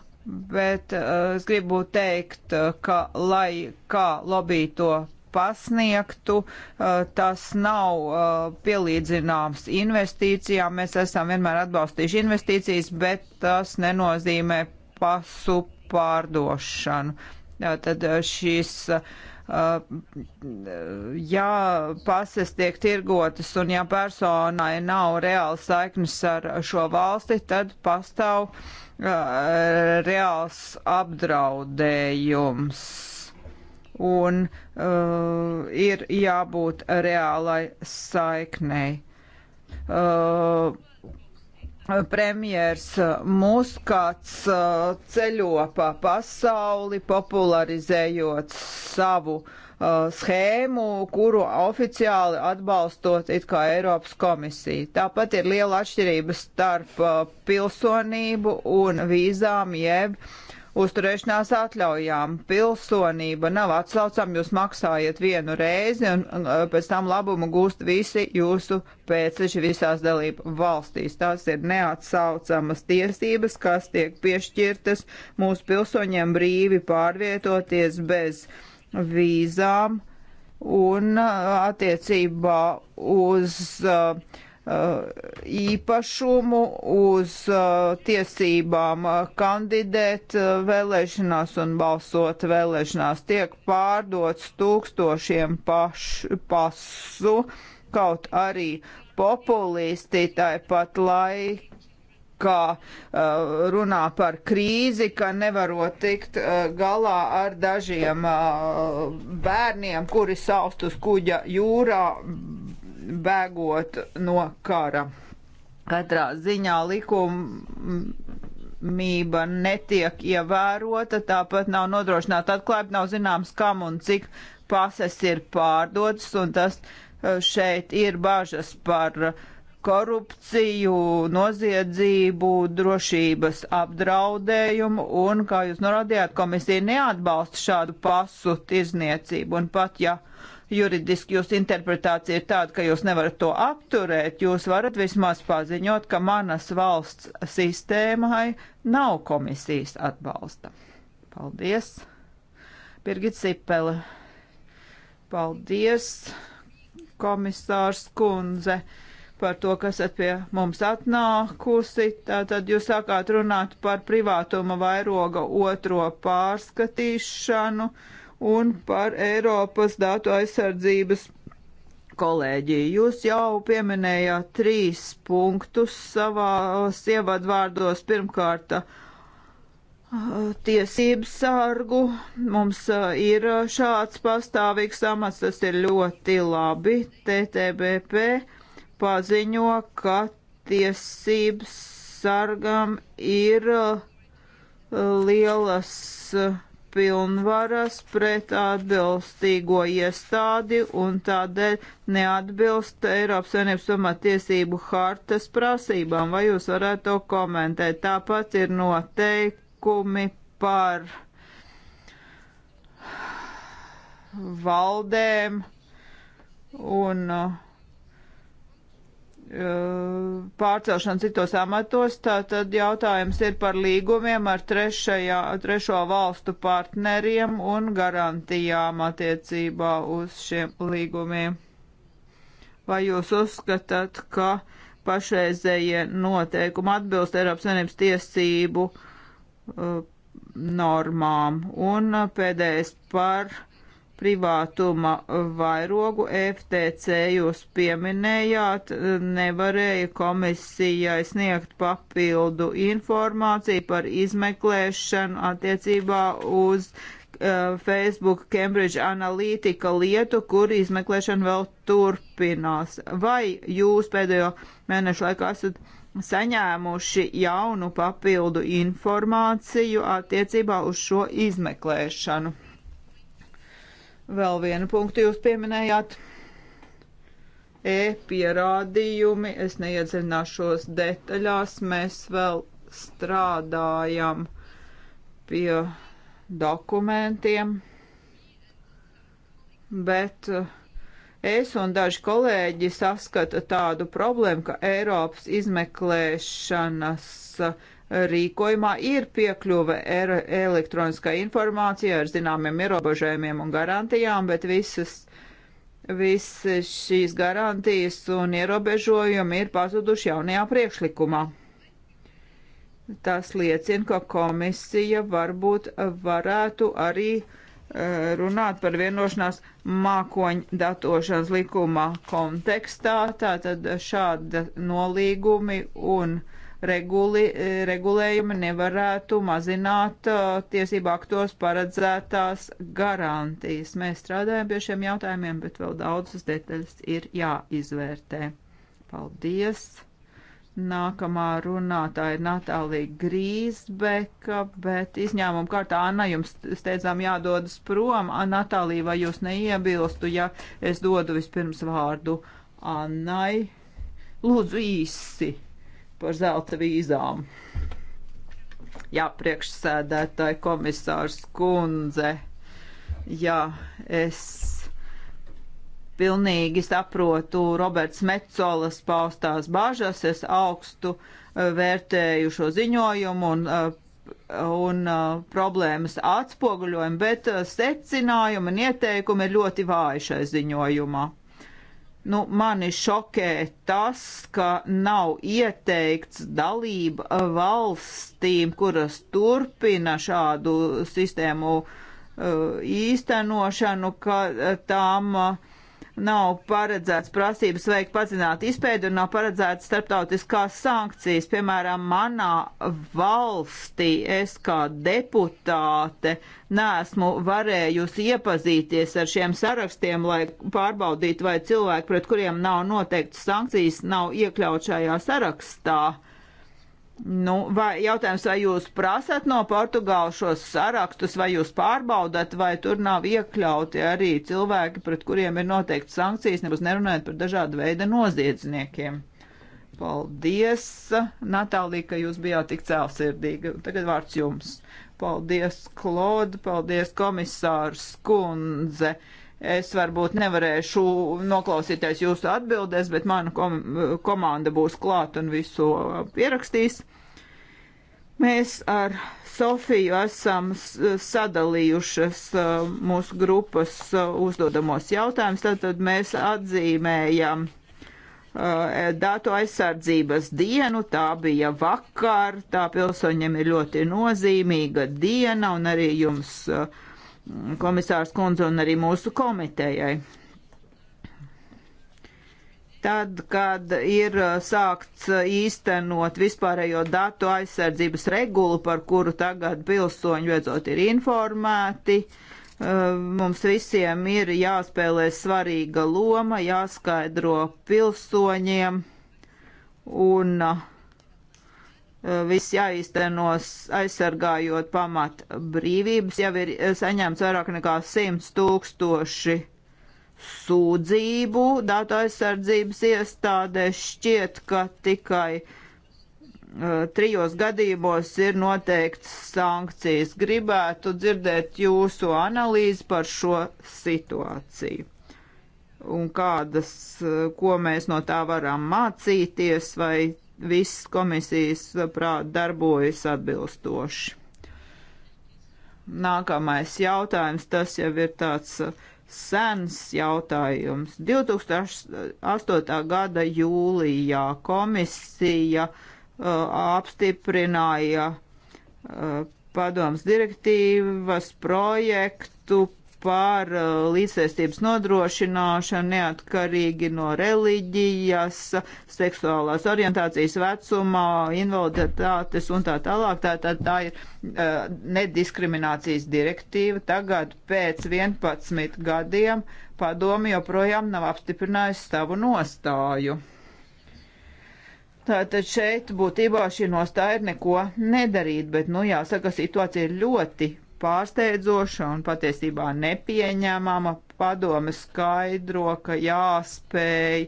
bet uh, es gribu teikt, ka lai kā lobby to pasniegtu, eh, tas nav eh, pielīdzināms investīcijām. Mēs esam vienmēr atbalstījuši investīcijas, bet tas nenozīmē pasu pārdošanu. Tad eh, šīs, ja pases tiek tirgotas un ja personai nav reāls saiknes ar šo valsti, tad pastāv reāls apdraudējums un uh, ir jābūt reālai saiknei. Uh, Premjers Muskats uh, ceļo pa pasauli, popularizējot savu uh, schēmu, kuru oficiāli atbalstot it kā Eiropas komisija. Tāpat ir liela atšķirība starp uh, pilsonību un vīzām jeb uh, uzturēšanās atļaujām. Pilsonība nav atslaucama, jūs maksājat vienu reizi un pēc tam labumu gūst visi jūsu pēcteči visās dalību valstīs. Tās ir neatsaucamas tiesības, kas tiek piešķirtas mūsu pilsoņiem brīvi pārvietoties bez vīzām un attiecībā uz uh, Uh, īpašumu, uz uh, tiesībām uh, kandidēt vēlēšanās un balsot vēlēšanās. Tiek pārdots tūkstošiem paš, pasu, kaut arī populisti tāpat laikā runā par krīzi, ka nevarot tikt galā ar dažiem bērniem, kuri saust uz kuģa jūrā bēgot no kara. Katrā ziņā likumība netiek ievērota, tāpat nav nodrošināta atklājība, nav zināms, kam un cik pases ir pārdotas, un tas eh, šeit ir bažas par korupciju, noziedzību, drošības apdraudējumu, un, kā jūs norādījāt, komisija neatbalsta šādu pasu tirzniecību, un pat ja uh, juridiski jūsu interpretācija ir tāda, ka jūs nevarat to apturēt, jūs varat vismaz paziņot, ka manas valsts sistēmai nav komisijas atbalsta. Paldies! Birgit Sipele. Paldies, komisārs kundze, par to, kas esat pie mums atnākusi. Tātad jūs sākāt runāt par privātuma vairoga otro pārskatīšanu. Uh, un par Eiropas datu aizsardzības kolēģiju. Jūs jau pieminējāt trīs punktus savās ievadvārdos. Pirmkārt, tiesības sargu. Mums ir šāds pastāvīgs amats, tas ir ļoti labi. TTBP paziņo, ka tiesības sargam ir lielas uh, pilnvaras pret atbilstīgo iestādi un tādēļ neatbilst Eiropas Savienības pamatiesību hartas prasībām. Vai jūs varētu to komentēt? Tāpat ir noteikumi par valdēm un uh, Uh, pārcelšanu citos amatos, tātad jautājums ir par līgumiem ar trešajā, trešo valstu partneriem un garantijām attiecībā uz šiem līgumiem. Vai jūs uzskatāt, ka pašreizējie noteikumi atbilst Eiropas Savienības tiesību uh, normām? Un uh, pēdējais par privātuma vairogu FTC jūs pieminējāt, nevarēja komisijai sniegt papildu informāciju par izmeklēšanu attiecībā uz uh, Facebook Cambridge Analytica lietu, kur izmeklēšana vēl turpinās. Vai jūs pēdējo mēnešu laikā esat saņēmuši jaunu papildu informāciju attiecībā uz šo izmeklēšanu? Vēl vienu punktu jūs pieminējāt. E-pierādījumi, es neiedziļināšos detaļās, mēs vēl strādājam pie dokumentiem, bet eh, es un daži kolēģi saskata tādu problēmu, ka Eiropas izmeklēšanas uh, rīkojumā ir piekļuve er- elektroniskai informācijai ar zināmiem ierobežojumiem un garantijām, bet visas, visas šīs garantijas un ierobežojumi ir pazuduši jaunajā priekšlikumā. Tas liecina, ka komisija varbūt varētu arī eh, runāt par vienošanās mākoņu datošanas likumā kontekstā, tātad šāda nolīgumi un uh, reguli, regulējumi nevarētu mazināt uh, tiesību aktos paredzētās garantijas. Mēs strādājam pie šiem jautājumiem, bet vēl daudzas detaļas ir jāizvērtē. Paldies! Nākamā runātāja ir Natālija Grīsbeka, bet izņēmuma kārtā Anna jums steidzām jādodas prom. Natālija, vai jūs neiebilstu, ja es dodu vispirms vārdu Annai? Lūdzu īsi par zelta vīzām. Jā, priekšsēdētāji komisārs kundze. Jā, es pilnīgi saprotu Roberts Metzolas paustās bažas. Es augstu eh, vērtēju šo ziņojumu un eh, un uh, problēmas atspoguļojumi, bet uh, secinājumi un ieteikumi ir ļoti vāji šai ziņojumā. Nu, mani šokē tas, ka nav ieteikts dalība valstīm, kuras turpina šādu sistēmu uh, īstenošanu, ka uh, tām uh, nav paredzēts prasības veikt padziļinātu izpēdi un nav paredzēts starptautiskās sankcijas. Piemēram, manā valstī es kā deputāte neesmu varējusi iepazīties ar šiem sarakstiem, lai pārbaudītu, vai cilvēki, pret kuriem nav noteikts sankcijas, nav iekļaut šajā sarakstā. Nu, vai jautājums, vai jūs prasat no Portugāla šos sarakstus, vai jūs pārbaudat, vai tur nav iekļauti arī cilvēki, pret kuriem ir noteikti sankcijas, nebūs nerunājot par dažādu veidu noziedzniekiem. Paldies, Natālija, ka jūs bijāt tik cēlsirdīga. Tagad vārds jums. Paldies, Klod, paldies, komisārs Kundze. Uh, Es varbūt nevarēšu noklausīties jūsu atbildēs, bet mana kom komanda būs klāt un visu pierakstīs. Mēs ar Sofiju esam sadalījušas uh, mūsu grupas uh, uzdodamos jautājumus, tad mēs atzīmējam uh, datu aizsardzības dienu, tā bija vakar, tā pilsoņiem ir ļoti nozīmīga diena un arī jums uh, komisārs kundze un arī mūsu komitejai. Tad, kad ir uh, sākts uh, īstenot vispārējo datu aizsardzības regulu, par kuru tagad pilsoņi beidzot ir informēti, uh, mums visiem ir jāspēlē svarīga loma, jāskaidro pilsoņiem un uh, viss jāīstenos aizsargājot pamat brīvības. Jau ir saņemts vairāk nekā 100 tūkstoši sūdzību datu aizsardzības iestādē. Šķiet, ka tikai uh, trijos gadījumos ir noteikts sankcijas. Gribētu dzirdēt jūsu analīzi par šo situāciju. Un kādas, uh, ko mēs no tā varam mācīties, vai viss komisijas prāt darbojas atbilstoši. Nākamais jautājums, tas jau ir tāds uh, sens jautājums. 2008. gada jūlijā komisija uh, apstiprināja uh, padoms direktīvas projektu par uh, līdzsaistības nodrošināšanu neatkarīgi no reliģijas, seksuālās orientācijas vecumā, invaliditātes un tā tālāk. Tā, tā, tā ir uh, nediskriminācijas direktīva. Tagad pēc 11 gadiem padomi joprojām nav apstiprinājusi savu nostāju. Tātad šeit būtībā šī nostāja ir neko nedarīt, bet, nu, jāsaka, situācija ir ļoti pārsteidzoša un patiesībā nepieņēmama. Padome skaidro, ka jāspēj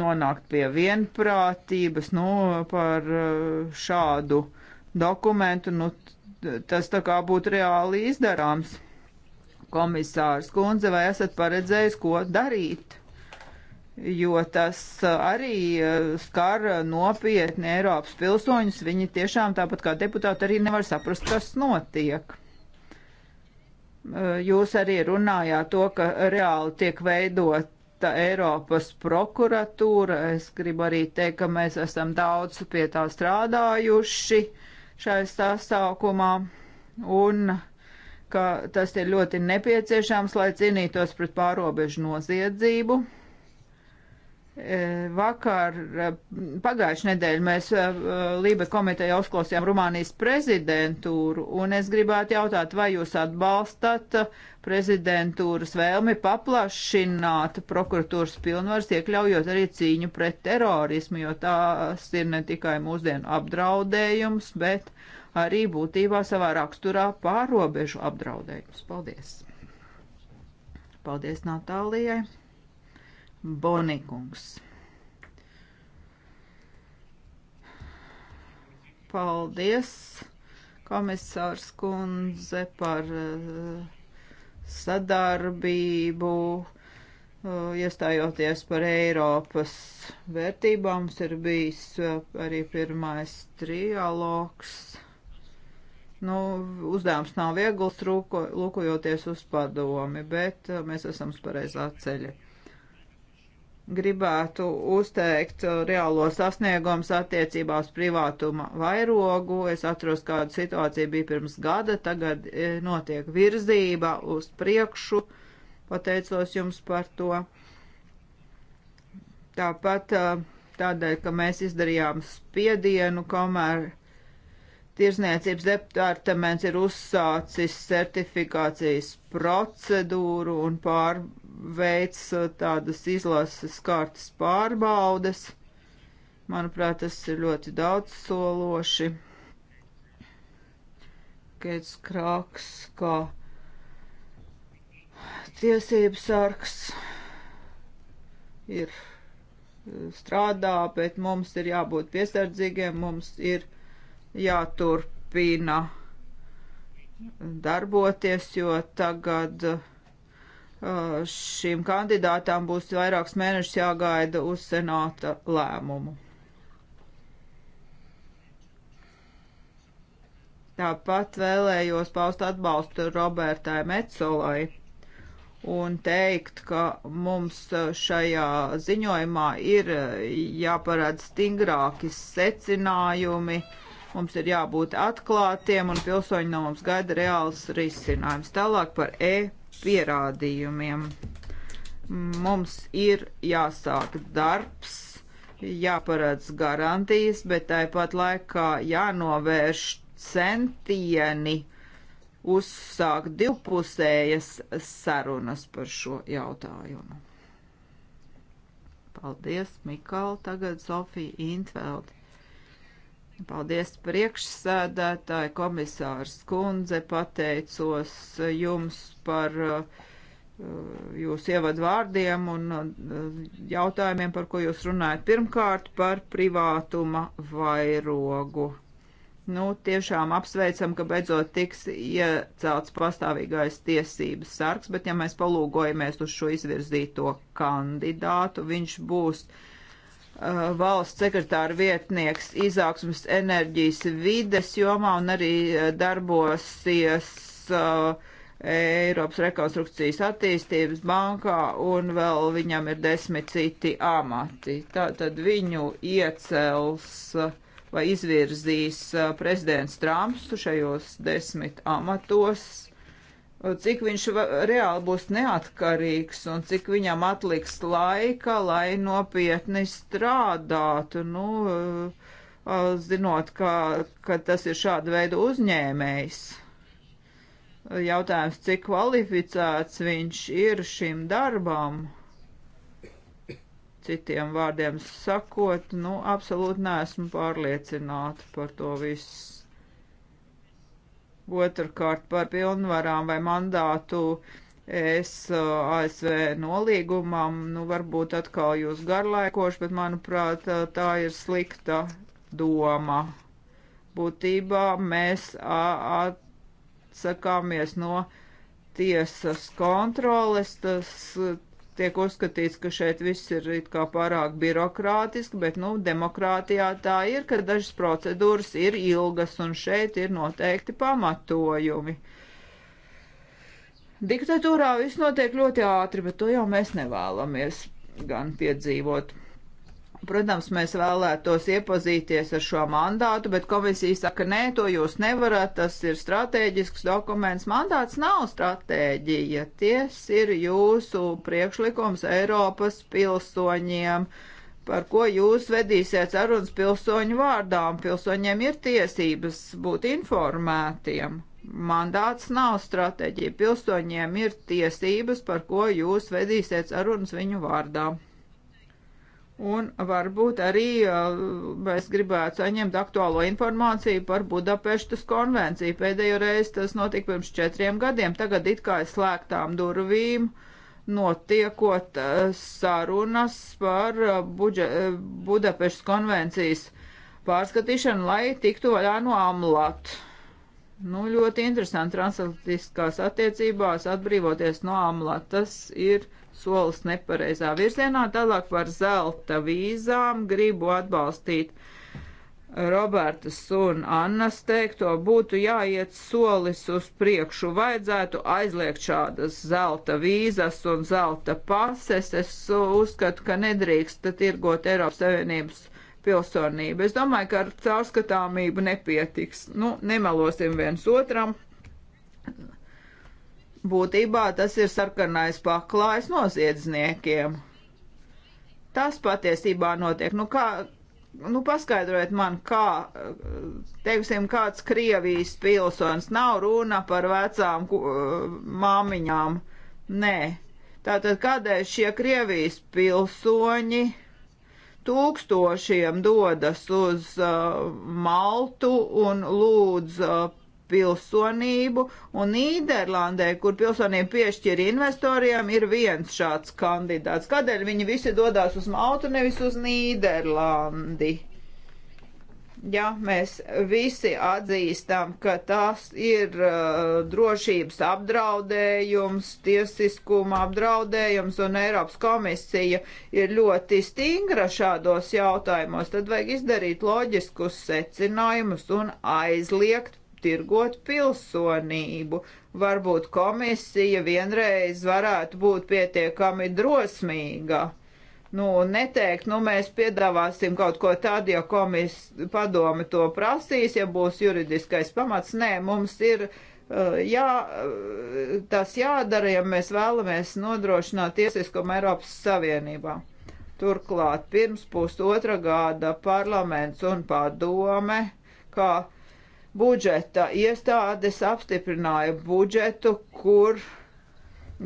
nonākt pie vienprātības nu, par eh, šādu dokumentu. Nu, tas tā kā būtu reāli izdarāms. Komisārs Kundze, vai esat paredzējis, ko darīt? Jo tas eh, arī eh, skar nopietni Eiropas pilsoņus. Viņi tiešām tāpat kā deputāti arī nevar saprast, kas notiek. Jūs arī runājāt to, ka reāli tiek veidota Eiropas prokuratūra. Es gribu arī teikt, ka mēs esam daudz pie tā strādājuši šai sasaukumā un ka tas ir ļoti nepieciešams, lai cīnītos pret pārobežu noziedzību. Vakar, pagājušajā nedēļā mēs eh, Lība komiteja uzklausījām Rumānijas prezidentūru, un es gribētu jautāt, vai jūs atbalstat prezidentūras vēlmi paplašināt prokuratūras pilnvaras, iekļaujot arī cīņu pret terorismu, jo tās ir ne tikai mūsdienu apdraudējums, bet arī būtībā savā raksturā pārobežu apdraudējums. Paldies! Paldies Natālijai! Bonikungs. Paldies, komisārs kundze, par eh, sadarbību, eh, iestājoties par Eiropas vērtībām. Mums ir bijis eh, arī pirmais trialogs. Nu, uzdevums nav viegls, lūkojoties uz padomi, bet mēs esam uz pareizā ceļa gribētu uzteikt reālo sasniegums attiecībā uz privātuma vairogu. Es atros, kāda situācija bija pirms gada, tagad e, notiek virzība uz priekšu. Pateicos jums par to. Tāpat e, tādēļ, ka mēs izdarījām spiedienu, kamēr Tirzniecības departaments ir uzsācis certifikācijas procedūru un pārbaudījumu veids uh, tādas izlases kārtas pārbaudes. Manuprāt, tas ir ļoti daudz sološi. Keits Krāks, kā tiesības sargs, ir uh, strādā, bet mums ir jābūt piesardzīgiem, mums ir jāturpina darboties, jo tagad uh, Uh, šīm kandidātām būs vairākus mēnešus jāgaida uz senāta lēmumu. Tāpat vēlējos paust atbalstu Robertai Metsolai un teikt, ka mums uh, šajā ziņojumā ir uh, jāparāda stingrāki secinājumi, mums ir jābūt atklātiem un pilsoņi no mums gaida reāls risinājums. Tālāk par E pierādījumiem. Mums ir jāsāk darbs, jāparedz garantijas, bet tāpat laikā jānovērš centieni uzsākt divpusējas sarunas par šo jautājumu. Paldies, Mikal, tagad Sofija Intveld. Paldies priekšsēdētāji, komisārs Kundze, pateicos jums par uh, jūsu ievadu vārdiem un uh, jautājumiem, par ko jūs runājat. Pirmkārt, par privātuma vairogu. Nu, tiešām apsveicam, ka beidzot tiks iecelts pastāvīgais tiesības sargs, bet ja mēs palūgojamies uz šo izvirzīto kandidātu, viņš būs uh, Uh, valsts sekretāra vietnieks izaugsmas enerģijas vides jomā un arī uh, darbosies uh, Eiropas rekonstrukcijas attīstības bankā un vēl viņam ir desmit citi amati. Tātad viņu iecels uh, vai izvirzīs prezidents Trumps šajos desmit amatos cik viņš reāli būs neatkarīgs un cik viņam atliks laika, lai nopietni strādātu. Nu, zinot, ka, ka tas ir šāda veida uzņēmējs. Jautājums, cik kvalificēts viņš ir šim darbam. Citiem vārdiem sakot, nu, absolūti neesmu pārliecināta par to visu. Otrkārt par pilnvarām vai mandātu es uh, ASV nolīgumam, nu varbūt atkal jūs garlaikoši, bet manuprāt uh, tā ir slikta doma. Būtībā mēs uh, atsakāmies no tiesas kontroles, tas tiek uzskatīts, ka šeit viss ir it kā pārāk birokrātiski, bet, nu, demokrātijā tā ir, ka dažas procedūras ir ilgas un šeit ir noteikti pamatojumi. Diktatūrā viss notiek ļoti ātri, bet to jau mēs nevēlamies gan piedzīvot. Protams, mēs vēlētos iepazīties ar šo mandātu, bet komisija saka, nē, to jūs nevarat, tas ir strateģisks dokuments. Mandāts nav stratēģija, ties ir jūsu priekšlikums Eiropas pilsoņiem, par ko jūs vedīsiet sarunas pilsoņu vārdām. Pilsoņiem ir tiesības būt informētiem. Mandāts nav stratēģija, pilsoņiem ir tiesības, par ko jūs vedīsiet sarunas viņu vārdām. Un varbūt arī mēs uh, gribētu saņemt aktuālo informāciju par Budapeštas konvenciju. Pēdējo reizi tas notika pirms četriem gadiem. Tagad it kā slēgtām durvīm notiekot uh, sarunas par uh, Budža, Budapeštas konvencijas pārskatīšanu, lai tiktu vaļā no amlat. Nu, ļoti interesanti transatlantiskās attiecībās atbrīvoties no amlat. Tas ir solis nepareizā virzienā. Tālāk par zelta vīzām gribu atbalstīt Robertas un Annas teikto, būtu jāiet solis uz priekšu, vajadzētu aizliegt šādas zelta vīzas un zelta pases. Es uzskatu, ka nedrīkst tirgot Eiropas Savienības pilsonību. Es domāju, ka ar caurskatāmību nepietiks. Nu, nemelosim viens otram. Būtībā tas ir sarkanais paklājs noziedzniekiem. Tas patiesībā notiek. Nu, kā, nu, paskaidrojiet man, kā, teiksim, kāds Krievijas pilsonis nav runa par vecām māmiņām. Nē. Tātad kādēļ šie Krievijas pilsoņi tūkstošiem dodas uz uh, Maltu un lūdz uh, pilsonību, un Nīderlandē, kur pilsonību piešķir investoriem, ir viens šāds kandidāts. Kādēļ viņi visi dodās uz Maltu, nevis uz Nīderlandi? Ja mēs visi atzīstam, ka tas ir uh, drošības apdraudējums, tiesiskuma apdraudējums, un Eiropas komisija ir ļoti stingra šādos jautājumos, tad vajag izdarīt loģiskus secinājumus un aizliegt aptirgot pilsonību. Varbūt komisija vienreiz varētu būt pietiekami drosmīga. Nu, neteikt, nu mēs piedāvāsim kaut ko tādu, ja komis padome to prasīs, ja būs juridiskais pamats. Nē, mums ir uh, jā, uh, tas jādara, ja mēs vēlamies nodrošināt tiesiskumu Eiropas Savienībā. Turklāt pirms pusotra gada parlaments un padome, kā budžeta iestādes apstiprināja budžetu, kur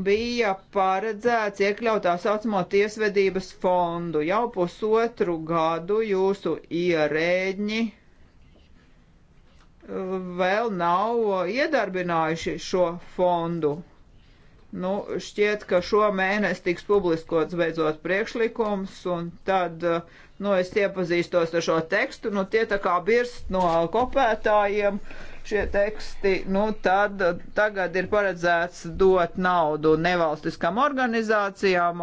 bija paredzēts iekļaut tā saucamo tiesvedības fondu. Jau pusotru gadu jūsu ierēģi uh, vēl nav iedarbinājuši šo fondu. Nu, šķiet, ka šo mēnesi tiks publiskots beidzot priekšlikums, un tad uh, Nu, es iepazīstos ar šo tekstu, nu, tie tā kā birst no kopētājiem šie teksti, nu, tad tagad ir paredzēts dot naudu nevalstiskām organizācijām,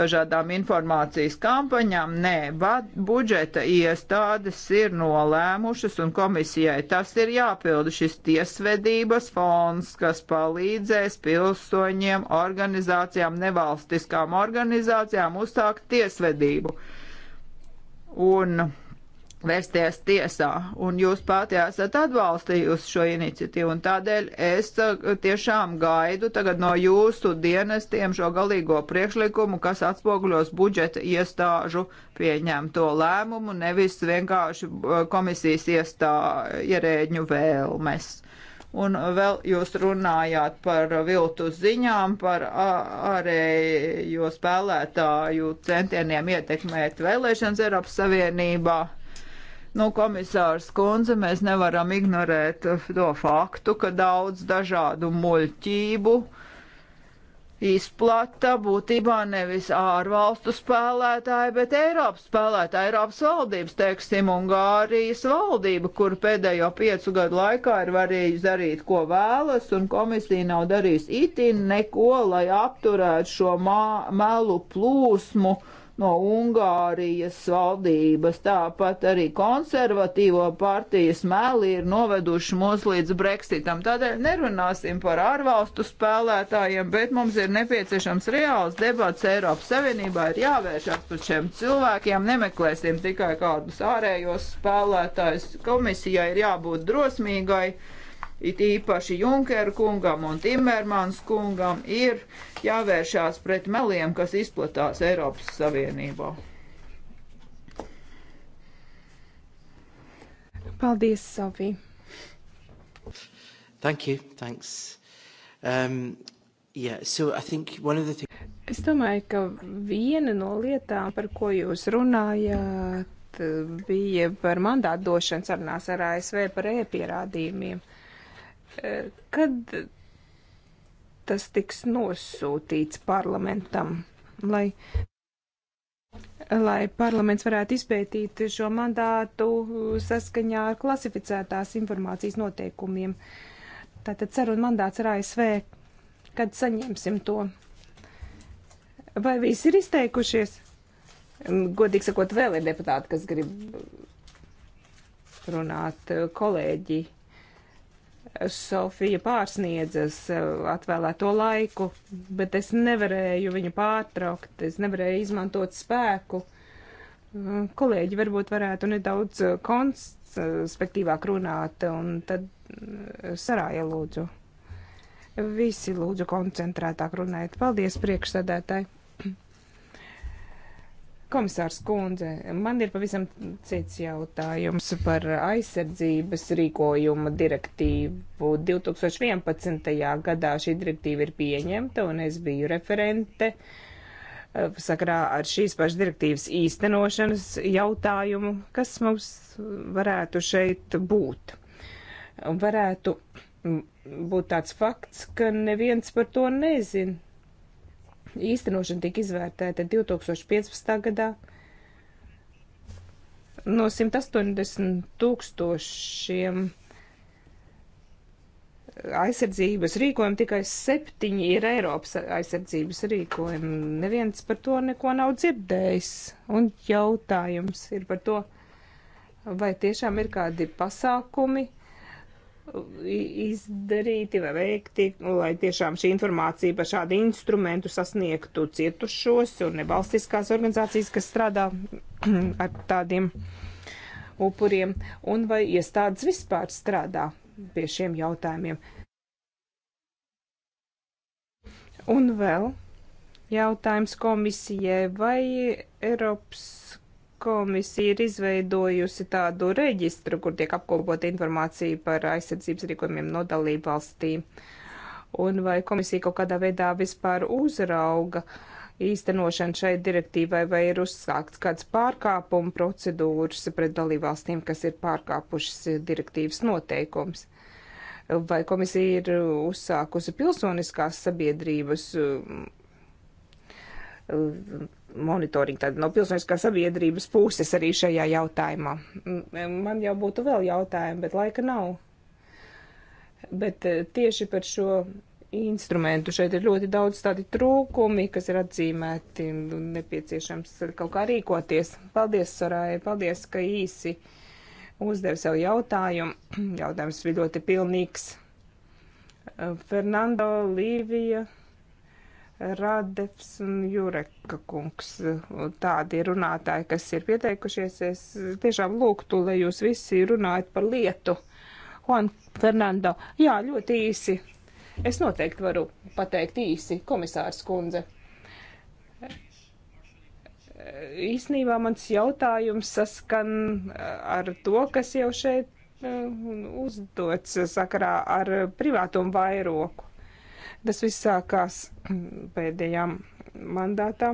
dažādām informācijas kampaņām. Nē, budžeta iestādes ir nolēmušas un komisijai tas ir jāpilda šis tiesvedības fonds, kas palīdzēs pilsoņiem, organizācijām, nevalstiskām organizācijām uzsākt tiesvedību un vērsties tiesā. Un jūs pati esat atbalstījusi šo iniciatīvu, un tādēļ es uh, tiešām gaidu tagad no jūsu dienestiem šo galīgo priekšlikumu, kas atspoguļos budžeta iestāžu pieņemto lēmumu, nevis vienkārši uh, komisijas iestā ierēģņu vēlmes. Un vēl jūs runājāt par viltu ziņām, par ārējo spēlētāju centieniem ietekmēt vēlēšanas Eiropas Savienībā. Nu, komisārs Kunze, mēs nevaram ignorēt to faktu, ka daudz dažādu muļķību uh, izplata būtībā nevis ārvalstu spēlētāji, bet Eiropas spēlētāji, Eiropas valdības, teiksim, Ungārijas valdība, kur pēdējo piecu gadu laikā ir varējusi darīt, ko vēlas, un komisija nav darījusi itin neko, lai apturētu šo melu plūsmu. Uh, no Ungārijas valdības. Tāpat arī konservatīvo partiju smēli ir noveduši mūs līdz Brexitam. Tādēļ nerunāsim par ārvalstu spēlētājiem, bet mums ir nepieciešams reāls debats Eiropas Savienībā, ir jāvēršās par šiem cilvēkiem, nemeklēsim tikai kādus ārējos spēlētājus. Komisijai ir jābūt drosmīgai it īpaši Junkeru kungam un Timermans kungam, ir jāvēršās pret meliem, kas izplatās Eiropas Savienībā. Paldies, Sofija. Thank you, thanks. Um, yeah, so I think one of the things. Es domāju, ka viena no lietām, par ko jūs runājāt, bija par mandātu došanu sarunās ar ASV par e-pierādījumiem. Uh, Kad tas tiks nosūtīts parlamentam, lai, lai parlaments varētu izpētīt šo mandātu saskaņā ar klasificētās informācijas noteikumiem? Tātad saruna mandāts ar ASV, kad saņemsim to. Vai visi ir izteikušies? Mm, godīgi sakot, vēl ir deputāti, kas grib runāt kolēģi Sofija pārsniedza eh, atvēlēto laiku, bet es nevarēju viņu pārtraukt, es nevarēju izmantot spēku. Mm, kolēģi varbūt varētu nedaudz eh, konspektīvāk runāt, un tad mm, sarāja lūdzu. Visi lūdzu koncentrētāk runājiet. Paldies priekšsēdētāji! Komisārs Kundze, man ir pavisam cits jautājums par aizsardzības rīkojuma direktīvu. 2011. gadā šī direktīva ir pieņemta, un es biju referente eh, sakarā ar šīs pašas direktīvas īstenošanas jautājumu, kas mums varētu šeit būt. Varētu būt tāds fakts, ka neviens par to nezina īstenošana tika izvērtēta 2015. gadā. No 180 tūkstošiem aizsardzības rīkojumi tikai septiņi ir Eiropas aizsardzības rīkojumi. Neviens par to neko nav dzirdējis. Un jautājums ir par to, vai tiešām ir kādi pasākumi, izdarīti vai veikti, nu, lai tiešām šī informācija par šādu instrumentu sasniegtu cietušos un nebalstiskās organizācijas, kas strādā ar tādiem upuriem, un vai iestādes vispār strādā pie šiem jautājumiem. Un vēl jautājums komisijai, vai Eiropas komisija ir izveidojusi tādu reģistru, kur tiek apkopota informācija par aizsardzības rīkojumiem no dalību valstīm. Un vai komisija kaut kādā veidā vispār uzrauga īstenošanu šai direktīvai, vai ir uzsākts kāds pārkāpuma procedūras pret dalību valstīm, kas ir pārkāpušas direktīvas noteikums? Vai komisija ir uzsākusi pilsoniskās sabiedrības monitoringu tad no pilsoniskās sabiedrības puses arī šajā jautājumā. Man jau būtu vēl jautājumi, bet laika nav. Bet eh, tieši par šo instrumentu šeit ir ļoti daudz tādi trūkumi, kas ir atzīmēti un nepieciešams kaut kā rīkoties. Paldies, Sorāja, paldies, ka īsi uzdevi sev jautājumu. Jautājums bija ļoti pilnīgs. Fernando, Līvija. Rādevs un Jureka kungs. Tādi ir runātāji, kas ir pieteikušies. Es tiešām lūgtu, lai jūs visi runājat par lietu. Juan Fernando, jā, ļoti īsi. Es noteikti varu pateikt īsi, komisārs kundze. Īsnībā mans jautājums saskan eh, ar to, kas jau šeit eh, uzdots sakarā ar privātumu vairoku Tas viss sākās mm, pēdējā mandātā.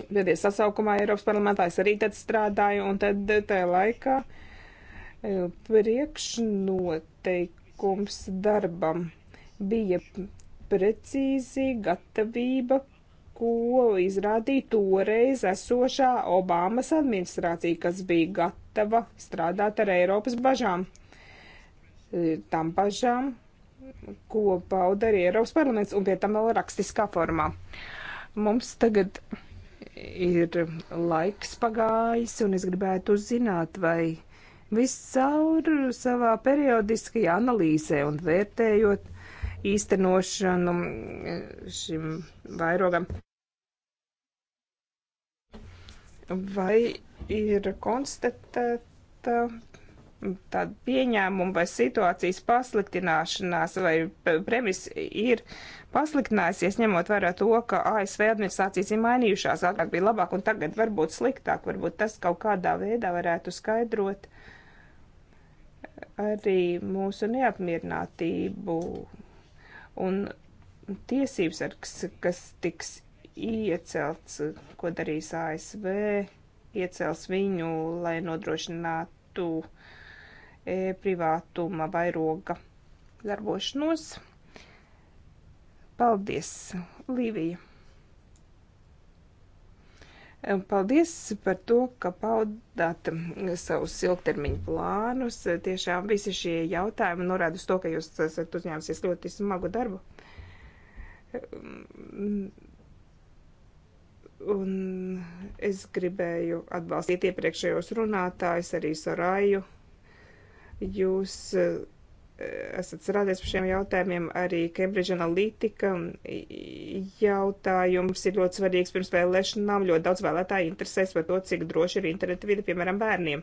Pēdējā sasaukumā Eiropas parlamentā es arī tad strādāju, un tad eh, tajā laikā eh, priekšnoteikums darbam bija precīzi gatavība ko izrādīja toreiz esošā Obamas administrācija, kas bija gatava strādāt ar Eiropas bažām. Eh, tam bažām, ko pauda arī Eiropas parlaments, un pie tam vēl rakstiskā formā. Mums tagad ir laiks pagājis, un es gribētu uzzināt, vai viscaur savā periodiskajā analīzē un vērtējot īstenošanu šim vairogam. Vai ir konstatēta tāda pieņēmuma vai situācijas pasliktināšanās vai premis ir pasliktinājusies, ņemot vērā to, ka ASV administrācijas ir mainījušās, agrāk bija labāk un tagad varbūt sliktāk, varbūt tas kaut kādā veidā varētu skaidrot arī mūsu neapmierinātību un tiesībsargs, kas tiks iecelts, ko darīs ASV, iecels viņu, lai nodrošinātu uh, E, privātuma vairoga darbošanos. Paldies, Līvija! E, paldies par to, ka paudāt savus ilgtermiņu plānus. E, tiešām visi šie jautājumi norāda uz to, ka jūs esat uzņēmusies ļoti smagu darbu. Un es gribēju atbalstīt iepriekšējos runātājus, arī Sorāju. Jūs eh, esat strādājis par šiem jautājumiem, arī Cambridge Analytica jautājums ir ļoti svarīgs pirms vēlēšanām. Ļoti daudz vēlētāji interesēs par to, cik droši ir interneta vide, piemēram, bērniem.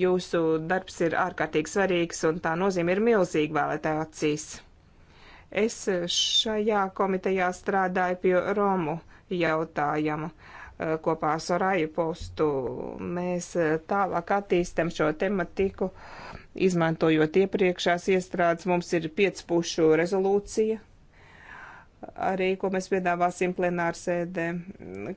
Jūsu darbs ir ārkārtīgi svarīgs, un tā nozīme ir milzīga vēlētāju acīs. Es eh, šajā komitejā strādāju pie Romu jautājumu. Eh, kopā ar Sorāju postu. Mēs eh, tālāk attīstam šo tematiku, izmantojot iepriekšās iestrādes. Mums ir piecpušu rezolūcija, arī ko mēs piedāvāsim plenārsēdē.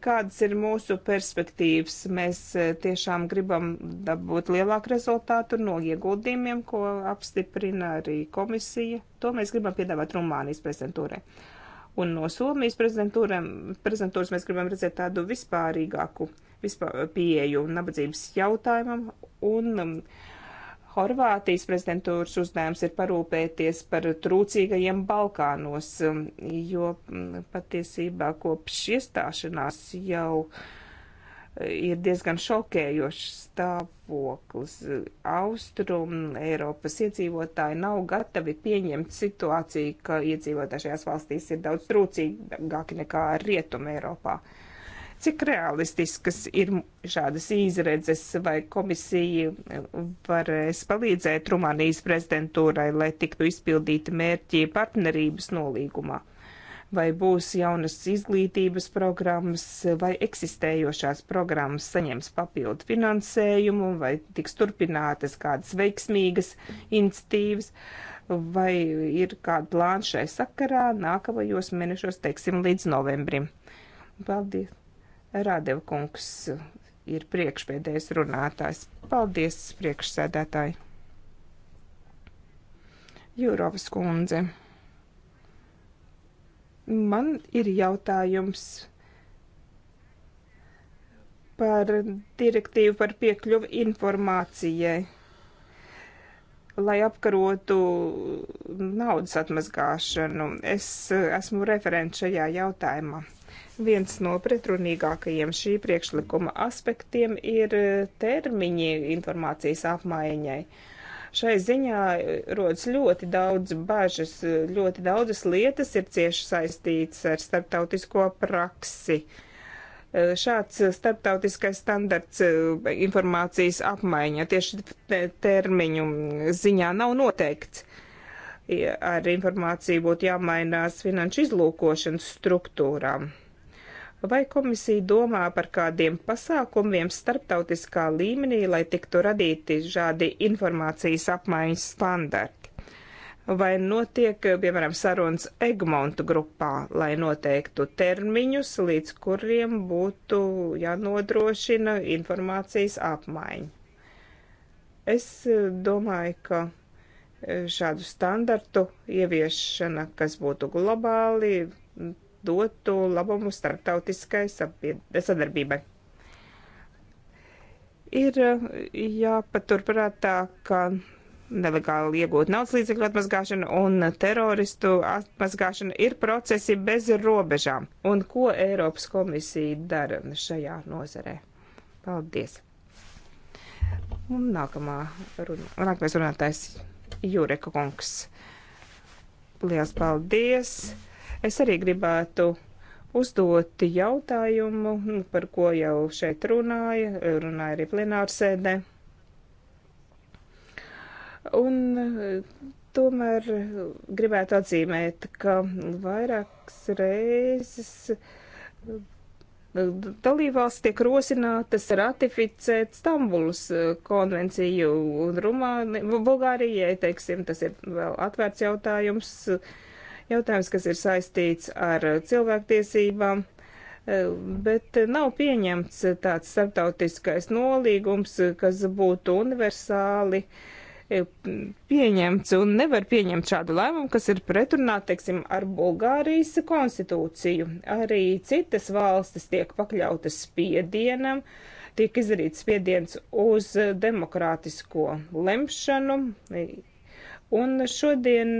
Kādas ir mūsu perspektīvas? Mēs eh, tiešām gribam dabūt lielāku rezultātu no ieguldījumiem, ko apstiprina arī komisija. To mēs gribam piedāvāt Rumānijas prezidentūrai. Un no Somijas prezidentūras mēs gribam redzēt tādu vispārīgāku vispār pieeju nabadzības jautājumam. Un um, Horvātijas prezidentūras uzdevums ir parūpēties par trūcīgajiem Balkānos, um, jo um, patiesībā kopš iestāšanās jau uh, ir diezgan šokējošs stāvoklis. Austrum Eiropas iedzīvotāji nav gatavi pieņemt situāciju, ka iedzīvotāji šajās valstīs ir daudz trūcīgāki nekā Rietum Eiropā. Cik realistiskas ir šādas izredzes, vai komisija varēs palīdzēt Rumānijas prezidentūrai, lai tiktu izpildīti mērķi partnerības nolīgumā? vai būs jaunas izglītības programmas, vai eksistējošās programmas saņems papildu finansējumu, vai tiks turpinātas kādas veiksmīgas iniciatīvas, vai ir kāda plāna šai sakarā nākamajos mēnešos, teiksim, līdz novembrim. Paldies! Rādeva kungs ir priekšpēdējais runātājs. Paldies, priekšsēdētāji! Jūrovas kundze. Man ir jautājums par direktīvu par piekļuvu informācijai, lai apkarotu naudas atmazgāšanu. Es eh, esmu referents šajā jautājumā. Viens no pretrunīgākajiem šī priekšlikuma aspektiem ir eh, termiņi informācijas apmaiņai. Uh, Šai ziņā e, rodas ļoti daudz bažas, e, ļoti daudzas lietas ir cieši saistītas ar starptautisko praksi. E, šāds starptautiskais standarts informācijas apmaiņa tieši termiņu ziņā nav noteikts. Ar informāciju būtu jāmainās finanšu izlūkošanas struktūrām Vai komisija domā par kādiem pasākumiem starptautiskā līmenī, lai tiktu radīti šādi informācijas apmaiņas standarti? Vai notiek, piemēram, sarunas Egmontu grupā, lai noteiktu termiņus, līdz kuriem būtu jānodrošina informācijas apmaiņa? Es e, domāju, ka e, šādu standartu ieviešana, kas būtu globāli, dotu labumu starptautiskai sadarbībai. Ir eh, jāpaturprātā, ka nelegāli iegūt naudas līdzekļu atmazgāšana un teroristu atmazgāšana ir procesi bez robežām. Un ko Eiropas komisija dara šajā nozarē? Paldies! Un nākamā runa, nākamais runātājs Jureka kungs. Lielas paldies! Es arī gribētu uzdot jautājumu, nu, par ko jau šeit runāja, runāja arī plenārsēdē. Un eh, tomēr gribētu atzīmēt, ka vairākas reizes eh, dalībvalsts tiek rosinātas ratificēt Stambulas eh, konvenciju un Rumāni, Bulgārijai, teiksim, tas ir vēl atvērts jautājums. Uh, jautājums, kas ir saistīts ar eh, cilvēktiesībām, eh, bet nav pieņemts tāds starptautiskais nolīgums, kas būtu universāli eh, pieņemts un nevar pieņemt šādu lēmumu, kas ir pretrunā, teiksim, ar Bulgārijas konstitūciju. Arī citas valstis tiek pakļautas spiedienam, tiek izdarīts spiediens uz demokrātisko lemšanu. Un šodien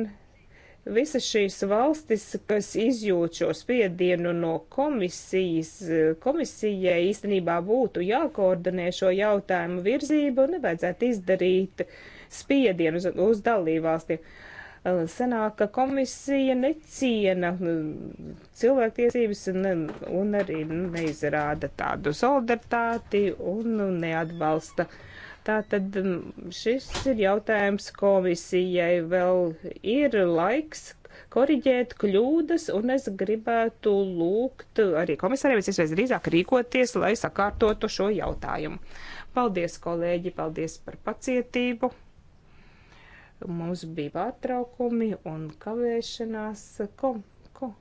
Visas šīs valstis, kas izjūt šo spiedienu no komisijas, komisijai īstenībā būtu jākoordinē šo jautājumu virzību un nevajadzētu izdarīt spiedienu uz, uz dalībvalstiem. Senāk, ka komisija neciena cilvēktiesības un, un arī neizrāda tādu solidaritāti un neatbalsta uh, Tātad mm, šis ir jautājums komisijai. Vēl ir laiks koriģēt kļūdas, un es gribētu lūgt arī komisāriem visvēs drīzāk rīkoties, lai sakārtotu šo jautājumu. Paldies, kolēģi, paldies par pacietību. Mums bija pārtraukumi un kavēšanās. Kom, ko,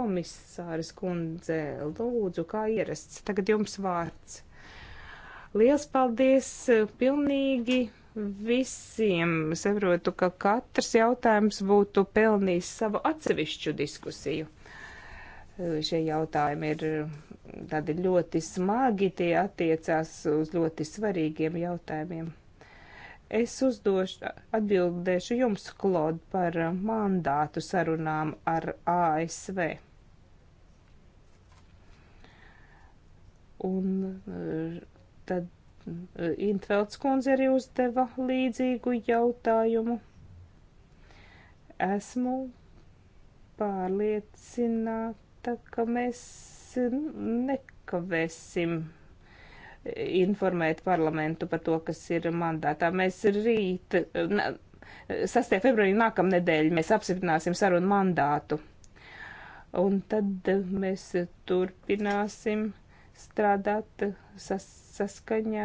komisāris kundze, lūdzu, kā ierasts, tagad jums vārds. Liels paldies eh, pilnīgi visiem. Saprotu, ka katrs jautājums būtu pelnījis savu atsevišķu diskusiju. Eh, šie jautājumi ir eh, tādi ļoti smagi, tie attiecās uz ļoti svarīgiem jautājumiem. Es uzdošu, atbildēšu jums, Klod, par mandātu sarunām ar ASV. Un Tad mm, Intvelds kundze arī uzdeva līdzīgu jautājumu. Esmu pārliecināta, ka mēs mm, nekavēsim informēt parlamentu par to, kas ir mandātā. Mēs rīt, 6. februārī nākamnedēļ, mēs apsiprināsim sarunu mandātu. Un tad mēs turpināsim strādāt sas saskaņā,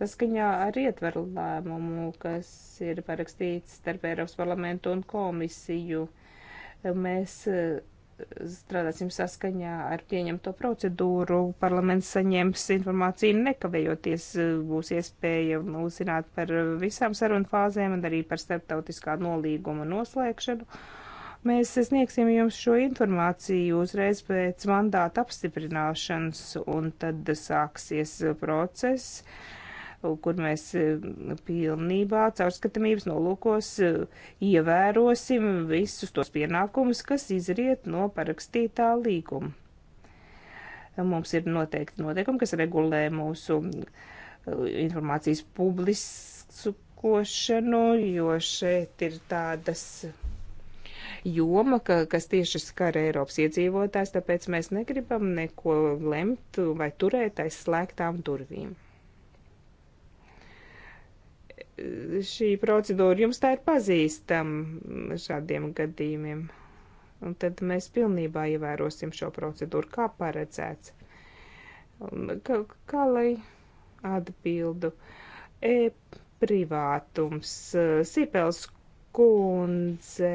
saskaņā ar ietveru lēmumu, kas ir parakstīts starp Eiropas parlamentu un komisiju. Mēs eh, strādāsim saskaņā ar pieņemto procedūru. Parlaments saņems informāciju nekavējoties, būs iespēja uzzināt par visām sarunu fāzēm un arī par starptautiskā nolīguma noslēgšanu Mēs sniegsim jums šo informāciju uzreiz pēc mandāta apstiprināšanas, un tad sāksies process, kur mēs e, pilnībā caurskatāmības nolūkos e, ievērosim visus tos pienākumus, kas izriet no parakstītā līguma. Mums ir noteikti noteikumi, kas regulē mūsu e, informācijas publiskošanu, jo šeit ir tādas joma, ka, kas tieši skar Eiropas iedzīvotājs, tāpēc mēs negribam neko lemt vai turēt aiz slēgtām durvīm. Šī procedūra jums tā ir pazīstama šādiem gadījumiem, un tad mēs pilnībā ievērosim šo procedūru, kā paredzēts. Kā, kā lai atbildu? E, privātums. Sīpels kundze,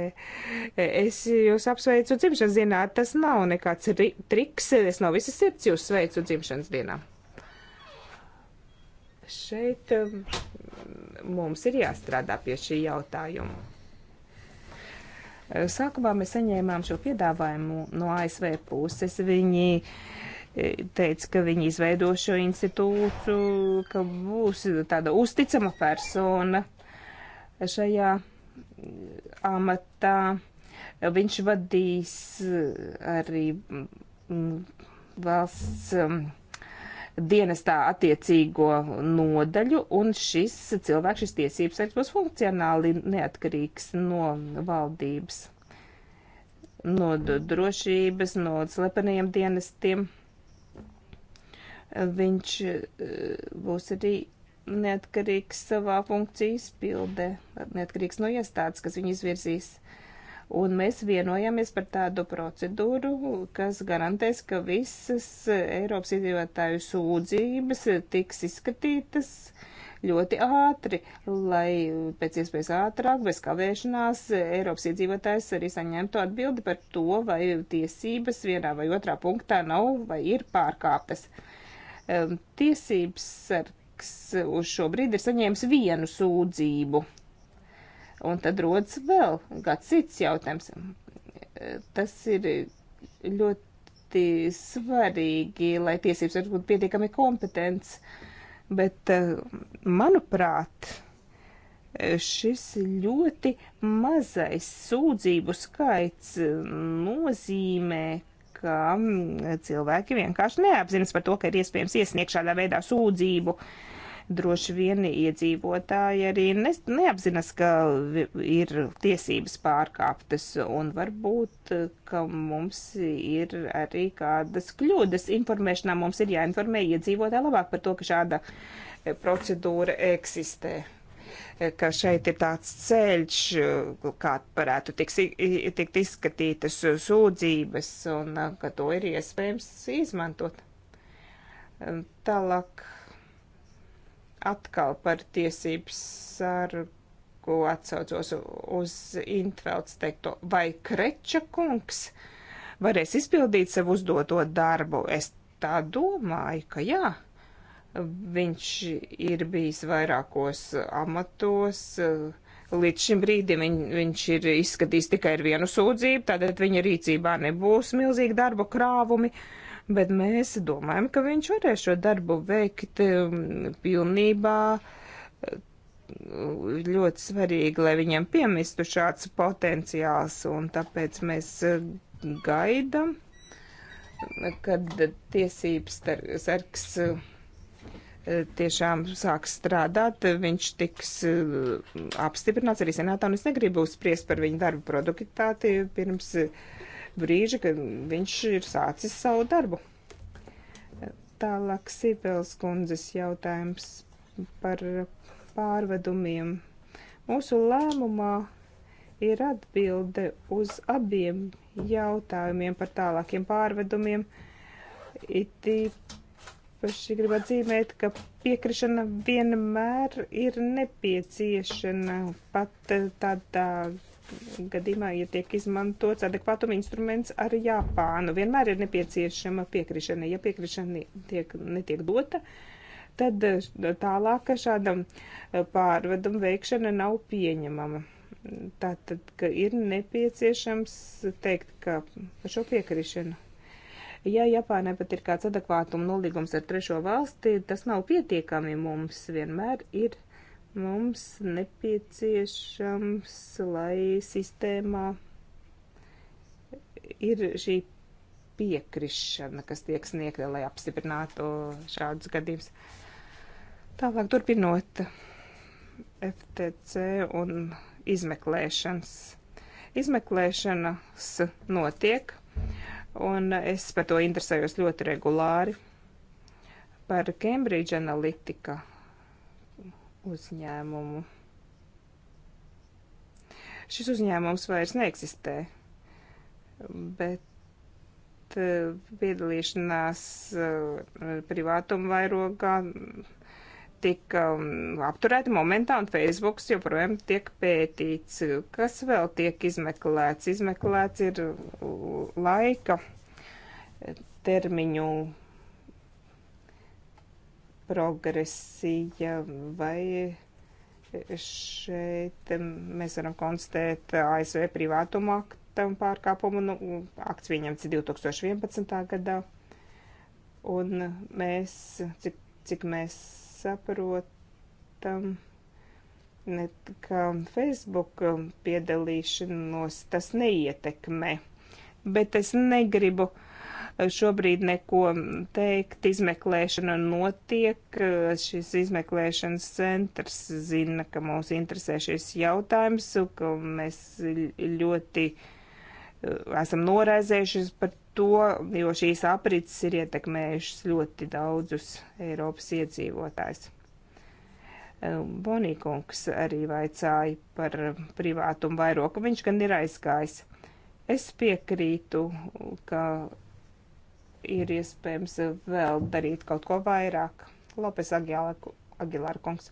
es jūs apsveicu dzimšanas dienā. Tas nav nekāds triks. Es no visas sirds jūs sveicu dzimšanas dienā. Šeit um, mums ir jāstrādā pie šī jautājuma. Sākumā mēs saņēmām šo piedāvājumu no ASV puses. Viņi e, teica, ka viņi izveido šo institūtu, ka būs tāda uzticama persona šajā amatā. Viņš vadīs eh, arī mm, valsts mm, dienestā attiecīgo nodaļu, un šis cilvēks, šis tiesības veids būs funkcionāli neatkarīgs no valdības, no drošības, no slepeniem dienestiem. Viņš eh, būs arī neatkarīgs savā funkciju izpilde, neatkarīgs no iestādes, kas viņu izvirzīs. Un mēs vienojamies par tādu procedūru, kas garantēs, ka visas Eiropas iedzīvotāju sūdzības tiks izskatītas ļoti ātri, lai pēc iespējas ātrāk, bez kavēšanās, Eiropas iedzīvotājs arī saņemtu atbildi par to, vai tiesības vienā vai otrā punktā nav vai ir pārkāpes. Ehm, tiesības ar banks uz šo brīdi ir saņēmis vienu sūdzību. Un tad rodas vēl kāds cits jautājums. Tas ir ļoti svarīgi, lai tiesības varētu būt pietiekami kompetents, bet eh, manuprāt, šis ļoti mazais sūdzību skaits eh, nozīmē, ka mm, cilvēki vienkārši neapzinas par to, ka ir iespējams iesniegt šādā veidā sūdzību. Droši vien iedzīvotāji arī ne, neapzinas, ka ir tiesības pārkāptas, un varbūt, ka mums ir arī kādas kļūdas informēšanā. Mums ir jāinformē iedzīvotāji labāk par to, ka šāda eh, procedūra eksistē ka šeit ir tāds ceļš, kā varētu tiks, tikt izskatītas sūdzības un uh, ka to ir iespējams izmantot. Tālāk atkal par tiesības sargu atsaucos uz Intvelds teikto, vai Kreča kungs varēs izpildīt sev uzdoto darbu. Es tā domāju, ka jā. Viņš ir bijis vairākos amatos. Līdz šim brīdim viņ, viņš ir izskatījis tikai ar vienu sūdzību, tātad viņa rīcībā nebūs milzīgi darba krāvumi, bet mēs domājam, ka viņš varēs šo darbu veikt um, pilnībā ļoti svarīgi, lai viņiem piemistu šāds potenciāls, un tāpēc mēs uh, gaidam, kad tiesības sargs. Tar uh, tiešām sāks strādāt, viņš tiks eh, apstiprināts arī senātā, un es negribu spriest par viņa darbu produktivitāti pirms brīža, kad viņš ir sācis savu darbu. Tālāk Sīpels kundzes jautājums par pārvedumiem. Mūsu lēmumā ir atbilde uz abiem jautājumiem par tālākiem pārvedumiem, it īpaši īpaši gribu atzīmēt, ka piekrišana vienmēr ir nepieciešama. Pat eh, tādā gadījumā, ja tiek izmantots adekvātuma instruments ar Japānu, vienmēr ir nepieciešama piekrišana. Ja piekrišana tiek, netiek dota, tad eh, tālāk šādam eh, pārvedam veikšana nav pieņemama. Tātad, ka ir nepieciešams teikt, ka par šo piekrišanu Ja Japānai pat ir kāds adekvātuma nolīgums ar trešo valsti, tas nav pietiekami mums. Vienmēr ir mums nepieciešams, lai sistēmā ir šī piekrišana, kas tiek sniegta, lai apstiprinātu šādus gadījumus. Tālāk turpinot FTC un izmeklēšanas. Izmeklēšanas notiek un es par to interesējos ļoti regulāri. Par Cambridge Analytica uzņēmumu. Šis uzņēmums vairs neeksistē, bet eh, piedalīšanās eh, privātuma vairogā tika um, apturēti momentā, un Facebook joprojām tiek pētīts. Kas vēl tiek izmeklēts? Izmeklēts ir uh, laika termiņu progresija vai šeit mēs varam konstatēt ASV privātuma akta pārkāpumu. Nu, akts pieņemts 2011. gadā. Un mēs, cik, cik mēs saprotam, ka Facebook um, piedalīšanos tas neietekmē, bet es negribu uh, šobrīd neko um, teikt. Izmeklēšana notiek. Uh, šis izmeklēšanas centrs zina, ka mūs interesē šis jautājums, ka mēs ļoti uh, esam noraizējušies par to, jo šīs aprits ir ietekmējušas ļoti daudzus Eiropas iedzīvotājs. Ehm, Bonīkungs arī vaicāja par privātumu vairoku, viņš gan ir aizgājis. Es piekrītu, ka ir iespējams vēl darīt kaut ko vairāk. Lopes Agilāra kungs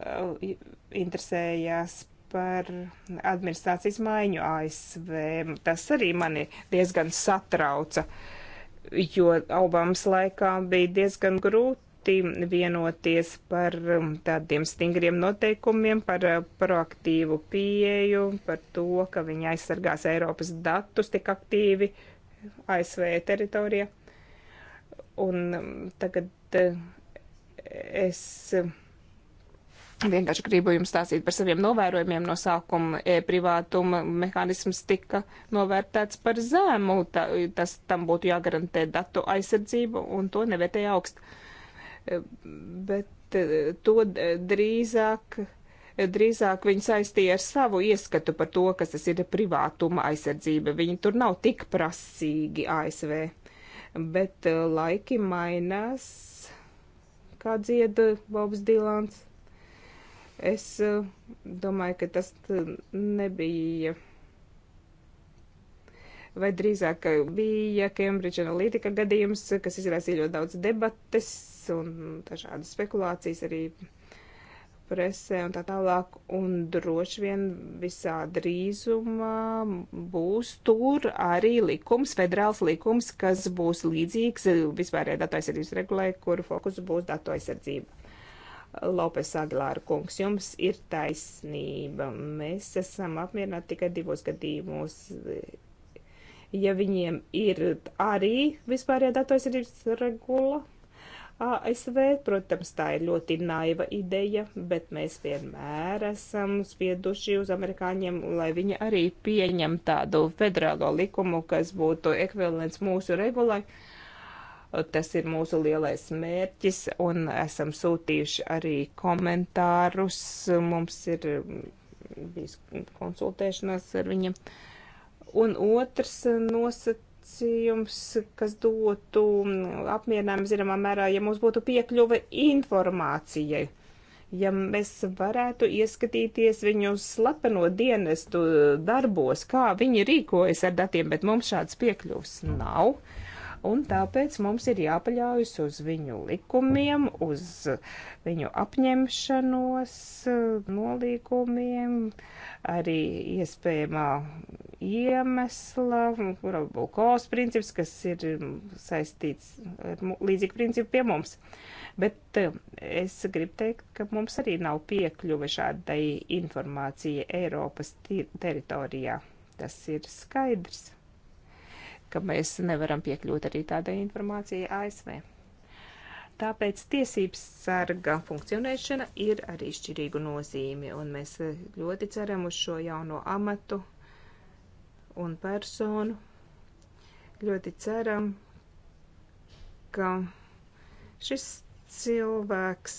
eh, interesējās par administrācijas maiņu ASV. Tas arī mani diezgan satrauca, jo Obamas laikā bija diezgan grūti vienoties par um, tādiem stingriem noteikumiem, par uh, proaktīvu pieeju, par to, ka viņi aizsargās Eiropas datus tik aktīvi ASV teritorijā. Un um, tagad uh, es. Uh, Vienkārši gribu jums stāstīt par saviem novērojumiem no sākuma. E privātuma mehānisms tika novērtēts par zēmu. Ta, tas tam būtu jāgarantē datu aizsardzību, un to nevērtēja augst. E, bet e, to drīzāk, drīzāk viņi saistīja ar savu ieskatu par to, kas tas ir privātuma aizsardzība. Viņi tur nav tik prasīgi ASV. Bet e, laiki mainās, kā dzied Bobs Dilans Es eh, domāju, ka tas nebija, vai drīzāk bija Cambridge Analytica gadījums, kas izraisīja ļoti daudz debates un dažādas spekulācijas arī presē un tā tālāk, un droši vien visā drīzumā būs tur arī likums, federāls likums, kas būs līdzīgs vispārējai datu aizsardzības regulai, kur fokus būs datu aizsardzība. Lopes Aglāra kungs, jums ir taisnība. Mēs esam apmierināti tikai divos gadījumos. Ja viņiem ir arī vispārējā datorsardzības regula, ASV, protams, tā ir ļoti naiva ideja, bet mēs vienmēr esam spieduši uz amerikāņiem, lai viņi arī pieņem tādu federālo likumu, kas būtu ekvivalents mūsu regulai. Uh, Tas ir mūsu lielais mērķis, un esam sūtījuši arī komentārus. Mums ir bijis konsultēšanās ar viņiem. Un otrs nosacījums, kas dotu apmierinājumu zināmā mērā, ja mums būtu piekļuve informācijai. Ja mēs varētu ieskatīties viņu slepeno dienestu darbos, kā viņi rīkojas ar datiem, bet mums šāds piekļuvs nav. Uh, un tāpēc mums ir jāpaļaujas uz viņu likumiem, uz viņu apņemšanos, nolīgumiem, arī iespējamā iemesla, kura Bulkos princips, kas ir saistīts ar līdzīgu principu pie mums. Bet eh, es gribu teikt, ka mums arī nav piekļuve šādai informācijai Eiropas teritorijā. Tas ir skaidrs ka mēs nevaram piekļūt arī tādai informācijai ASV. Tāpēc tiesības sarga funkcionēšana ir arī šķirīgu nozīmi, un mēs ļoti ceram uz šo jauno amatu un personu. Ļoti ceram, ka šis cilvēks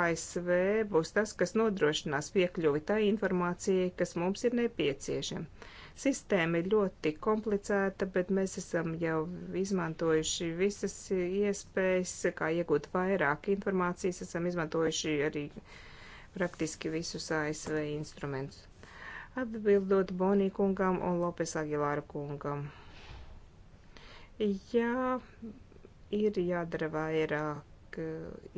ASV būs tas, kas nodrošinās piekļuvi tai informācijai, kas mums ir nepieciešama. Sistēma ir ļoti komplicēta, bet mēs esam jau izmantojuši visas iespējas, kā iegūt vairāk informācijas, esam izmantojuši arī praktiski visus ASV instrumentus. Atbildot Bonī kungam un Lopes Agilāra kungam. Jā, ir jādara vairāk,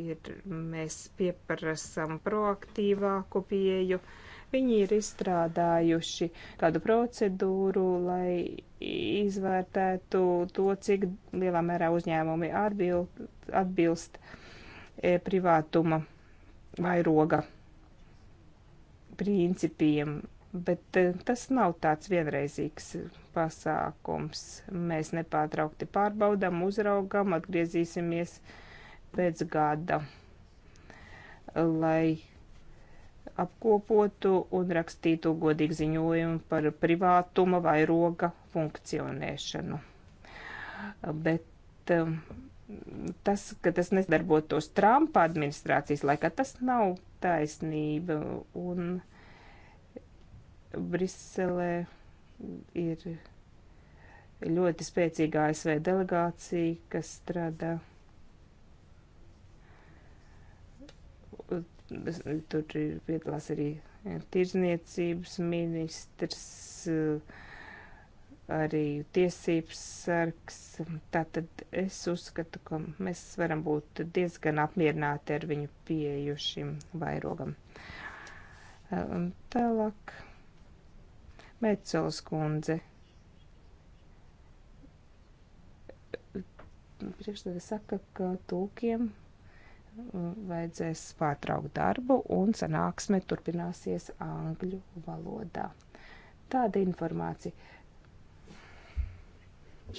ir, mēs pieprasam proaktīvāku pieju. Uh, Viņi ir izstrādājuši tādu procedūru, lai izvērtētu to, cik lielā mērā uzņēmumi atbild, atbilst e, privātuma vairoga principiem. Bet e, tas nav tāds vienreizīgs pasākums. Mēs nepārtraukti pārbaudām, uzraugam, atgriezīsimies pēc gada, lai apkopotu un rakstītu godīgu ziņojumu par privātuma vairoga funkcionēšanu. Bet um, tas, ka tas nedarbotos Trumpa administrācijas laikā, tas nav taisnība. Un Briselē ir ļoti spēcīga ASV delegācija, kas strādā tur ir piedalās arī tirzniecības ministrs, eh, arī tiesības sargs. Tātad es uzskatu, ka mēs varam būt diezgan apmierināti ar viņu pieeju šim vairogam. Un ehm, tālāk. Mecols kundze. Priekšstādā saka, ka tūkiem vajadzēs pārtraukt darbu un sanāksme turpināsies angļu valodā. Tāda informācija.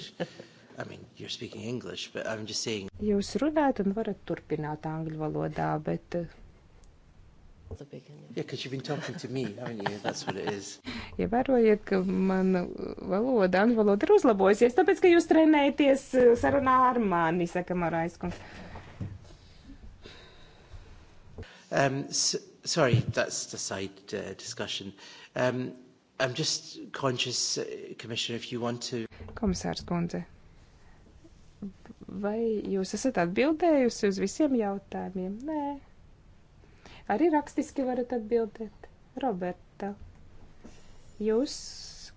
I mean, you're speaking English, but I'm just saying. Jūs runājat un varat turpināt angļu valodā, bet. Eh, yeah, because you've been talking to me, haven't you? That's what it is. Ievērojiet, ja ka mana valoda, angļu valoda ir uzlabojusies, tāpēc, ka jūs trenējaties eh, sarunā ar mani, saka Marais kungs. Um, so, sorry, that's the side uh, discussion. Um, I'm just conscious, uh, Commissioner, if you want to. Komisārs Gundze, vai jūs esat atbildējusi uz visiem jautājumiem? Nē. Arī rakstiski varat atbildēt. Roberta, jūs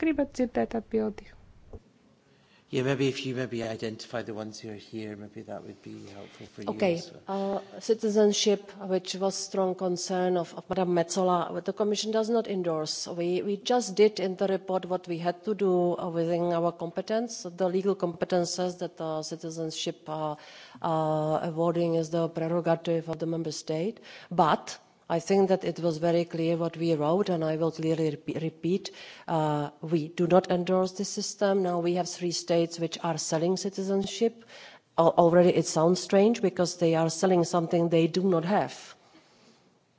gribat dzirdēt atbildību? Yeah, maybe if you maybe identify the ones who are here, maybe that would be helpful for you. Okay, well. uh, citizenship, which was strong concern of, of Madame Metzola, what the Commission does not endorse. We, we just did in the report what we had to do uh, within our competence. The legal competence says that uh, citizenship uh, uh, awarding is the prerogative of the member state, but i think that it was very clear what we wrote and i will clearly repeat uh, we do not endorse this system. now we have three states which are selling citizenship already it sounds strange because they are selling something they do not have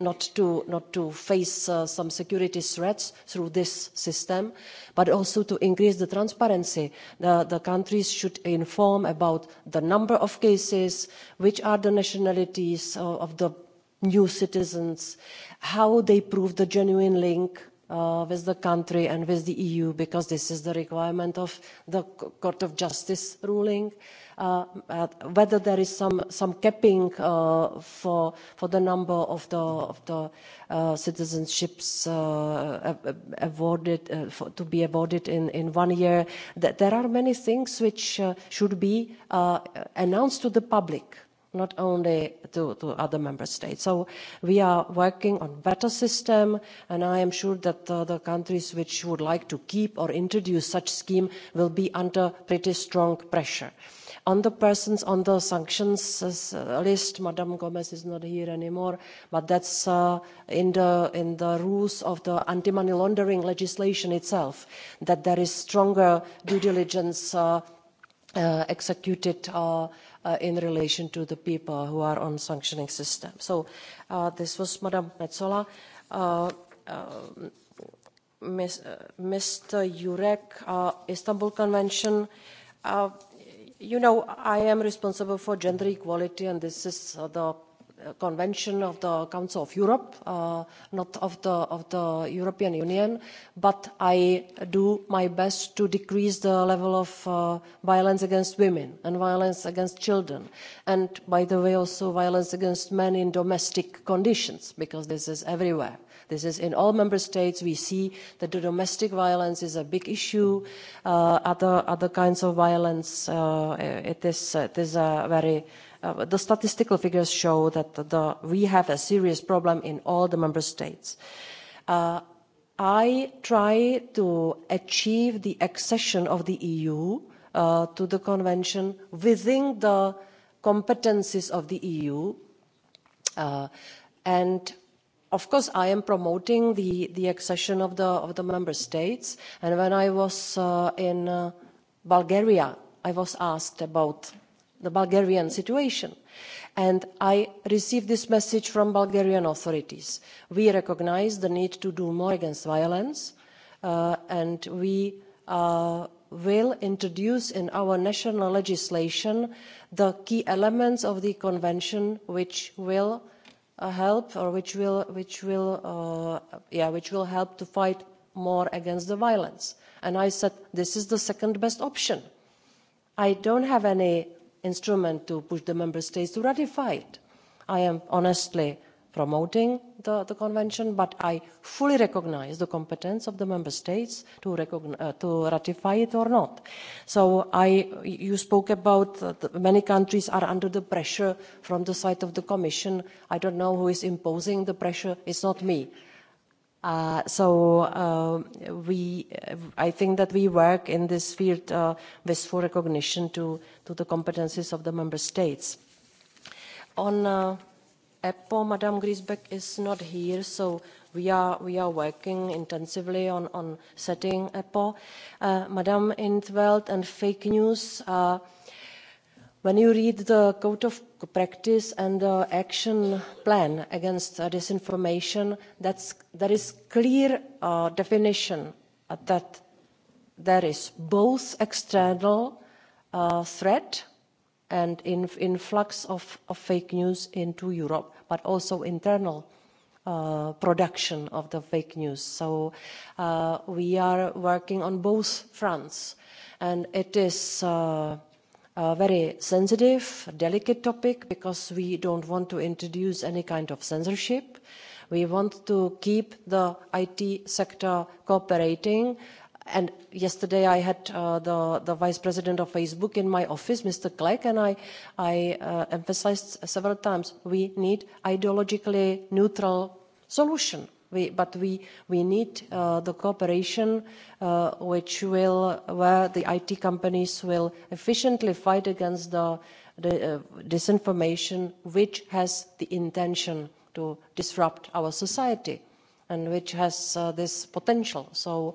not to, not to face uh, some security threats through this system but also to increase the transparency. The, the countries should inform about the number of cases which are the nationalities of the new citizens how they prove the genuine link uh, with the country and with the eu because this is the requirement of the court of justice ruling and Uh, uh, whether there is some capping uh, for the number of the citizenships to be awarded in one year there are many things which should be announced to the public not only to other member states. so we are working on a better system and i am sure that the countries which would like to keep or introduce such a scheme will be under pretty strong pressure on the persons on the sanctions uh, list ms gomes is not here anymore but that's uh, in the rules of the anti money laundering legislation itself that there is stronger due diligence uh, executed in relation to the people who are on the sanctioning system. so this was ms metsola. mr um, jurek istanbul convention you know i am responsible for gender equality and this is uh, the uh, convention of the council of europe uh, not of the european union but i do my best to decrease the level of violence against women and violence against children and by the way also violence against men in domestic conditions because this is everywhere in all member states we see that domestic violence is a big issue uh, other kinds of violence uh, uh, the statistical figures show that we have a serious problem in all the member states. i try to achieve the accession of the eu to the convention within the competences of the eu and of course i am promoting the accession of the member states and when i was uh, in uh, bulgaria i was asked about the bulgarian situation and i received this message from the bulgarian authorities we recognise the need to do more against violence uh, and we will introduce in our national legislation the key elements of the convention which will uh, help or which will which will uh, yeah which will help to fight more against the violence and i said this is the second best option. i don't have any instrument to push the member states to ratify it i am honestly promoting the convention but i fully recognise the competence of the member states to uh, ratify it or not. you spoke about many countries are under the pressure from the side of the commission. i don't know who is imposing the pressure it's not me. Uh, so uh, i think that we work in this field with full recognition of the competences of the member states. EPPO, Madam Griesbeck is not here, so we are, we are working intensively on, on setting EPPO. Uh, Madam in 't veld and fake news, uh, when you read the code of practice and the action plan against uh, disinformation, that's, there is clear uh, definition that there is both external uh, threat and influx of fake news into europe but also internal uh, production of the fake news. so uh, we are working on both fronts and it is uh, a very sensitive delicate topic because we don't want to introduce any kind of censorship. we want to keep the it sector cooperating and yesterday i had uh, the the vice president of facebook in my office mr clegg and i uh, emphasised several times we need an ideologically neutral solution but we need uh, the cooperation where the it companies will efficiently fight against the disinformation which has the intention to disrupt our society and which has this potential. so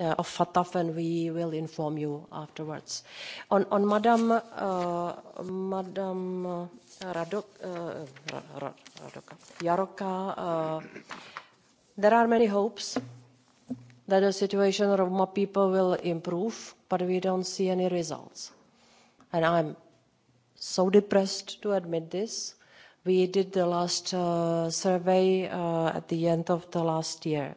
Uh, of fatf and we will inform you afterwards. on, on madam jrka uh, uh, there are many hopes that the situation of roma people will improve but we don't see any results and i'm so depressed to admit this. we did the last uh, survey uh, at the end of the last year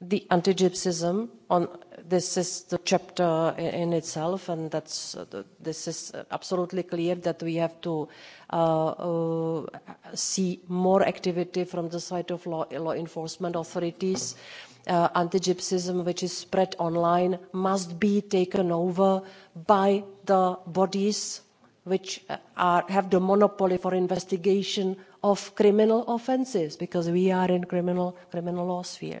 the anti gypsyism on this is the chapter in itself and that's uh, this is uh, absolutely clear that we have to uh, uh, see more activity from the side of law, law enforcement authorities. Uh, anti gypsyism which is spread online must be taken over by the bodies which uh, are, have the monopoly for investigation of criminal offences because we are in criminal criminal law sphere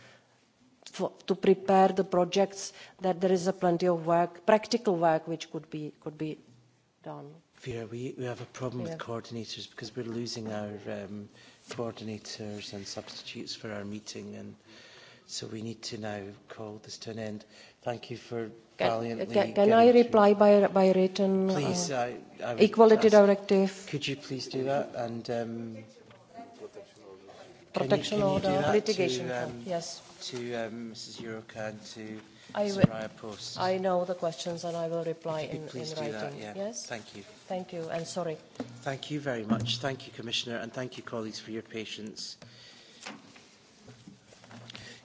for, to prepare the projects that there is plenty of work practical work which could be could be done. Vera, we, we have a problem yeah. with coordinators because we're losing our um, coordinators and substitutes for our meeting and so we need to now call this to an end. Thank you for can, valiantly Can, can I reply through. by, by written? Uh, please. Uh, I, I equality ask, directive. Could you please do that? And um, protection can you, can order, you do that litigation. To, um, yes to um, Mrs. Yuruka and to I Soraya Post. I know the questions and I will reply in, in writing. That, yeah. Yes? Thank you. Thank you and sorry. Thank you very much. Thank you, Commissioner, and thank you, colleagues, for your patience.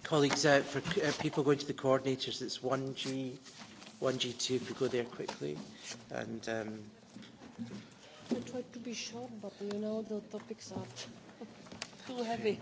Colleagues, uh, for uh, people going to the coordinators, it's 1G, 1G2, if we go there quickly. And... Um, I tried to be short, but you know the topics are too heavy.